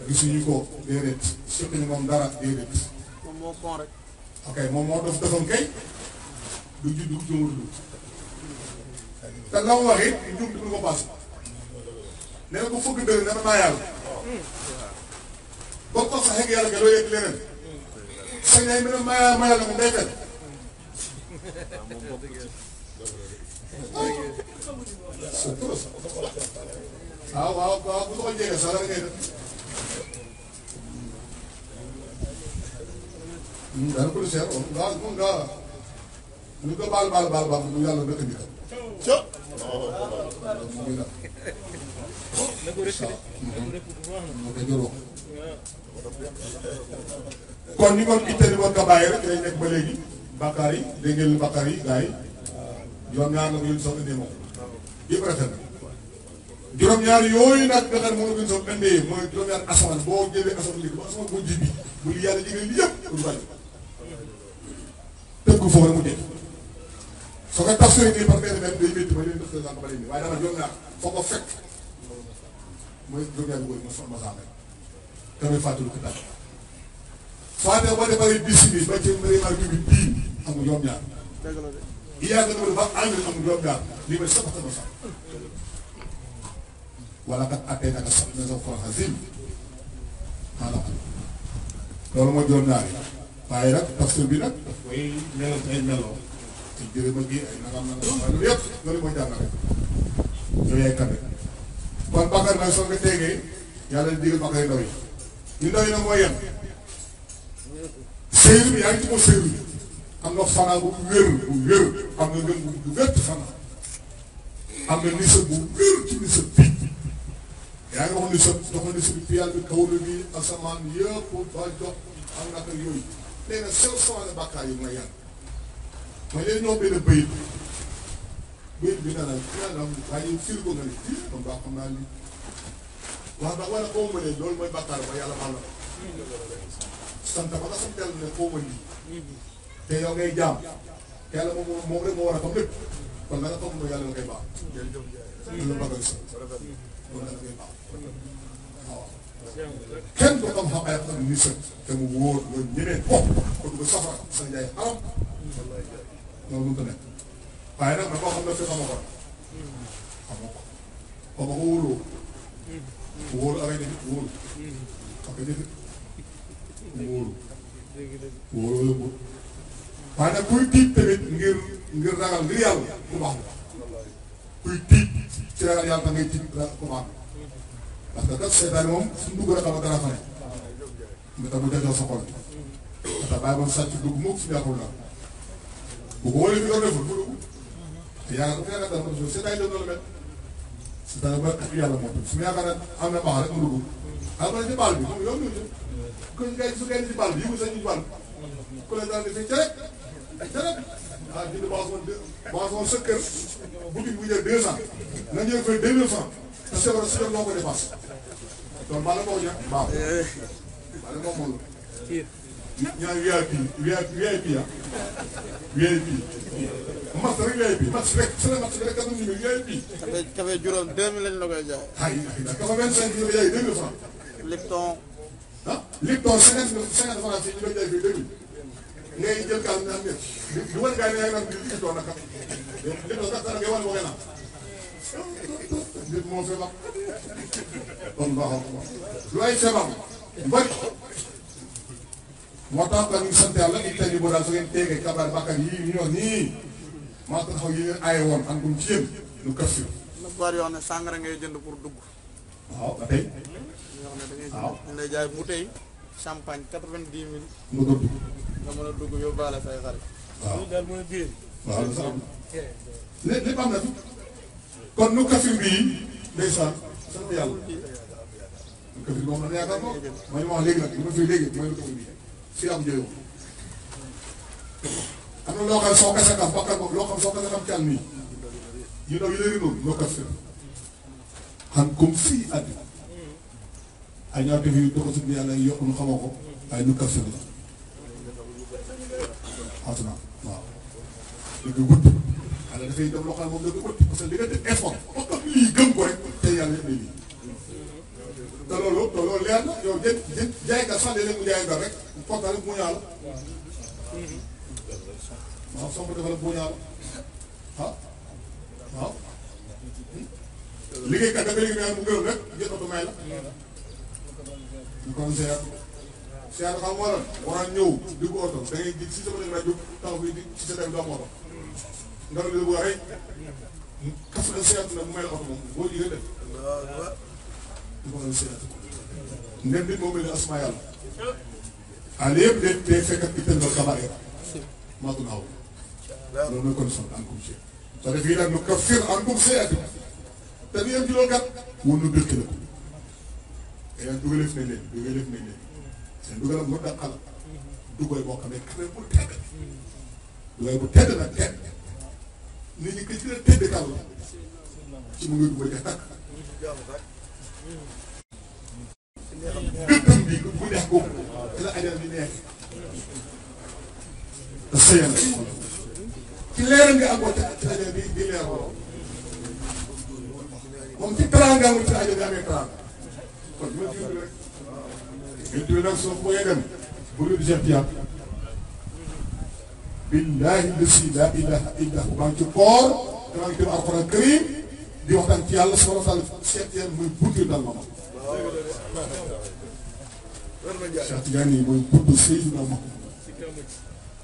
gisuñu ko déedéet surtout ñu moom dara déedéet. ok moom moo def defam du juddu jumul du. te la mu wax it du ko paase. nee na ko fukki dëgg nee yàlla. boo ko saxee ak yàlla nga doo yegg leneen. sañ nañ ma ne maa maa yàlla mu ndeyfeel. waaw moom bokk ci. waaw waaw waaw bu ko jege sax la ngay def. daal ko lu seer woon nga moom nga lu ko baal baal baal baal mu yàlla dëkk bi ca kon ni kon ittali woon nga bàyyi rek day nekk ba léegi bàkkaar yi dégg ngeen bàkkaar yi gars yi juróom-ñaar la ko yéen soog indee moom yëpp rafet na juróom-ñaar yooyu nag nga xam ne moom la ko yéen soog indee boo jëlee asamaan boo ji bi bu yàlla jigéen li yëpp pour bàyyi foofu rek mu dégg soo ko tafsir nii par benn benn day métti ba leen def deux ans foo ko fekk mooy juróom-ñaar bu bëri ma soxla ma saa rek tamit fàttali ko waaye nag boo defaree bis bi ba ci iya remarque bi bii amul yoon ñaar yàgg na ba ànd amul yoon ñaar li may sax sama sax wala kat attey naka sax na sa fora zim xanaa loolu mooy joon ñaar yi waaye nag pasteur bi nag daf koy melal ci ay meloo ci jërëma gi ay nangam nangam waaye loolu yëpp loolu mooy jàngale yow yaay kan rek kon bakar nag soo ko tegee yàlla digal bakar yi ndaw yi ñu ndaw yi nag mooy yan sëy bi yaa ngi ci ma sëy bi am na fanaa bu wér bu wér am na ngeen bu wér fanaa am na nisa bu wér ci nisa bi yaa ngi wax nisa jox na nisa bi fi yàlla kaw na bi asamaan yëpp ba jox am na ak yooyu nee na sew sawale bàkkaar yi mooy yàlla mooy leen ñoo benn bëyit bëyit bi dana dana bàyyi firi ko nga ne fii man baa xam naa lii wax ba wala xaw ma ne loolu mooy bàkkaar ba yàlla baal na ko sant a nga sant yàlla ne foo wëy nii te yow ngay jaam te yàlla moom moom rek moo war a xam lépp kon nga xam ne yàlla na koy baax. loolu la a gis loolu la koy baax waaw. kenn du xam xam ay xam ni nga ko ko dugg safara sa jaay a ko xamoo ko xamoo ko wóoru wóoru yóbbu waaye nag kuy tiit tamit ngir ngir ragal ngir yàlla ku baax la kuy tiit ci ragal yàlla da ngay tiit ku baax la ndax kat seytaane moom suñ dugg rek dama dara fa ne mu tax mu jajoo sa xol ndax bàyyi moom sàcc dugg moom suñu yàqul la bu ko wóoree fi doon deful bu dugg te yaakaar bu yaakaar dara ko seytaane doon la mel seytaane ba ak yàlla moom su ma yaakaar ne am na baax rek mu dugg xam nga ci baal bi moom yoon nañu ku ngeen su ngeen di bal yëngu sa ñu bal ku leen daal di fi cërëb cërëb ah jënd boisson deux boisson sa kër boutique bu jël deux cent nga ñëw fay deux mille franc te c'est vrai su jot moo ko dépassé donc maa la moo ñor baaw maa la moo moom ñaar VIP VIP ah VIP mas rek VIP mas rek su ne mas rek kat ñu VIP café juróom deux mille lañ la koy jaay ay ay café vingt cinq yooyu deux mille franc Lipton ah ligue d'or cinquante cinquante francs yi ñu doon jaay fii deux mille ngay jël kaas nga xam ne du wane gars yi da ngay naan ligue d'or nag kat ligue d'or kat dara ngay wane ba ngay naan nit moo feebar kon baaxul lu ay feebar bëri moo tax da ngi sant yàlla it tey boo daal su ngeen teegee kabaar bàkkan yii ñu ñor nii maa taxaw yi ngeen aaye woon am ko ci yéen lu kër si. am na góor yoo xam ne sàngara ngay jënd pour dugg. waaw ba tey. xam ne da ngay. waaw ñu lay jaay bouteille champagne quatre vingt dix mille. nga dugg nga mën a dugg yóbbaale say xarit. waaw loolu daal mën a na fi kon nu loo xam soo kese xam bokkal moom loo xam soo kese bi yu ndaw yi léegi xam comme fii àddina ay ñaaw tef yu doxal suñu yàlla yokk nu xamoo ko ay nu kaf sëñ la xaatu naa waaw dëgg wut yàlla dafay def loo xam ne moom dëgg wut parce que li nga def effort ba xam lii gëm ko rek te yàlla yëpp lii te loolu te loolu leer na yow jën jën jaaykat sax léeg-léeg mu jaay rek porta rek mu ñaala waaw soo ko defal mu ñaala ah waaw hmm? liggéeykat da nga liggéey mu gërëm rek jëkkatu may la kon seer seer xam waroon waroon ñëw dugg oto da ngay si sa bële rajo taw bi ci sa dem doomu oto def waroon moom mel ni asma yàlla yëpp de te fekk ak itam loolu xabaar yi maa ko naaw loolu mooy condition bi ankum seer te def yi nag lu kafir ankum seer te ñu yem ci loolu kat wala dëkk ko yàlla dugaleef nañ leen dugaleef nañ leen seen dugalam mu dàqal dugay boo xam ne xamee bu tedd dugay bu tedd nag tedd nit ñi ko ci la tedd kàll ci mu ngi dugay def tàkk dëppam bi bu neex boobu la ajal di neex te sëyal ci leeral nga amoo ci ajal bi di leer moom ci teraanga ci ajal bi amee teraanga yonent bi nag soo koy dem bu dul Cheikh Diagne billaahi lasi laa ilaaha illaa maa ngi ci koor damaa di waxtaan ci yàlla soo waxtaan Cheikh Diagne mooy buntu dal ma ma. Cheikh Diagne mooy buntu Seydina ma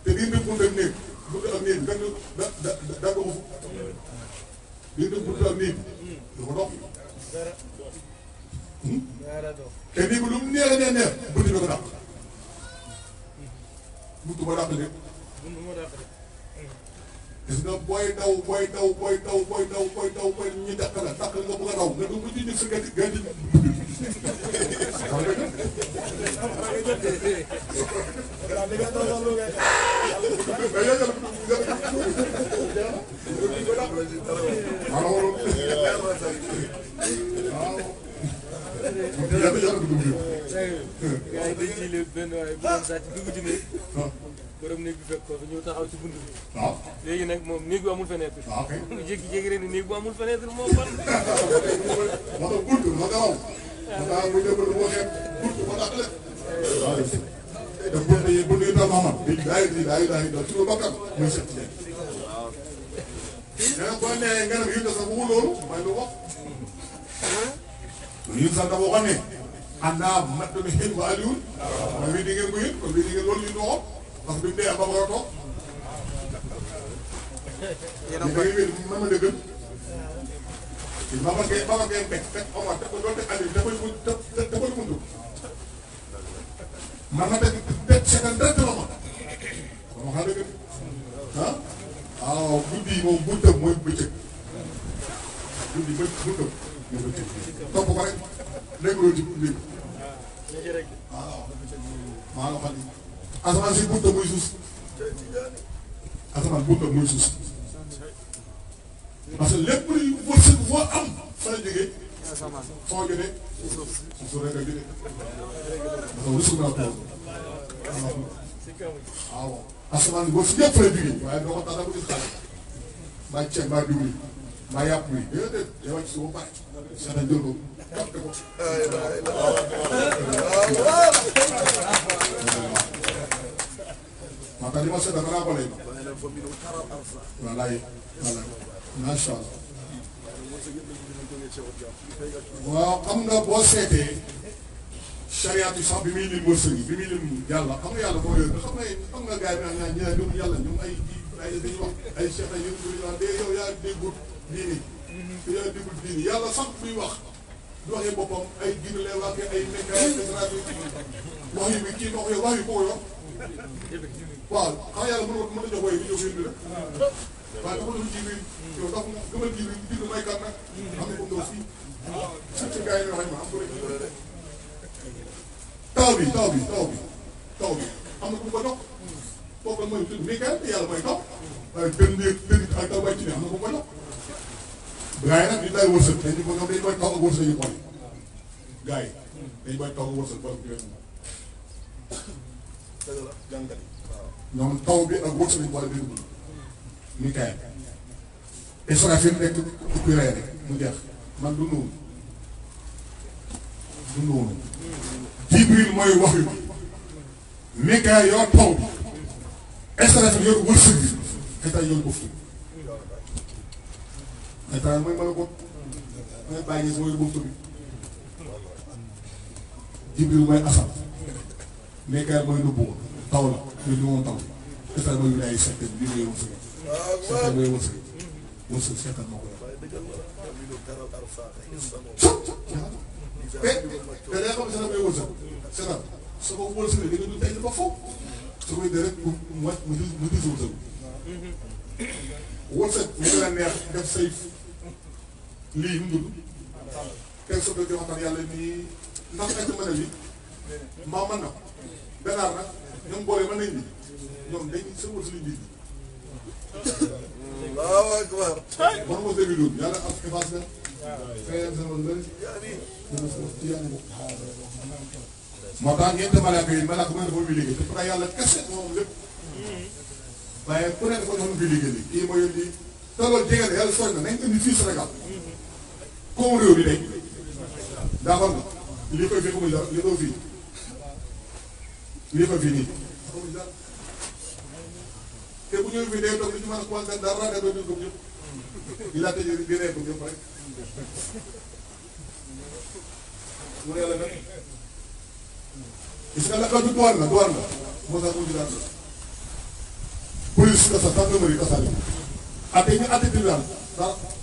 te lii nag buntu ak néeg buntu ak néeg ko dox. te bii bu lu mu neex a neex neex buntu bi ko dàq buntu ba dàq lépp gis nga booy daw booy daw booy daw booy daw booy daw booy ñu dàq la dàq la nga bëgg a daw nga dugg ci ñu sa gàncax gàncax waaw yàlla yàlla dugg ji. gars yi dañ ciy leen waaye bu doon sàcc dugg ji néeg. bi fekk ko ñëw taxaw ci bunt bi. waaw léegi nag moom néeg bi amul fenêtre. waaw ni moo ban. moo tax bunt moo taxaw. te bunt yi bunt yi doon amal. daay di daay daay doon ci lu bakkan a may lu wax. Yuusa dafa waxoon ne xanaa mat na xëy ba Aliou. waaw waaw di ngeen ko yëg di ngeen loolu ñu doxoon parce que mu dee am ba war a toog. yéen a ngi koy yéen a ngi koy Babacar Gueye Babacar Mbeg fekk Omar def ko doon teg Aliou dafay mu dafay mundu. man na teg teg seqal dara dama ko. dama xam dëgg ah. waaw ah, guddi moom buntam mooy guddi bëccëg buntam. topp ko rek léeg-léeg di ubbi maa la wax asamaan si bunta muy suus asamaan bunta muy suus parce que lépp luy wërsëg foo am fa la jógee foo jógee suuf rek a jógee parce que wërsëg naa ko waaw asamaan bi wërsëg yëpp fa la jógee waaye doo ko tax da ko gis xaalis mbaa ceeb mbaa diwlin mbaa yàpp bi déedéet yow ci suuf ba pare sana njurgu makalima sada kana kole ma wallahi wallahi masha Allah waaw xam nga boo seetee chariat yi sax bi muy lim wërsëg yi bi muy lim yàlla xam nga yàlla moo yooyu nga xam nga xam nga gars yi naan ñaan ñaan ñoom yàlla ñoom ay ay dañuy wax ay cheikh ay yëpp dañuy wax de yow yaa déggul lii nii yaa déglu diini yàlla sax muy wax du waxee boppam ay diini lay waxee ay nekk ay pétrage wax yi bi kii wax yi wax yi ko yor waaw xanaa yàlla mën mën a jox way bi ñëw fii la waaye dafa doon jiw yow dafa gëmal jiw jiw may kan nag am na ko ndaw fii surtout gars yi ñu wax ma am ko rek taw bi taw bi taw bi taw bi am na ku ko dox kooku mooy tudd mais yàlla mooy taw waaye benn benn ak taw bàcc bi am na ku ko dox gars yi nag ñu lay wërsëg dañ ko ñoom dañ koy yu bon gars yi dañ koy bi jàngat taw bi ak wërsëg yu bon bi ñu kaay Israfil nekk ku rey rek mu jeex man du noonu du noonu Jibril mooy wax yu bi Mikaayil yor taw bi Israfil yor wërsëg bi te tey état mooy malakut mooy bàyyi mooy buntu bi jibril mooy asal Mikael mooy nubbu taw la te li moom taw état mooy wilaay seetal lii mooy wërsëg seetal mooy wërsëg wërsëg seetal moo ko te day xam seetal mooy wërsëg seetal su ko wërsëgee da nga dul tey ba foofu su koy dee rek mu mu mu dis wërsëg wërsëg ñu la neex def say lii mu dugg kenn soog a jox man yàlla nii ndax ak mën a lii maa mën na ganaar nag ñoom boole mën nañ lii ñoom dañ sa wër suñu biir waaw akbar man mos dégg loolu yàlla am évasion fayam sa mën lële moo tax ñeent malaaka yi malaaka mu ne dafa muy liggéey te pourtant yàlla kese moom lépp waaye ku ne dafa jox lu muy liggéey kii mooy lii te loolu jege na yàlla sori na nañ indi fii Sénégal comme réew mi day d'accord nga li koy fii xamuñ li koy fii li koy fii nii xamuñ li ñu mën a commencé dara da doon ñu gëm ñëpp ñu laajte ñu di ree ko ñëpp rek mu ne la nag gis nga naka du douane la douane la moo tax mu ñu daan police kasa gendarmerie kasa bi. atte ñu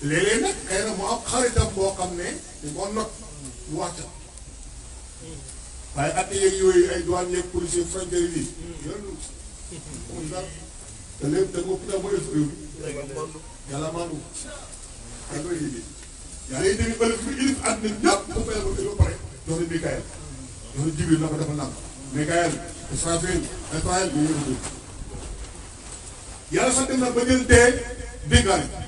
léeg-léeg nag xëy na xaritam boo xam ne dañ koo not du wax waaye at yeeg yooyu ay douane yeeg policier frontière yooyu moom daal te léegi te moom itam mooy réew mi yàlla na ñëpp bu feebar bi ba pare jox na Mikaël jox na Jibril na ko dafa nàmp Mikaël dem na ba jël dee déggaale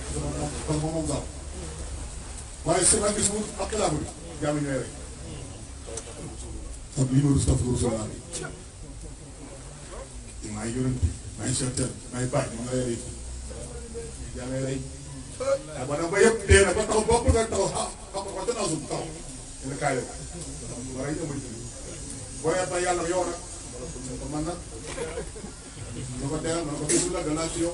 kon moom moom gaaw waaye semaine bi suuf ak xilaafa bi jàmm ñooy rek kon li ma rus taf rus laa bi maay yonent maay seetal maay baax moom lay rey jàmm rey ak ba nag ba yëpp dee na ba taxaw bopp nga taxaw ah xam nga te naa suuf taxaw dina kaay la ba rey ëmb boo yàlla yàlla yow nag man nag ma ko teeral ma ko tudd la gannaaw ci yow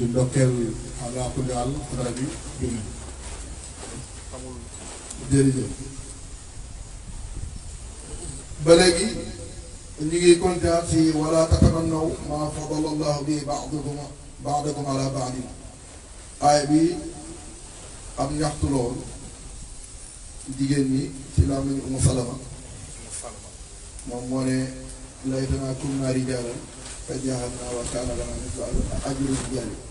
di ndokkeel allah kulli àll dara bi jullit ñu ngi kontaan si wala tatamannaw maa fadala allahu bi ba'dakum ba'dakum ala ba'din aay bi am ñaxtu lool jigéen ñi ci laa mel ni Salama moom moo ne laytanaa kunna rijaalan fa jaahanna wa kaana lanaa mithlu ajri rijaal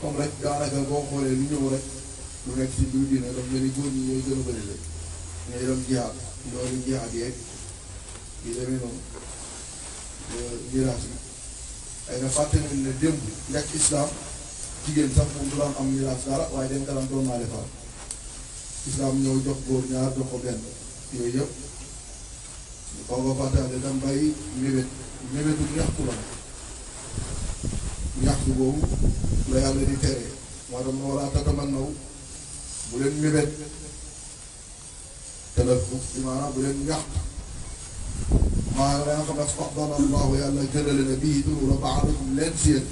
comme rek daanaka boo xoolee lu ñëw rek lu nekk si biir diine daf leen góor ñi ñooy gën a bëri la ñooy dem jihaad loolu jihaad noonu miraas yi ay na fàtte nañ ne démb njëkk islam jigéen sax moom du daan am waaye dañ ko daan doon naa ñëw jox góor ñaar jox ko benn yooyu yëpp xaw ma fàtte dem bay mébét mébétu ñaxtu la wattu googu la yàlla di tere moo tax moo laa tatamannaw bu leen mébét talaffu bi maanaam bu leen ñax maa la nga xam ne faddala allahu yàlla jëlale na bii duura baadakum leen si yéen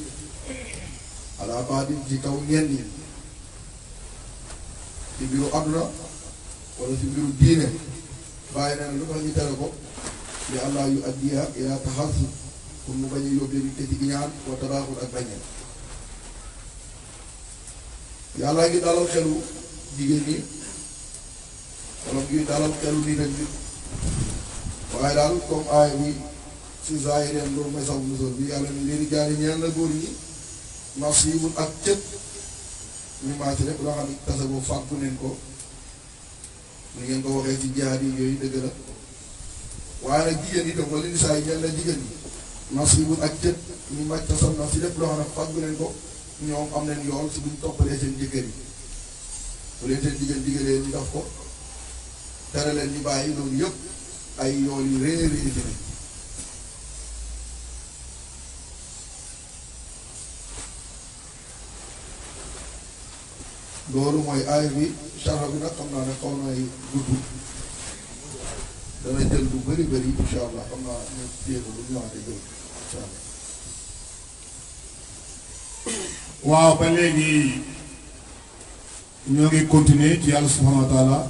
ala baadin ci kaw ñenn ñi ci mbiru aduna wala ci mbiru diine bàyyi na lu tax ñu tere ko li allah yu addiya ila taxasub pour mu bañ a yóbbee nit te ci ñaan wa tabaaxul ak bañeel yàlla ngi dalal xelu jigéen ñi wala ngi dalal xelu nii nag nit waaye daal comme aay bi si zaahireem loolu mooy sax musal bi yàlla ni leen jaari ñaan la góor ñi nasibul ak cët ñu màcc rek loo xam ne tasa boobu neen ko ni ngeen ko waxee ci jaar yi yooyu dëgg la waaye nag jigéen ñi wala ni saa yi la jigéen ñi nasibun ak tët ñu màcc tasam na si lépp loo xam ne fàggu leen ko ñoom am leen yool si buñ toppalee seen jëkkër yi bu leen seen jigéen digalee ñu def ko tere leen ñu bàyyi loolu yëpp ay yool yu réer yi ci ne loolu mooy aay bi sarxa bi nag xam naa ne xaw nay gudd dana jël bu bëri bëri incha allah xam naa ne téye ko bu ñu waxee jël waaw ba léegi ñoo ngi continuer ci yàlla subhanahu wa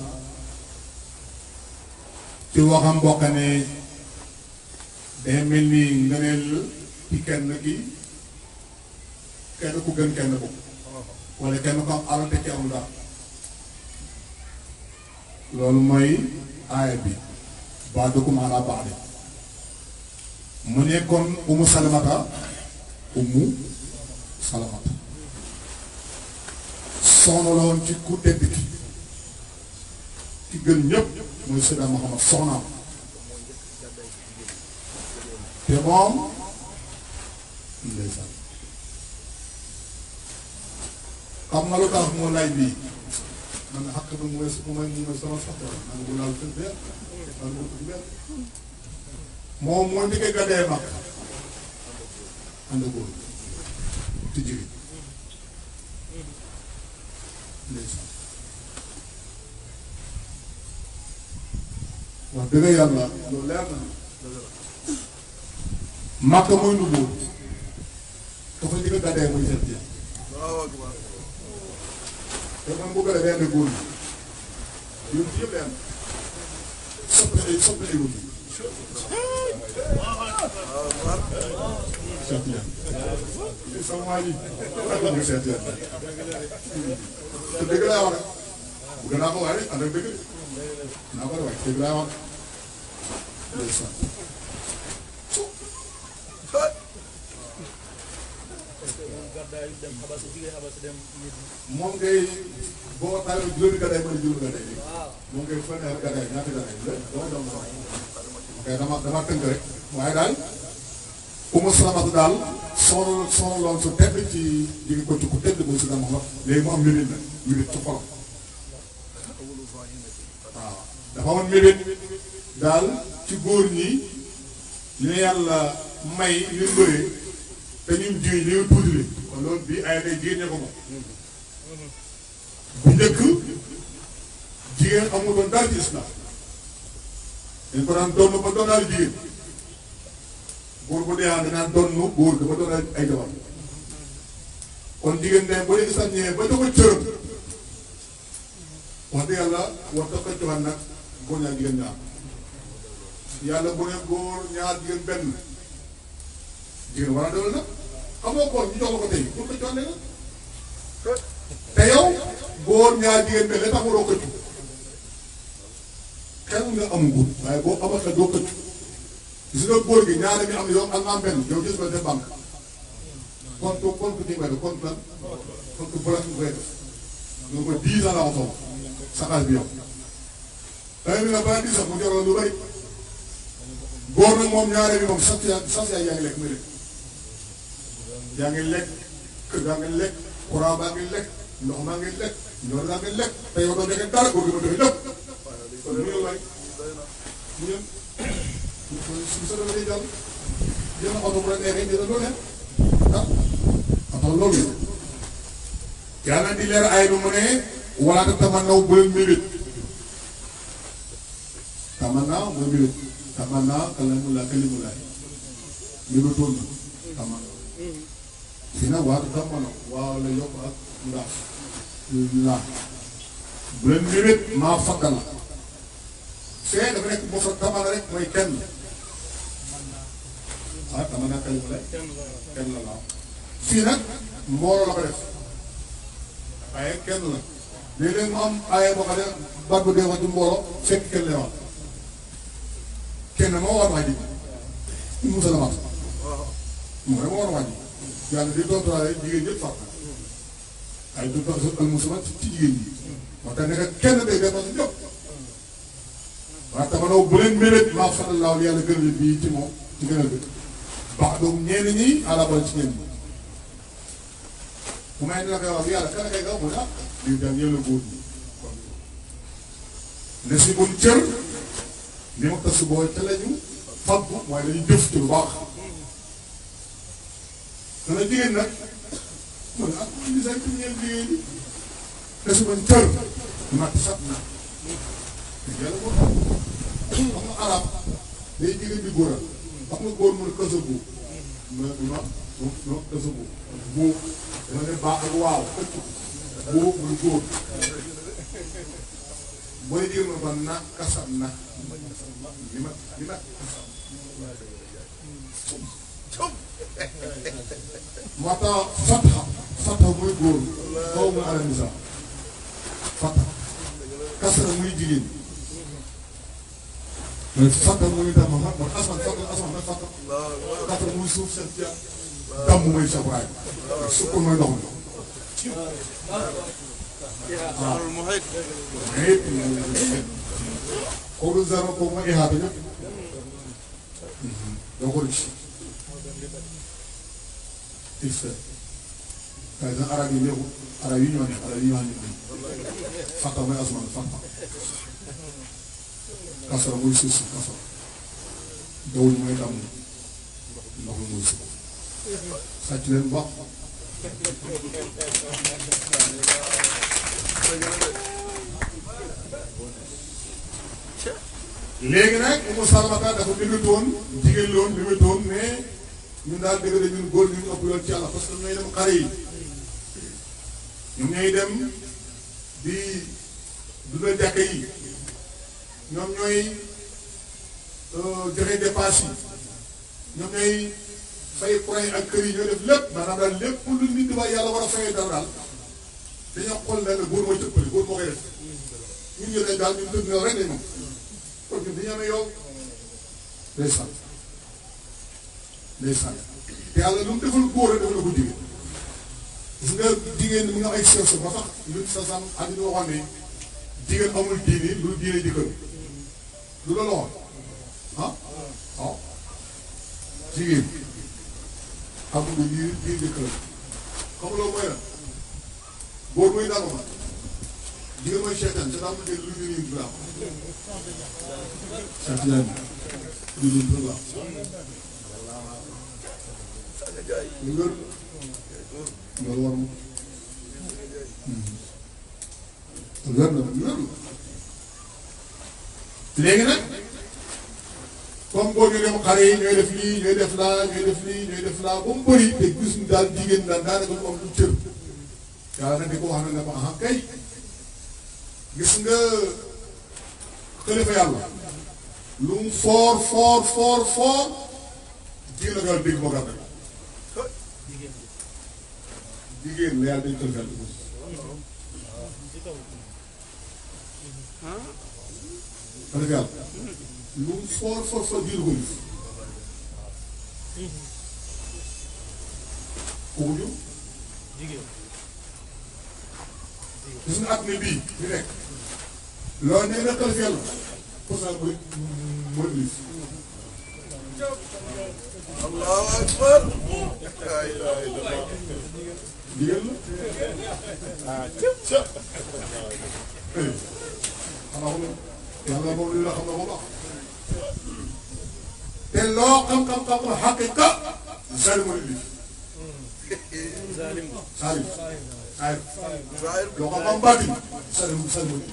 ci waxam mbokk ne day mel ni ngëneel ci kenn ki kenn ku gën kenn ko wala kenn ko am alal te amul dara loolu mooy aaya bi baadukum ala baadi mu ne umu salamata umu salamata soxna la ci ku tedd ki ci gën ñëpp muy Seydina Muhammad soxnaam te moom xam nga lu tax moo lay bii man xaq bi mu may mu may sama soxla man bu laal fël benn man bu moom moo njëkk a gadee mag ànd ak woon te jëriñ ndeysaan wax dëgg yàlla loolu leer na màkk mooy lu bóor dafa njëkk a gadee muy seet ji te man bu gadee benn te dëgg laa wax rek bëgg naa ko waaye ànd ak dëgg de naa ko waaye dëgg laa wax ndeysaan moom ngay boo xaaral juróomi gàddaay mooy juróomi gàddaay bi moom ngay fan gàddaay ñaata gàddaay bi la doo doon mais eh, dama dama tënk rek waaye daal umu salamatu daal sonal sonaloon su tedd ci di ko ci ku tedd bu si dama léegi mu am mébét nag ci xolam dafa amoon mébét daal ci góor ñi li yàlla may li mbëree te ñun jiw ñu tuutile kon loolu bii ay day jigéen ña ko moom bu njëkk jigéen amuloon daal ci islam dañ ko donn ba doonaal jigéen buur bu deewaan danaan donn buur dafa ay jabar kon jigéen ne ba léegi sax ñëwee ba jox ko cëram wax yàlla war ko joxaat nag góor ñaar jigéen ñaar yàlla bu ne góor ñaar jigéen benn jigéen war a doon nag xamoo ko ñu jox la ko tey pour ko jox ne la te yow góor ñaar jigéen benn la tax waroo ko xel nga amagul waaye boo amal xel doo këcc gis nga góor gi ñaare mi am yow am naa benn yow gis nga def banque compte compte ni nga def compte lan compte bloc bi yow. day mi nag balaa dix ans mu joroon lu bëri góor nag moom ñaare bi moom sax yaa sax yaa yaa ngi lekk muy lekk yaa ngi lekk kër yaa ngi lekk courant baa ngi lekk ndox maa ngi lekk ñoom yaa ngi lekk te yow doo joxe dara góor gi ma joxe kon nuyoo waay mu yem su sa dama day jàll jël oto bu la neexee jëlal loo ne ah oto loolu yàlla mu ne walaata tamannaw bu na tamannaaw si nag waatu tamannaaw waaw la yokk ak ndax laa bu leen maa fakka la سيد بريك بوصل طبعا ريك ويكمل صح طبعا انا كلمه لا كمل الله في نك مور لا بريك اي كمل لي لين ام اي بو خالي بابو دي ودي مور فك كل يوم كان ما ورا واجي مسلمات مور ورا واجي يعني دي دو ترا دي جي فاك اي دو ترا المسلمات تيجي وكان كان بيبي ما نجوك waaye tamanoo bu leen mébét maa fadallaahu yàlla gënal bii ci moom ci gënal bi baax doom ñeeni ñi ci ñeen bu may ne la koy wax yàlla kan kay gaw mu ne ah lii daal li ci lu baax dana jigéen nag mu ne ah man ne si mun cër ma tasab na te wax nga arab day jigéen di góor a wax nga góor mën kasagu ma ma ma kasagu boo dama ne baax ak waaw boo muy góor booy jigéen mën ba na kasam na li ma li ma kasam moo tax fatxa fatxa muy góor kaw mu alamisa fatxa kasara muy jigéen sàkkal mu ngi dama man mooy asamaan sàkkal asamaan nag sàkkal gàttal mooy suuf damm mooy Cheikh Ibrahima sukkul mooy ndox mi waaw kooku zéro kooku mooy ihaata ñëpp doo ko gis il fait par exemple arab yi neexul arab yi ñoo neex arab yi ñoo xam ne sàkkal mooy asamaan sàkkal kasara mooy suuf si kasara dawul mooy damm ndox mooy suuf sàcc leen ba léegi nag umu sarbata dafa bindatoon jigéen loon limatoon mais ñun daal dëgg la góor ñu ëpp yoon ci yàlla parce dem xare yi ñoom ñooy dem di dundal jàkka yi ñoom ñooy euh, joxe dépense yi ñoom fay courant ak kër ñoo def lépp maanaam daal lépp lu nit di yàlla war a fayee dara daal dañoo xool ne la góor mooy tëppale góor moo koy def ñun yow day sàll day sàll te yàlla lu mu defal góor a defal ko mu nga ay seesu ba tax ñun sa sànn ak ñu lu diine jëkkër Do the Lord. Huh? Oh. To you. How will you give the credit? Come along where? Go away that one. Yılma şeytan, selam bir lüzün indirap. Şeytan, lüzün indirap. Gör, gör var mı? Gör mü? Gör mü? léegi nag comme boo ñu dem xare yi ñooy def lii ñooy def laa ñooy def lii ñooy def laa ba mu bëri te gis ñu daal jigéen yàlla nga xalifa yàlla lu mu foor foor foor jigéen la nga dégg moo gàtt jigéen la yàlla dañu xalifa yàlla regarde lu fort fort fort diir ko yëf kooku ñu gis nga at mi bii di nekk loo nee na xel yàlla pourcent mooy mooy liif allahu yàlla moom li la xam na ko baax te loo xam-xam-xam ko xaqiqa zalimul li zalim zalim loo xam-xam baati zalim zalimul li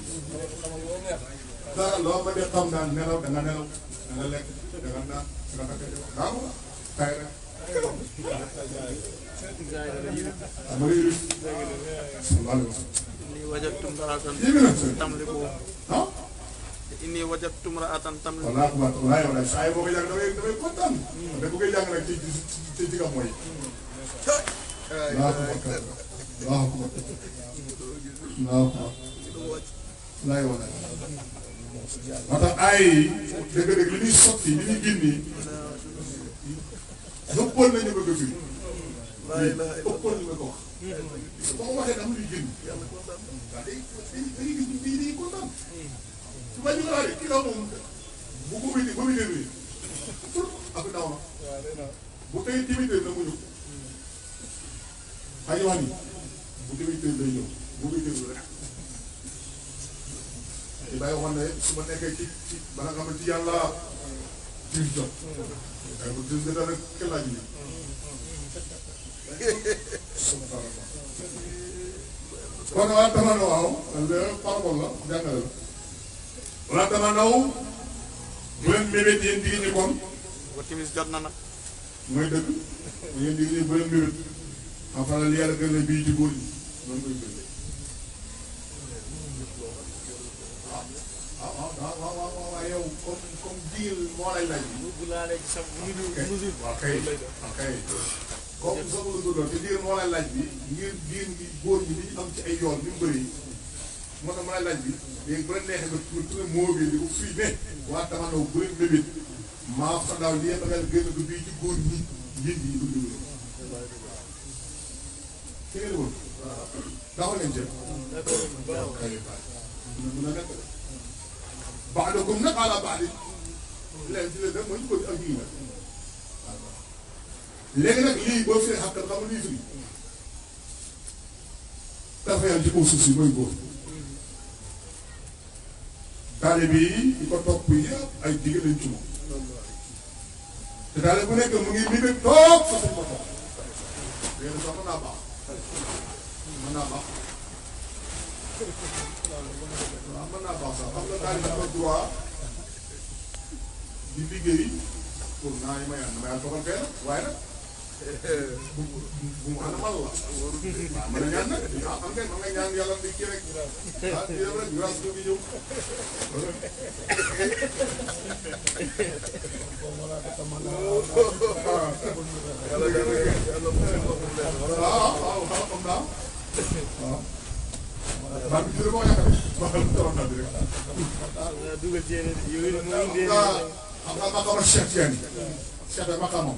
dara loo ma de xam naan nelaw da nga nelaw da nga lekk da nga naan da nga takk daamu tay rek ama yëri sallallahu alayhi wa sallam li wajadtum baratan tamliku inni wajadtu imra'atan tamlik wala akbar wala yow nag saa yi boo koy jàng damay damay kontaan hmm. da bu koy jàng nag ci ci ci gam mooy waaw waaw waaw waaw waaw moo tax ay dëgg-dëgg li ñuy sotti li ñuy génne ëppoon nañu ko gëstu ëppoon nañu ko wax. boo ko waxee da nga koy génne. waaw dañuy dañuy dañuy kontaan. Hmm. su ma ñu laalee ci kaw moom bu bu wéy bu wéy déglu ak ndaw ma bu tey timide na mu ñëw ay wàll yi bu timide day ñëw bu wéy déglu rek. te bàyyi waxoon ne su ma nekkee ci ci bala nga xam ne ci yàlla jiw jot. waaye bu déglu dara kenn laaj bi. kon waaw taxaw na waaw. parce que par rapport la jàngale la. wala dama naw bu leen mébét yéen jigéen ñi kon. ba timis jot na nag. mooy dëgg yéen jigéen ñi bu leen mébét xam nga li yàlla gën a bii ci góor ñi noonu koy gën. waaw ah, ah, waaw ah, waaw waaw waaw yow comme comme jigéen moo lay laaj. bu laalee ci sa mesure. waaw kay waaw kay. comme soxla te jigéen moo lay laaj bi ngir jigéen gi góor ñi li ñu am ci ay yoon ni mu bëri. moo tax ma laaj bi léegi bu la neexee ba tur tur moo bi di ko fii ne waa tamanaw bu leen mébét maa fa daaw li yëpp daal gën a dugg ci góor ñi njiit yi du dugg téere woon taxaw leen jël mën a nekk baax na comme nag ala baax di leen ci leen nag mooy ñu ko ak jigéen nag léegi nag lii boo firee xam nga xam nga lii firi dafa yàlla ci kaw suuf si mooy góor taalibe bi ñu ko topp ay jigéen lañ ci moom te taalibe bu nekk mu ngi mi ngi toog fa suñ ko toog léegi sax mën naa baax mën naa baax waaw bu bu mu xanaa la. waaw mën na ñaan nag ah xam nga mën nga ñaan yàlla di kii rek. ah kii rek rek grâce bi ñëw. waaw waaw xam naa. waaw. maa ngi tudd moo yaakaar maa ngi tudd maa ngi rek. ah dugal jéem a yooyu mu ngi dee. xam naa maa ko war a seet seetal maqaamam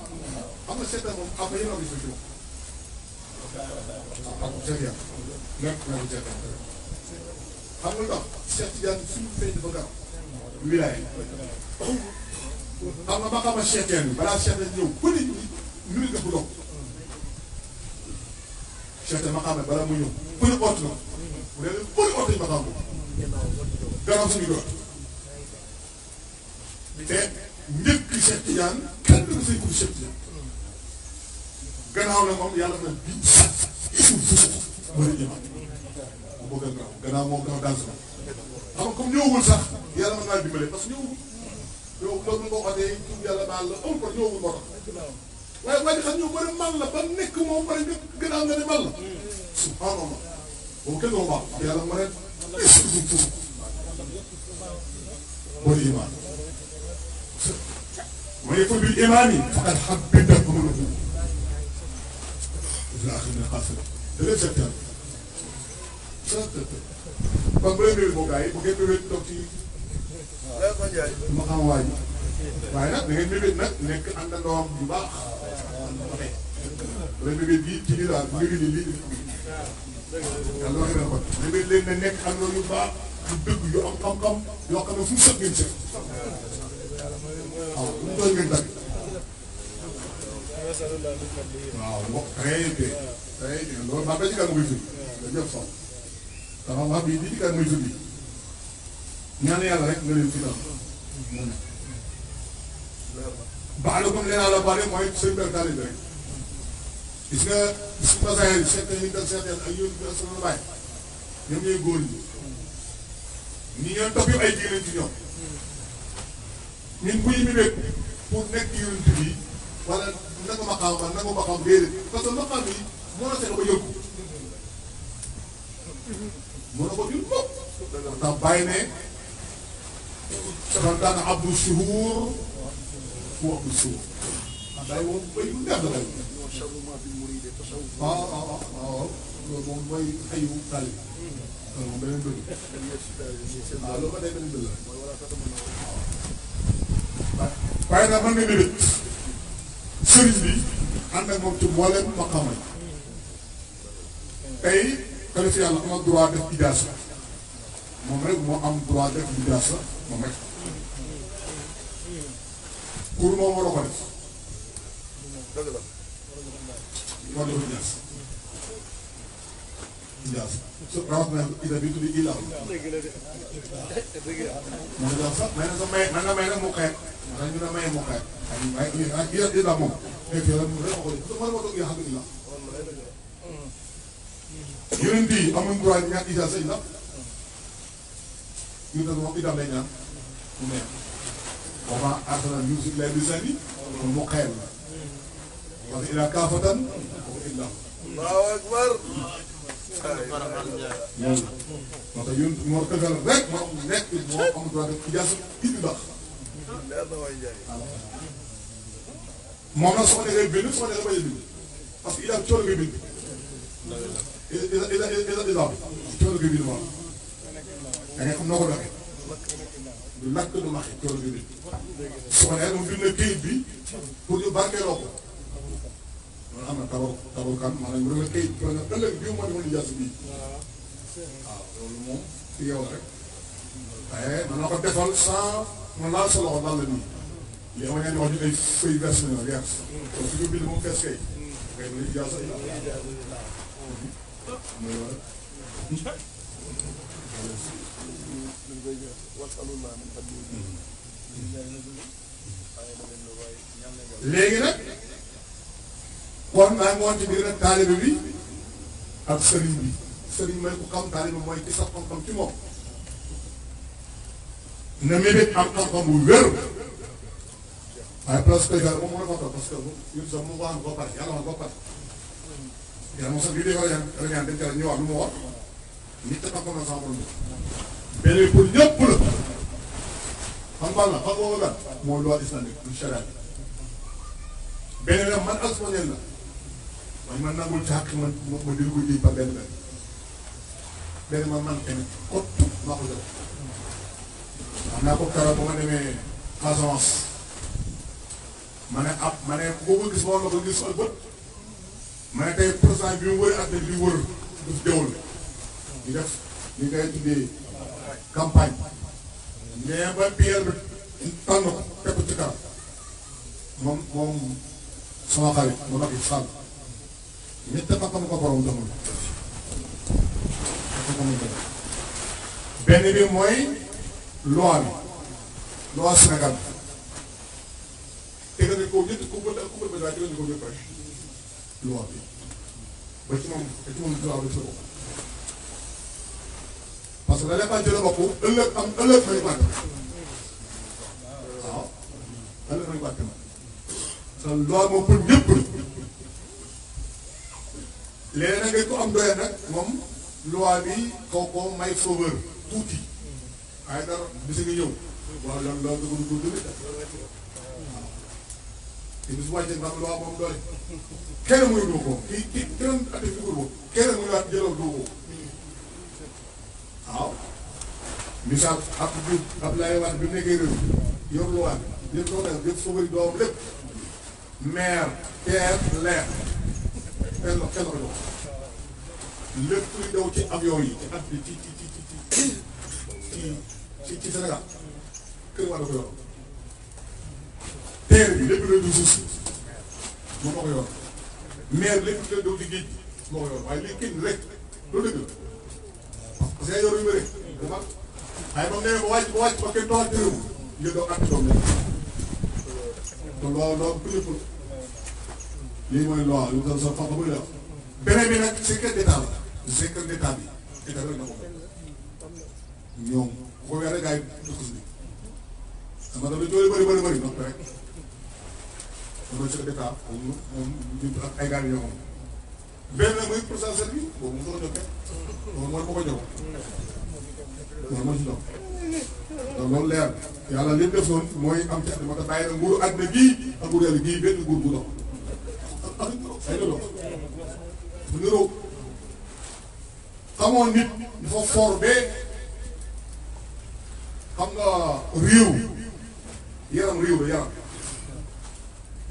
xam nga seetal moom am na yeneen organisation ci moom. ah amul seet yàlla même amul seet yàlla. xam nga lu tax seet yàlla suñu fee dafa gaaw. wilaay xam nga maqaama seet yàlla bi balaa seet la ñëw bëri ñu ngi def bu doon. seetal maqaama balaa mu ñëw bëri ot la bu dee leen bëri ot lañu maqaam boobu. gannaaw suñu doon. te. njëkk Cheikh Tidiane kenn du fay ko Cheikh Tidiane gannaaw la moom yàlla na biñ suuf suuf mën a jëmaat mu bëgg a gaaw gannaaw moom dafa daan sama xam nga comme ñëwagul sax yàlla mën naa dimbale parce que ñëwagul yow loolu boo xoolee tuub yàlla baal la amul ko ñëwagul moo tax waaye waaye xam ñu bëri man la ba nekk moom pare ñëpp gannaaw nga ne man la subhanallah boobu kenn doo baax yàlla mën a suuf suuf mën a jëmaat wa yakun bil imaami faqad habita amaluhu ila axiri xaasira da leen seetal kon bu leen réer boo gars yi bu ngeen réer toog ci ma xam waa ji waaye nag da ngeen bébét nag nekk àndandoom bu baax bu leen bébét bii ci lii daal bu ngeen lii yàlla wax na ko bébét leen na nekk àndandoo yu baax yu dëgg yu am xam-xam yoo xam ne fu mu sëg ngeen sëg waaw bu ñu tooñ nga dagg waaw mo réalité réalité loolu maa ngi ci kan muy tudd dañu yëpp sol dama wax bi ci kan muy tudd ñaan yàlla rek nga leen fi tam mu ne baal comme nee naa la baale mooy sëñ bel taalibe rek gis nga su pasahel yi seet yi dal seeteel ak yoon bi sama bàyyi ñoom ñooy góor ñi ñi ngeen topp yëpp ay jigéen ci ñoom ñun bu ñu mënee pour nekk yonent bi wala nangu ma xaw ma nangu ma xaw déedéet parce que maqaam yi moo la seen ko yóbbu moo la ko jur bopp. ndax bàyyi ne dafa daan abdu suhuur fu abdu suhuur ndax day woon bay bu neex la day. waaw waaw waaw waaw loolu moom mooy ayu tali. loolu moom beneen bëgg. waaw loolu ma day beneen bëgg la. waaye nag mën nga mébét sëriñ bi ànd ak moom ci mbooleem maqaam yi am ak droit def moom rek moo am droit def idaasa moom rek pour moom war a ko def war a def idaasa rawatina Isa bi tudd Ilaw. mu ne la sax may na sa may na nga may nag mu xeet. maanaam ñu ne maye mu xeet. waaye waaye Ilaw Ilaw moom. fekk yàlla mu rek ma ko Ilaw. sa Ilaw. ñu ne na Ilaw lay ñaan. mu neex. wa maa arsalnaa min rasulin illaa bilisaani. kon mu xeet la. parce que Ilaw kaafatan. Ilaw. Allahu akbar. yàlla moo tax yoon moo tëgal rek moo am nekk moo am soo ko nekkee bind soo ko nekkee bañ a bind parce que xam noo ko doxee lakk du maxi coono ngay bind su ko nekkee moom bind këyit bi pour ñu barkeeloo ko ma na tabax tabaxkaan maanaam lu nga tey lu nga ëllëg bii moo demoon lijaasa bii waaw loolu moom ci yow rek waaye mën na ko defal sans mu laal sa loxo laal la nii li ama ngeen di wax ñu ay feuille verse la ñu verse kon suñu bind moom fees kay ngay mën a lijaasa yi mooy war léegi nag kon maa ngi woon biir nag taalibe bi ak sëriñ bi sëriñ mooy ku xam taalibe mooy ci sax xam-xam ci moom na mébét am xam-xam bu wér waaye place koy gar moom mën a fa toog parce que ñun sax moom waxoon ko pare yàlla waxoon ko pare yàlla moom sax lii day war a reñaan dañ ñu wax lu mu wax nit te xam-xam la sama borom beneen pour ñëpp la xam nga la xam nga la mooy loi islamique du charia man ak la man ma nangul càq man ma ma déglu lii ba benn benn benn ma man tamit kottu waxu la xam naa ko keroog ba ma demee Casamance ma ne ab ma ne ko ma woon na ko gis sol bët ma ne tey pourcent bi mu wër ak li wër daf li ngay tuddee campagne mais ba biir bi tànn ko ci kanam moom moom sama xarit ma mag yi sànq. ñett xatam ko borom demul benn bi mooy loi bi loi Sénégal bi tegal nañ ko ñett ku bëgg ak ku bëgg daal tegal nañ ko ñëpp rek loi bi ba ci moom ba ci moom loi bi ko parce que da leen bàjjale bopp ëllëg am ëllëg fay bàtt waaw ëllëg fay bàtt ma sa loi moom pour ñëpp léegi nag nga ko am doyee nag moom loi bi kaw may faveur tuuti waaye dara bisa nga ñëw waaw loolu loolu dëgg lu gudd la te bis bu moom doole kenn muy dugg ko kii kii kenn ati fi ko kenn muy wax jëloo dugg ko waaw misaal ab bi Abdoulaye Wade bi nekkee réew yor loi bi yëpp soo ko yëpp faveur doom lépp maire terre leer kenn kenn ko jox lépp luy daw ci avion yi ci at bi ci ci ci ci ci ci Sénégal kër waa kenn rek loolu dëgg la parce que yor yu bëri bu mag waaye ba mu nee ba wàcc ba wàcc ba kenn doxal jërëwul ngeen doon at doom la kon loolu loolu lii mooy loi lu ko soxla ba muy def beneen bi nag secret d'état la secret d'état bi état rek na ko ñoom bu si dama mooy leer yàlla li mu def noonu mooy am ci àdduna te na nguuru àdduna bii ak nguuru yàlla bii benn nguur bu ayla bu niroog xamoo nit dafa for bee xam nga réew yaram réew la yaram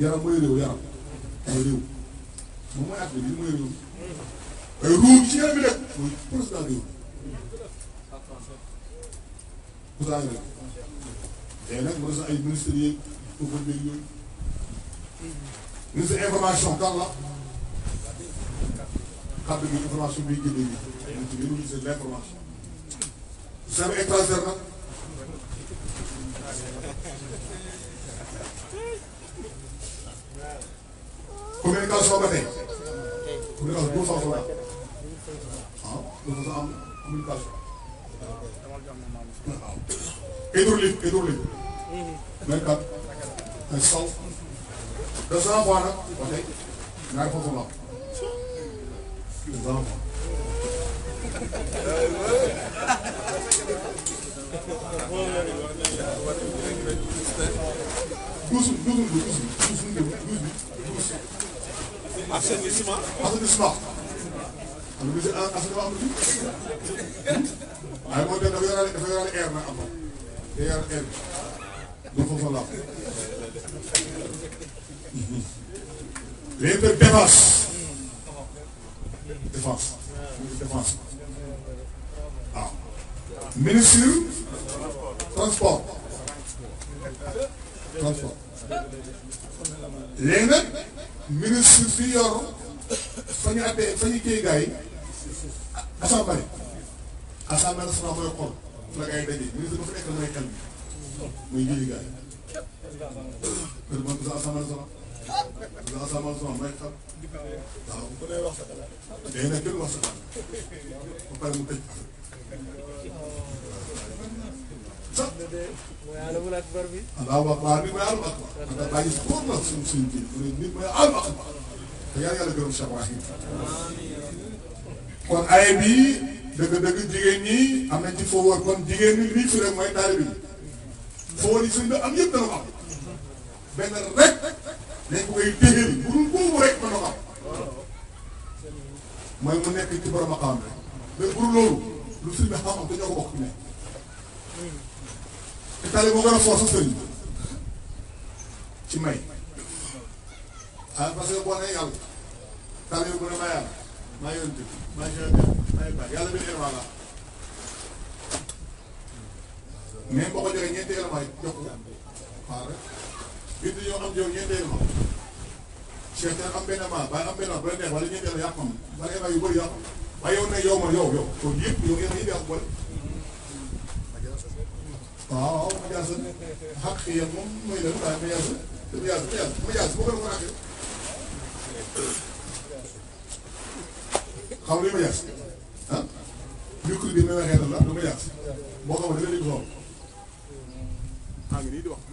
yaram mooy réew yaram mooy réew moom mooy at bi lii mooy réew ay ruum ci yaram bi nag mooy président réew président réew tey nag mën na sax ay ministres yeeg kooku ak yooyu ministre information kan la kàddu gi information bi génne gi ñun ci biir ministre l' information. service étrangère nag communication ba tey communication bu fa la ah dafa am communication. hydraulique hydraulique. 24 ay saw. 200 fois nag ba tey ñaari foofu la am 200 fois. douze douze douze douze douze assainissement assainissement am na lu si assainissement am na waaye mooy dafa yoraale dafa yoraale air nag am na day yoraale air bi foofu la am rien que défense défense défense waaw ah. ministre transport transport léegi nag ministre bi yor fa ñu àttee fa ñu kii gars yi assemblée assemblée nationale mooy xool la gars yi daje ministre ba fa nekk mooy kan bi mooy njiitu gars yi. a asamaan sama may xam waaw bu lay wax sa xalaat day nag kenn wax sa xalaat ba pare mu tëj sax mooy alamul akbar bi allahu akbar bi mooy alamul akbar da bàyyi foofu la suñu suñu kii mu ne nit mooy alamul akbar te yàlla yàlla gërëm Cheikh Ibrahim kon ay bi dëgg-dëgg jigéen ñi am nañ ci foo war kon jigéen ñi lii fi rek mooy taalibe bi foo war yi sëñ bi am yëpp dana am benn nañ ko koy déglu bu dul boobu rek mën na ko am mooy mu nekk ci borom a xaam rek mais pour loolu lu sëñ bi xam-xam dañoo ko bokk ci nekk te taalibe moo gën a foor sa sëriñ ci may ah parce que boo nee yàlla taalibe mu ne maa yàlla maa yonent maa yonent maa yonent yàlla bi ne voilà mais boo ko joxee ñeenti éléments yi jox ko waaw rek. bind yoo xam yow ñeenteelu ma Cheikh Tidiane am benn ma bàyyi am benn ma bu la neex wala ñeenteelu yàq ma ma ne ma yu bëri yàq ma waaye yow ne yow ma yow yow kon yëpp yow yéen a yëpp yàq boole waaw waaw ma jaasa xaq yéen moom mooy lan waaye ma jaasa ma jaasa ma jaasa ma jaasa boo ko doon waxee xam nga li ma jaasa ah micro bi ma waxee lan la du ma jaasa boo ko waxee da nga dégg lool maa ngi nii di wax.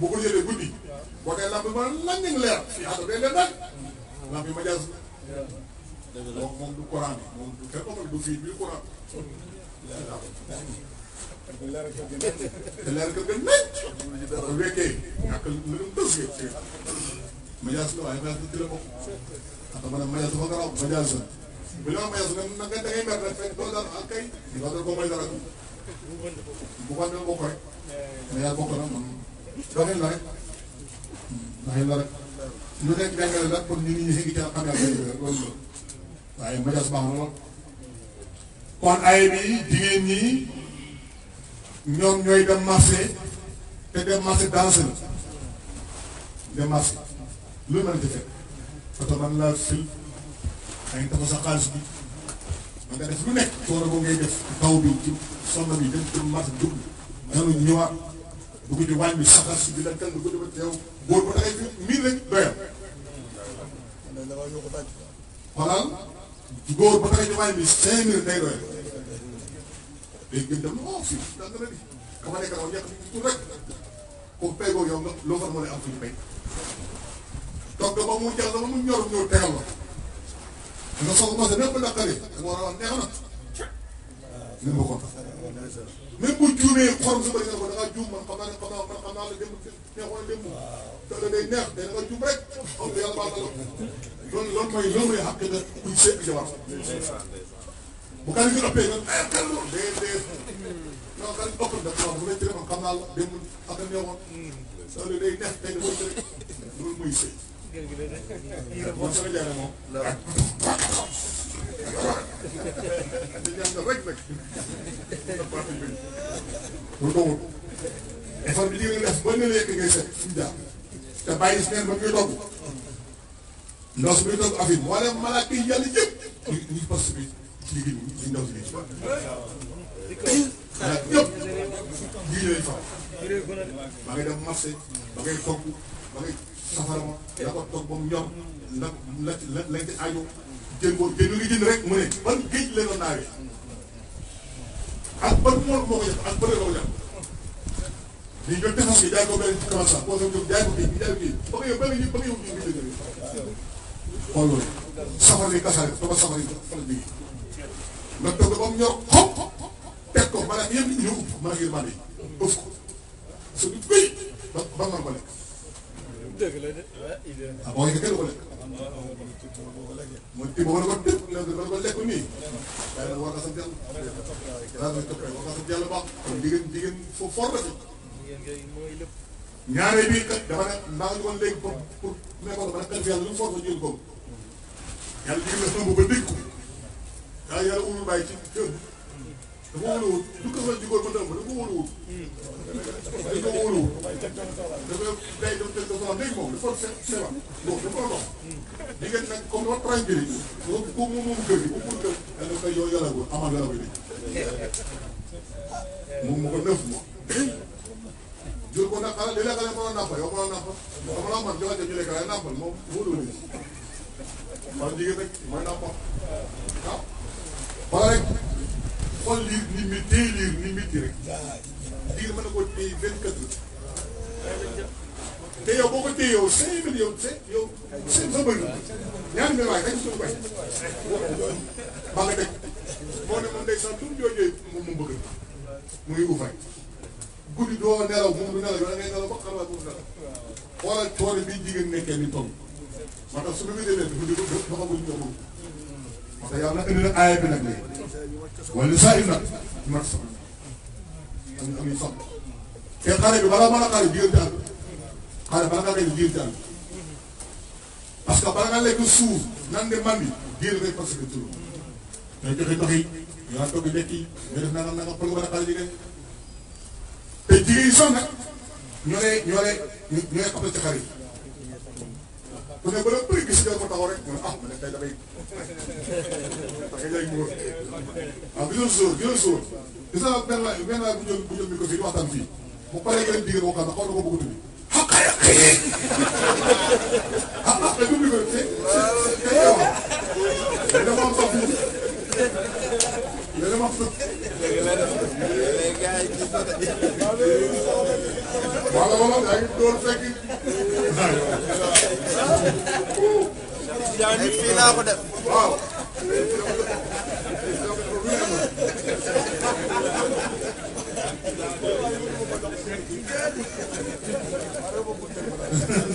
boo ko jëlee guddi boo koy làmp ma lan lañ leer fii ànd ak leer nag làmp yi ma jaas moom moom du Coran bi moom du fekk moom du fii bi Coran bi leer ka gën nañ bu wekkee ñàkk mbirum dës ge majaas la waaye majaas la ci la bokk ata ma ne majaas dafa garaaw majaas la bu la majaas nga na nga dangay mer rek fekk doo dara ak ah kay doo dara boo may dara bu ko amee bokk rek majaas bokk na man doxin la rek hmm, doxin la rek lu nekk jàngale la kon ñu ngi ñu ngi ci xam yàlla loolu la waaye majas baax na kon ay bi jigéen ñi ñoom ñooy dem marché te dem marché danse la dem marché lu mën ci fekk oto man laa fil da nga tafa sa xaalis bi man nga def lu nekk coono boobu ngay def taw bi ci sonn bi dem dem marché dugg nanu ñëwaat dugg ci wàññi saxaar si bi la kenn ko dama teew góor bu taxee fi miin rek doyal xoolal góor ba pare ñu may mi cinq mille day doy léegi gën dem non da nga di ka ma nekk dafa ñàkk tuut rek moo lay am fu ñu béy ba mu jàll ba mu ñor ñëw tegal la nga soog a mos a nekk naqari da nga war a neex na ni mu ko même ne neex day da nga rek xam nga yàlla na la loolu loolu mooy loolu mooy àq nga kuy seet jabar bu kaay bi nga ëppee nga ay xel loolu day day non kan bokkul da bu may téléphone xam naa la démb ak ak ñëwoon loolu day di ñaan nag loolu boobu effort bi li nga def ndaw si biy toog affaire bi wala malaaka yi yàlla yëpp ñu ñu poste bi ci liggéey bi ñu ndaw si biir ci wàll. malaaka yëpp liggéey lañ faral. ba ngay dem marché ba ngay togg ba ngay safara ma da ko togg ba mu ñor ndax la la lañ ci aajo jënd ko jënd li jënd rek mu ne ban géej la doon naawee ak ban mool moo ko jàpp ak bële la ko jàpp. liñ doon defar nga jaay ko benn commencement boo ko jaay ko kii jaay ko kii ba nga yow ba nga yow ba nga yow kii nga jënd xooloo safara yi gasaare ko dogal safara yi fan la jógee nga togg ba mu ñor xob teg ko mën a yem ñu ubbi a yërmande ëf ko sa du béy ko lekk. dëgg la de ah boo ko fi. yàlla lu mu for ma jël yàlla digal na ba dégg ko yàlla yàlla wóolu bàyyi ci kër dafa wóoluwut du ko soxla jigóor ba tëmb dafa wóoluwut dañ ko wóoluwut dafa day def dañ ko soxla dégg moom dafa seba moom dafa dox diggante nag comme dafa tranquille moom ko moom moom kër gi bu mun kër yàlla fay yow yàlla ko amal yàlla koy dégg moom mu ko neuf mois jël ko nag xale ah, léeg-léeg xale mënoon nàmpal yow mënoon nàmpal dama la man joxe ñu lekk waaye nàmpal moom wóoluwut man jigéen rek mooy naa ko waaw wala rek xool liir ni mi téye liir ni métti rek jigéen mën na ko téye benn kër te yow boo ko téye yow cinq mille yow cinq yow cinq sa bëri ñaari mille waay rek suñu koy ba nga teg moo ne moom day sant tur jooju moom mu bëgg mu ngi ufay guddi doo nelaw moom du nelaw yow da ngay nelaw ba xam naa du nelaw xoolal coono bi jigéen nekkee ni toll moo tax su ma gisee leen dafa déglu dafa xamul ñu xamul parce que yàlla indi na aaya bi nag léegi wala li saa yu nag ñu mat soxla am na am yu soxla te xale bi balaa mën a xale jigéen jàng xale bala ngaa koy jigéen jàng parce que bala nga lekk suuf nan de man bi jigéen ngay parce que turu day joxe ndox yi yaa togg njëkk yi nga def nangam nangam pour nga mën a xale jigéen te jigéen yi sonn nag ñoo lay ñoo lay ñoo lay xamal ci xale yi Benda belum pergi sejak kota orang pun. Ah, mana tak baik. Tak kaya yang Ah, bila sur, bila sur. Bisa benda benda bujuk bujuk mikro sini macam ni. Mempunyai kalian diri mereka tak kau nak buku tu. Hak ayak ni. Hak tak lebih mikro sini. Kau. Kau macam tu. ভালো ভালো গাড়ির door packing জানি fill up wow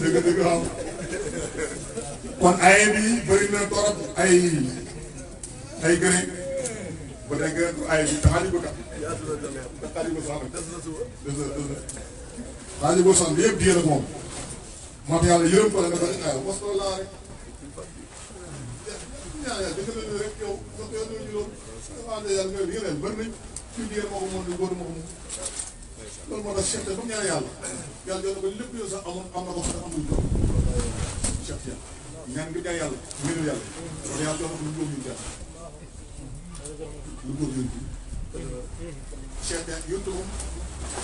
dëgg dëgg waaw kon ay bi bëri na torop ay ay gëne ba tey gën a ay taxaali ba kat. taxaali ba sax taxaali ba sax bi yëpp digal ak moom. moo tax yàlla yërëm ko la nga doon xayma mos na laa rek. ñaareel dëgg la rek yow sax yow ñoo ñu loolu. waaw yàlla nga li nga leen bëri nañ. suñu digal moo ko moom ni góor moo ko moom. loolu moo tax Cheikh te ba mu ñaanee yàlla. yàlla jox na ko lépp yow sax amoon am na ko sax amul ko. Cheikh Cheikh ñaan nga ñaan yàlla. wéeru yàlla. loolu yàlla jox na ko lu ñu lu ko yónni Cheikh Ndiaye yónni ko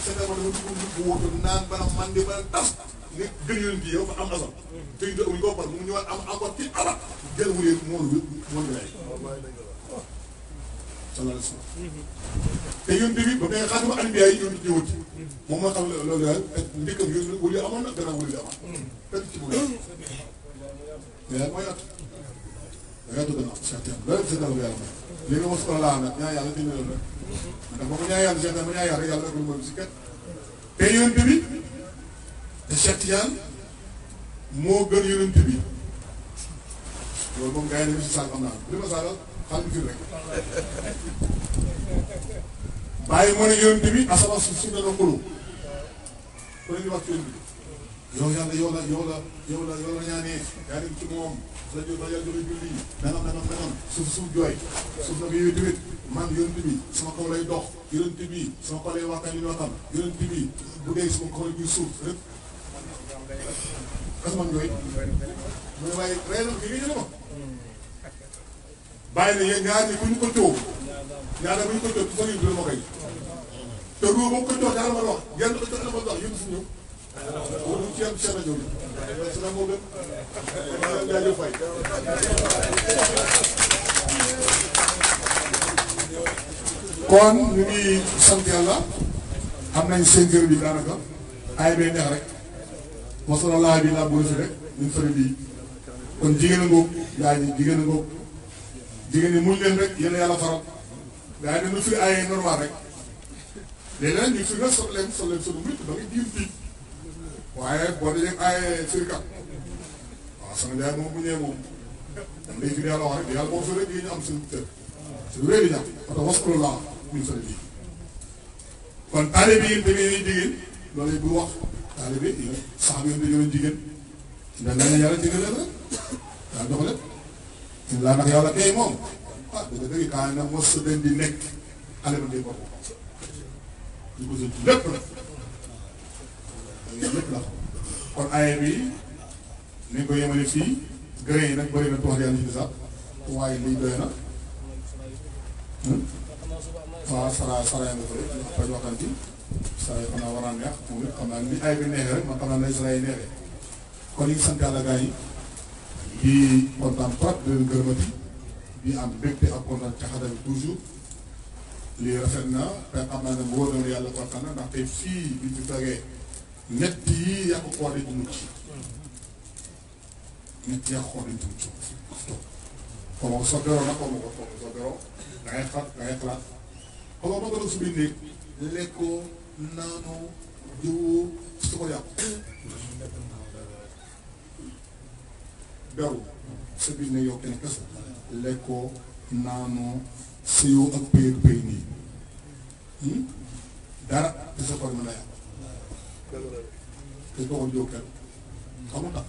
Cheikh Ndiaye moom dafa dugg bu naan bala man bala tas ne gën yoon bi yow fa am asal te ñu doon ñu ko par mu ñëwaat am encore ci abat jël mu yëg moo lu moo lu te yoon bi ba tey xaatuma anbiya yi yoon ñëwut moom moo xam loolu daal njëkkam na gannaaw wulu amoon fekk ci bu yaay mooy at yaay tudd na Cheikh Ndiaye li nga mos soxlaa nag ñaan yàlla dina la rek ndax ba mu ñaan yàlla jënd mu ñaan yàlla yàlla defal moom si kat te yonent bi te Cheikh Tidiane moo gën yonent bi loolu moom gars yi dañu si saal li ma saalal xal bi rek bàyyi moo ne yonent bi asamaan suuf si dana xulu ku ne ñu wax ci yonent bi yow yàlla yow la yow la yow la yow la ñaanee yaa ci moom. sa jo da yàlla joxe julli yi nangam nangam nangam suuf suuf jooy suuf na ko yooyu tamit man yonent bi sama kaw lay dox yonent bi sama kaw lay waxtaan li ñu waxtaan yonent bi bu dee sama kaw lay suuf rek kas man jooy mu ne waaye reer bi ngi jële ko bàyyi na yéen ñaar bu ñu ko coow ñaar bu ñu ko coow ci sa yëngu ma koy te ruur ko coow ñaar ma wax yenn ko coow ma wax yéen suñu wóor ci kon ñu ngi sant yàlla am nañ seen gër bi daanaka ay bay neex rek masala laa bi laa bëgg fi rek ñun fëri bii kon jigéen a ngóob gaa yi jigéen a ngóob jigéen ñi muñ leen rek yéen yàlla faral gaa ne nu fi ay normal rek léeg-léeg ñu fi nga sol leen sol leen sunu mbir da nga jiir bii waaye boo dee yëg ay firkat waaw sama njaay moom bu ñëwee moom moom day tuddee yàlla wax moom su rek yi ñu am suñu tër suñu yi ñam parce que waskuru laa ñun sa bii kon taalibe yi da ngeen jigéen bu wax taalibe yi sax ngeen dañoo leen jigéen ndax yàlla jigéen leen rek daal jox nag yàlla kay moom ah dëgg dëgg kaa na bopp lépp nag ñoom lépp la kon aaya bi ni ko yemale fii grain yi nag bëri na tuwax yàlla ci sax waaye lii doy na hmm? waaw sara sara nga fële ñu faj waxanti sara yi xanaa waraan neex moom it xam naa ni aaya bi neexee rek man xam naa lay sara yi neexee kon ñu sant yàlla gars yi di kontaan trop di leen gërëmati di am bégte ak kontaan ca xadam toujours lii rafet na te xam naa ne wóor na yàlla kontaan na ndax tey fii bi ñu fi ñett yi yàqu xool yi du mucc ñett yàqu xool yi du mucc xamoo sa bero nag xamoo ko xamoo sa bero da ngay xat da ngay xalaat xamoo ba gën a suñu néeg lekkoo naanoo jëwoo su ko yàqu beru sa biir ne yow kenn kese lekkoo naanoo sëyoo ak pëy pëy nii hmm? dara te sa xol mën a yàqu ɗum ɗo on jow kel xamuta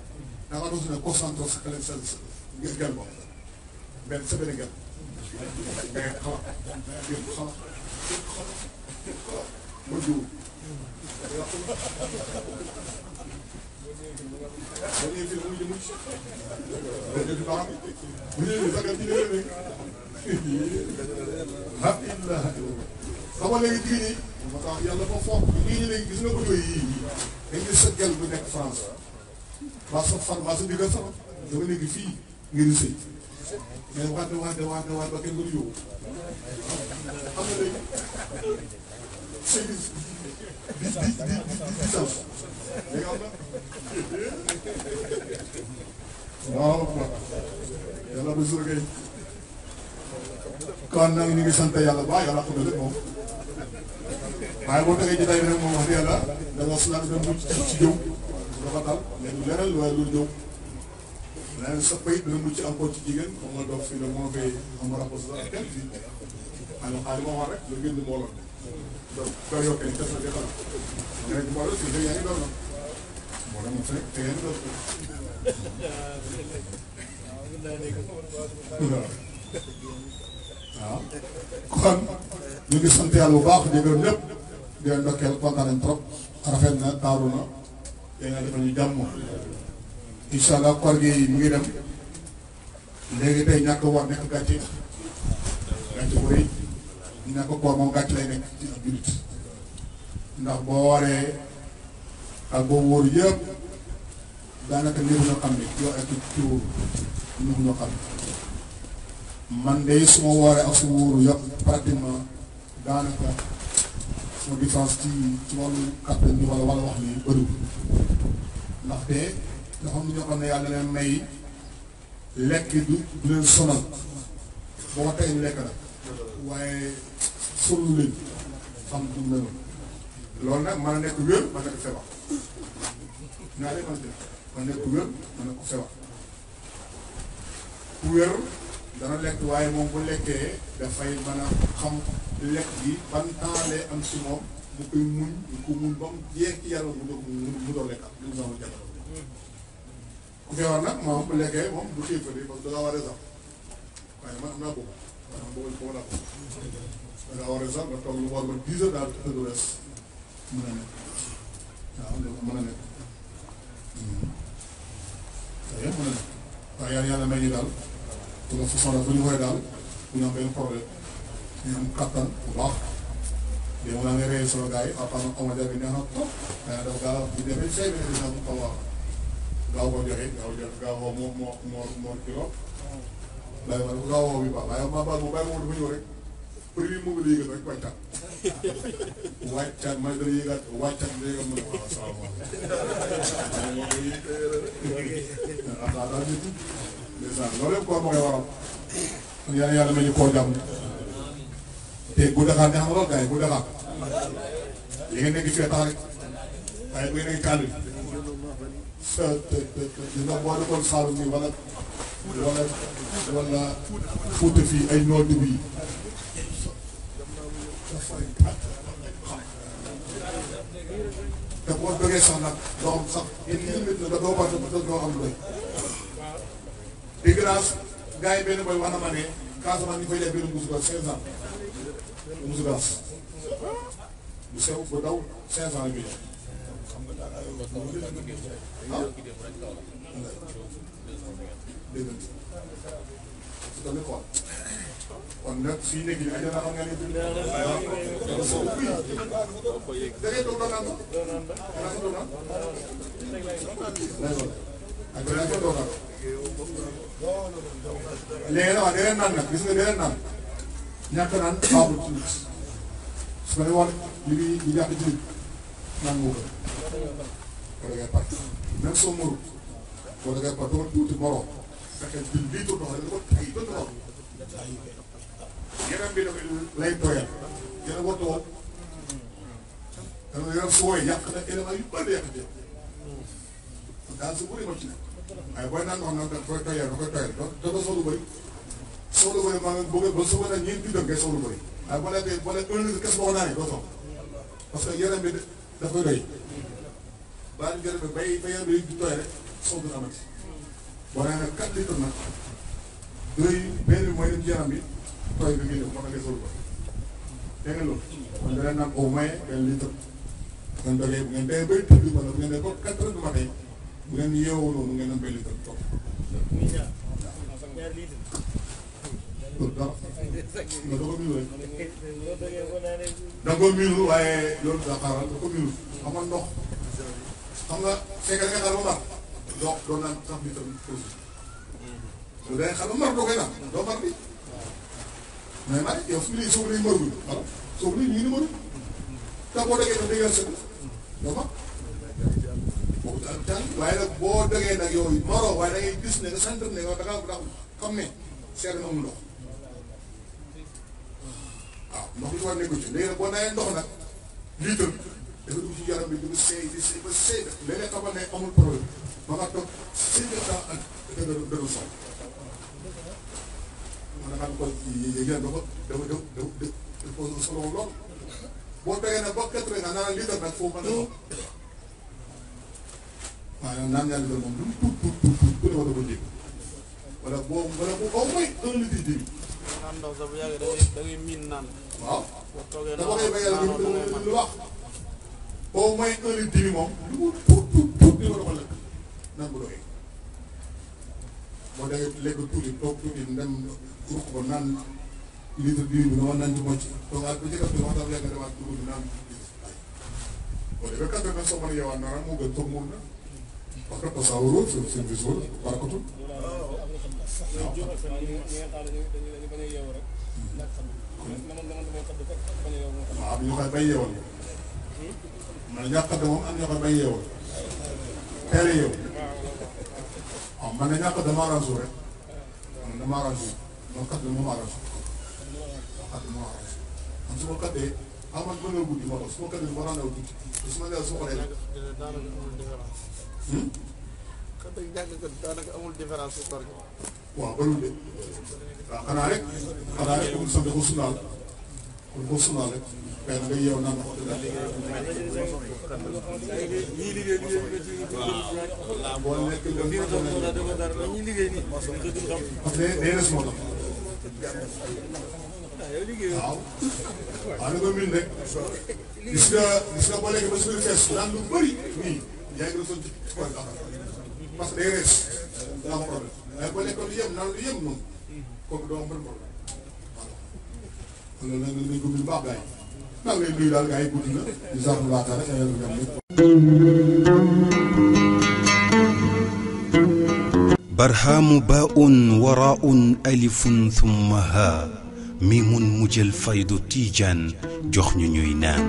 naga ɗo sene concentre sakalen sel gel mo ben sebene gel mo jow xam nga léegi jigéen ñi moo tax yàlla ko foog lii ñu ne gis nga bëgg yii dañ koy sëggal bu nekk France waa sa far waa sa ndigal sama dama nekk fii ngeen sëy mais waat na waat na waat ba kenn ko yóbbu am na léegi sëy bi di di di di di sens ngi sant yàlla bu baax yàlla xam na moom waaye boo tegee jotaay bi nag moom wax dëgg yàlla da nga sulaat da mucc ci jëw dafa dal mais du leneen waaye lu jëw leneen sa pay dina mucc encore ci jigéen moom mooy dox fii la koy am rapport sa ak kenn na defal moo te yaa ngi doon waaw kon ñu ngi sant yàlla bu baax di gërëm di leen ndokkeel kontaan trop rafet na taaru na defal ñu jàmm incha allah gi mu ngi dem léegi tey ñàkk war nekk gàcce gàcce bu rëy ñu ñàkk koor moom gàcce lay nekk ci ab ndax boo waree ak ak ci xam man suma ak su pratiquement sama différence ci ci wàllu kàttan bi wala wala wax ni bëriwul ndaxte dafa am xam ne yàlla leen may lekk du du leen sonal boo tey lekk la waaye solu leen xam du mel loolu nag mën a nekk wér mën nekk feebar ñaare mën nekk wér mën nekk feebar ku wér dana lekk waaye moom bu lekkee dafay mën a xam lekk bi ban temps lay am si moom mu koy muñ mu ko muñ ba mu jeex ci yàlla mu doon mu doon lekk am lu mu doon jàppale ku feebar nag moom bu lekkee moom bu xiif bi parce que da ngaa war a sax waaye man am naa boobu maanaam boobu boobu laa boobu da ngaa war a sax nga toog lu war ba dix heures daal te du des mën a nekk waaw loolu mën a nekk waaye mën a nekk waaye yàlla yàlla may ñu daal te moom su soxla bu ñu koy daal ñu am benn problème ñu am kattan bu baax yow maanaam nga réer sama gars yi papa ma xaw ma jafe neex na trop mais dafa gaaw bu ñu demee cinq minutes dina am xaw a gaaw koo joxe gaaw joxe gaaw woo moo moo moo moo kilo bàyyi ma gaaw woo bi baax waaye ma baal ma bàyyi ma wut ñëw rek prix bi mu ngi yëgal rek wàccaat wàccaat man dana yëgaat wàccaat dana yëgal mën a waaw salaamaaleykum. loolu yëpp koor moo waral kon yàlla yàlla mel ni koor jàmm te bu daxaar neex na lool gars yi bu daxaar li ngeen nekk fee tax rek waaye bu ngeen nekk kàddu dina boole kon Saalum nii wala wala wala Fuuta fii ay nodd bi te boo dogee sax nag doo xam sax nit ñi na doo baax doo am lu doy dégg naa gars yi benn booy wax na ma ne Casamance ñu koy def benn mbuusu glace 500 mbuusu glace bu sew bu daw 500 la ñuy def ah dégg nga su tamit quoi kon nag suy nekk nii ajana xam nga ne bii ah, da ngay toog doon naan ko da ngay toog doon naan. ak ko toogal léegi nag waaw déedéet naan nag gis nga déedéet naan ñàkk naan baaxul ci nit su ko war li muy li yàq ci nit naan moo gën wala ngay pat même soo mënul wala ngay pat doon tuuti moroom fexe bi lii tur doxal ko ay bëgg wax yeneen bi dafa lay tooyal yeneen warta woon dana yeneen su wooyee yàq na élément yu bëri yàq jël daal su bëri ma ci nekk waaye booy naan loo xam ne da koy tooyal da koy tooyal da ko soxla bëri soxla bëri maa ngi bëgg ba su ma nee ñeenti dëgg ngay soxla bëri waaye boo nekkee boo nekk un litre kese boo ko naanee doo soxla parce que yaram bi daf koy doy balaa ñu gërëm bay ba yaram bi di tooy rek soxla du amati boo nee nag quatre litres nag doy benn bi mooy dem ci yaram bi tooy bi ngay def moo tax ngay soxla bëri dégg nga loolu kon da leen naan au moins benn litre ngeen dogee bu ngeen dee bay tudd wala bu ngeen dee ba quatre heures du matin bu ngeen yeewoo noonu ngeen am benn kër toog loolu dara nga doog a miinu rek da nga ko miinu waaye loolu daa xaaral da ko miinu xam nga ndox xam nga fekk nga xaar ba mar ndox doon naan sax bi tamit produit bu dee xaar ba mar doo koy naan doo mar bi mais nag yow su ñu soo ko marul waaw soo ko ñu ngi marul te boo déggee daf day yàlla sëñ doo mar tan tan waaye nag boo dogee nag yooyu maroo waaye da ngay gis ne nga sant ne nga da ngaa da xam ne seetlu na mu ndox waaw ah, ndox li ci war a nekkul ci léegi nag boo nawee ndox nag litre dafa dugg ci yaram bi dugg seey di seey ba boo dogee nag ba quatre ans naan litre nag foofu mën waaye yow naan ñaari doon moom lu mu tuut tuut tuut tuut ku ne war na ko dégg wala boo wala bu au moins un litre dégg. naan ndox sax bu yàggee da ngay da ngay miin naan. waaw dafa koy bayal lu lu wax au moins un litre dégg moom lu mu tuut tuut tuut di war a ko lekk naan bu doyee. boo dee lekk tuuti toog tuuti dem ruq ko naan litre dégg bi nga war naan ci mocc toogaat ba ci kër gi wax dëgg lekk demaat dugub bi naan. boo demee quatre vingt soxna yowaat na moo gën toog moom na. parce que Auro seen vision barakatul. waaw waaw ñu koy bay yeewal man ñàkk a moom am ñu koy bay yeewal teel a yeew waaw man na ñàkk dama arrangé rek man dama arrangé man kat la moom arrangé waaw kat la moom arrangé man su ma kattee ah man bëgg naa guddi ma ko su ma kattee ma ràññeewu guddi te su ma nee su ma ko dee rek. xam nga jàngkat daanaka amul différence su bari. waaw bariwul de waaw xanaa rek xanaa rek amul sax dafa sunnaal kon boo sunnaal rek xëy na nga yeew naan wax dëgg waaw boo nekk loolu parce que waaw waaw da nga mën rek gis nga gis nga boo lekk ba suñu fees daan lu bëri nii yaa ngi doon parce que day réer daa am problème mu laata rek yàlla jox ñu ñuy naan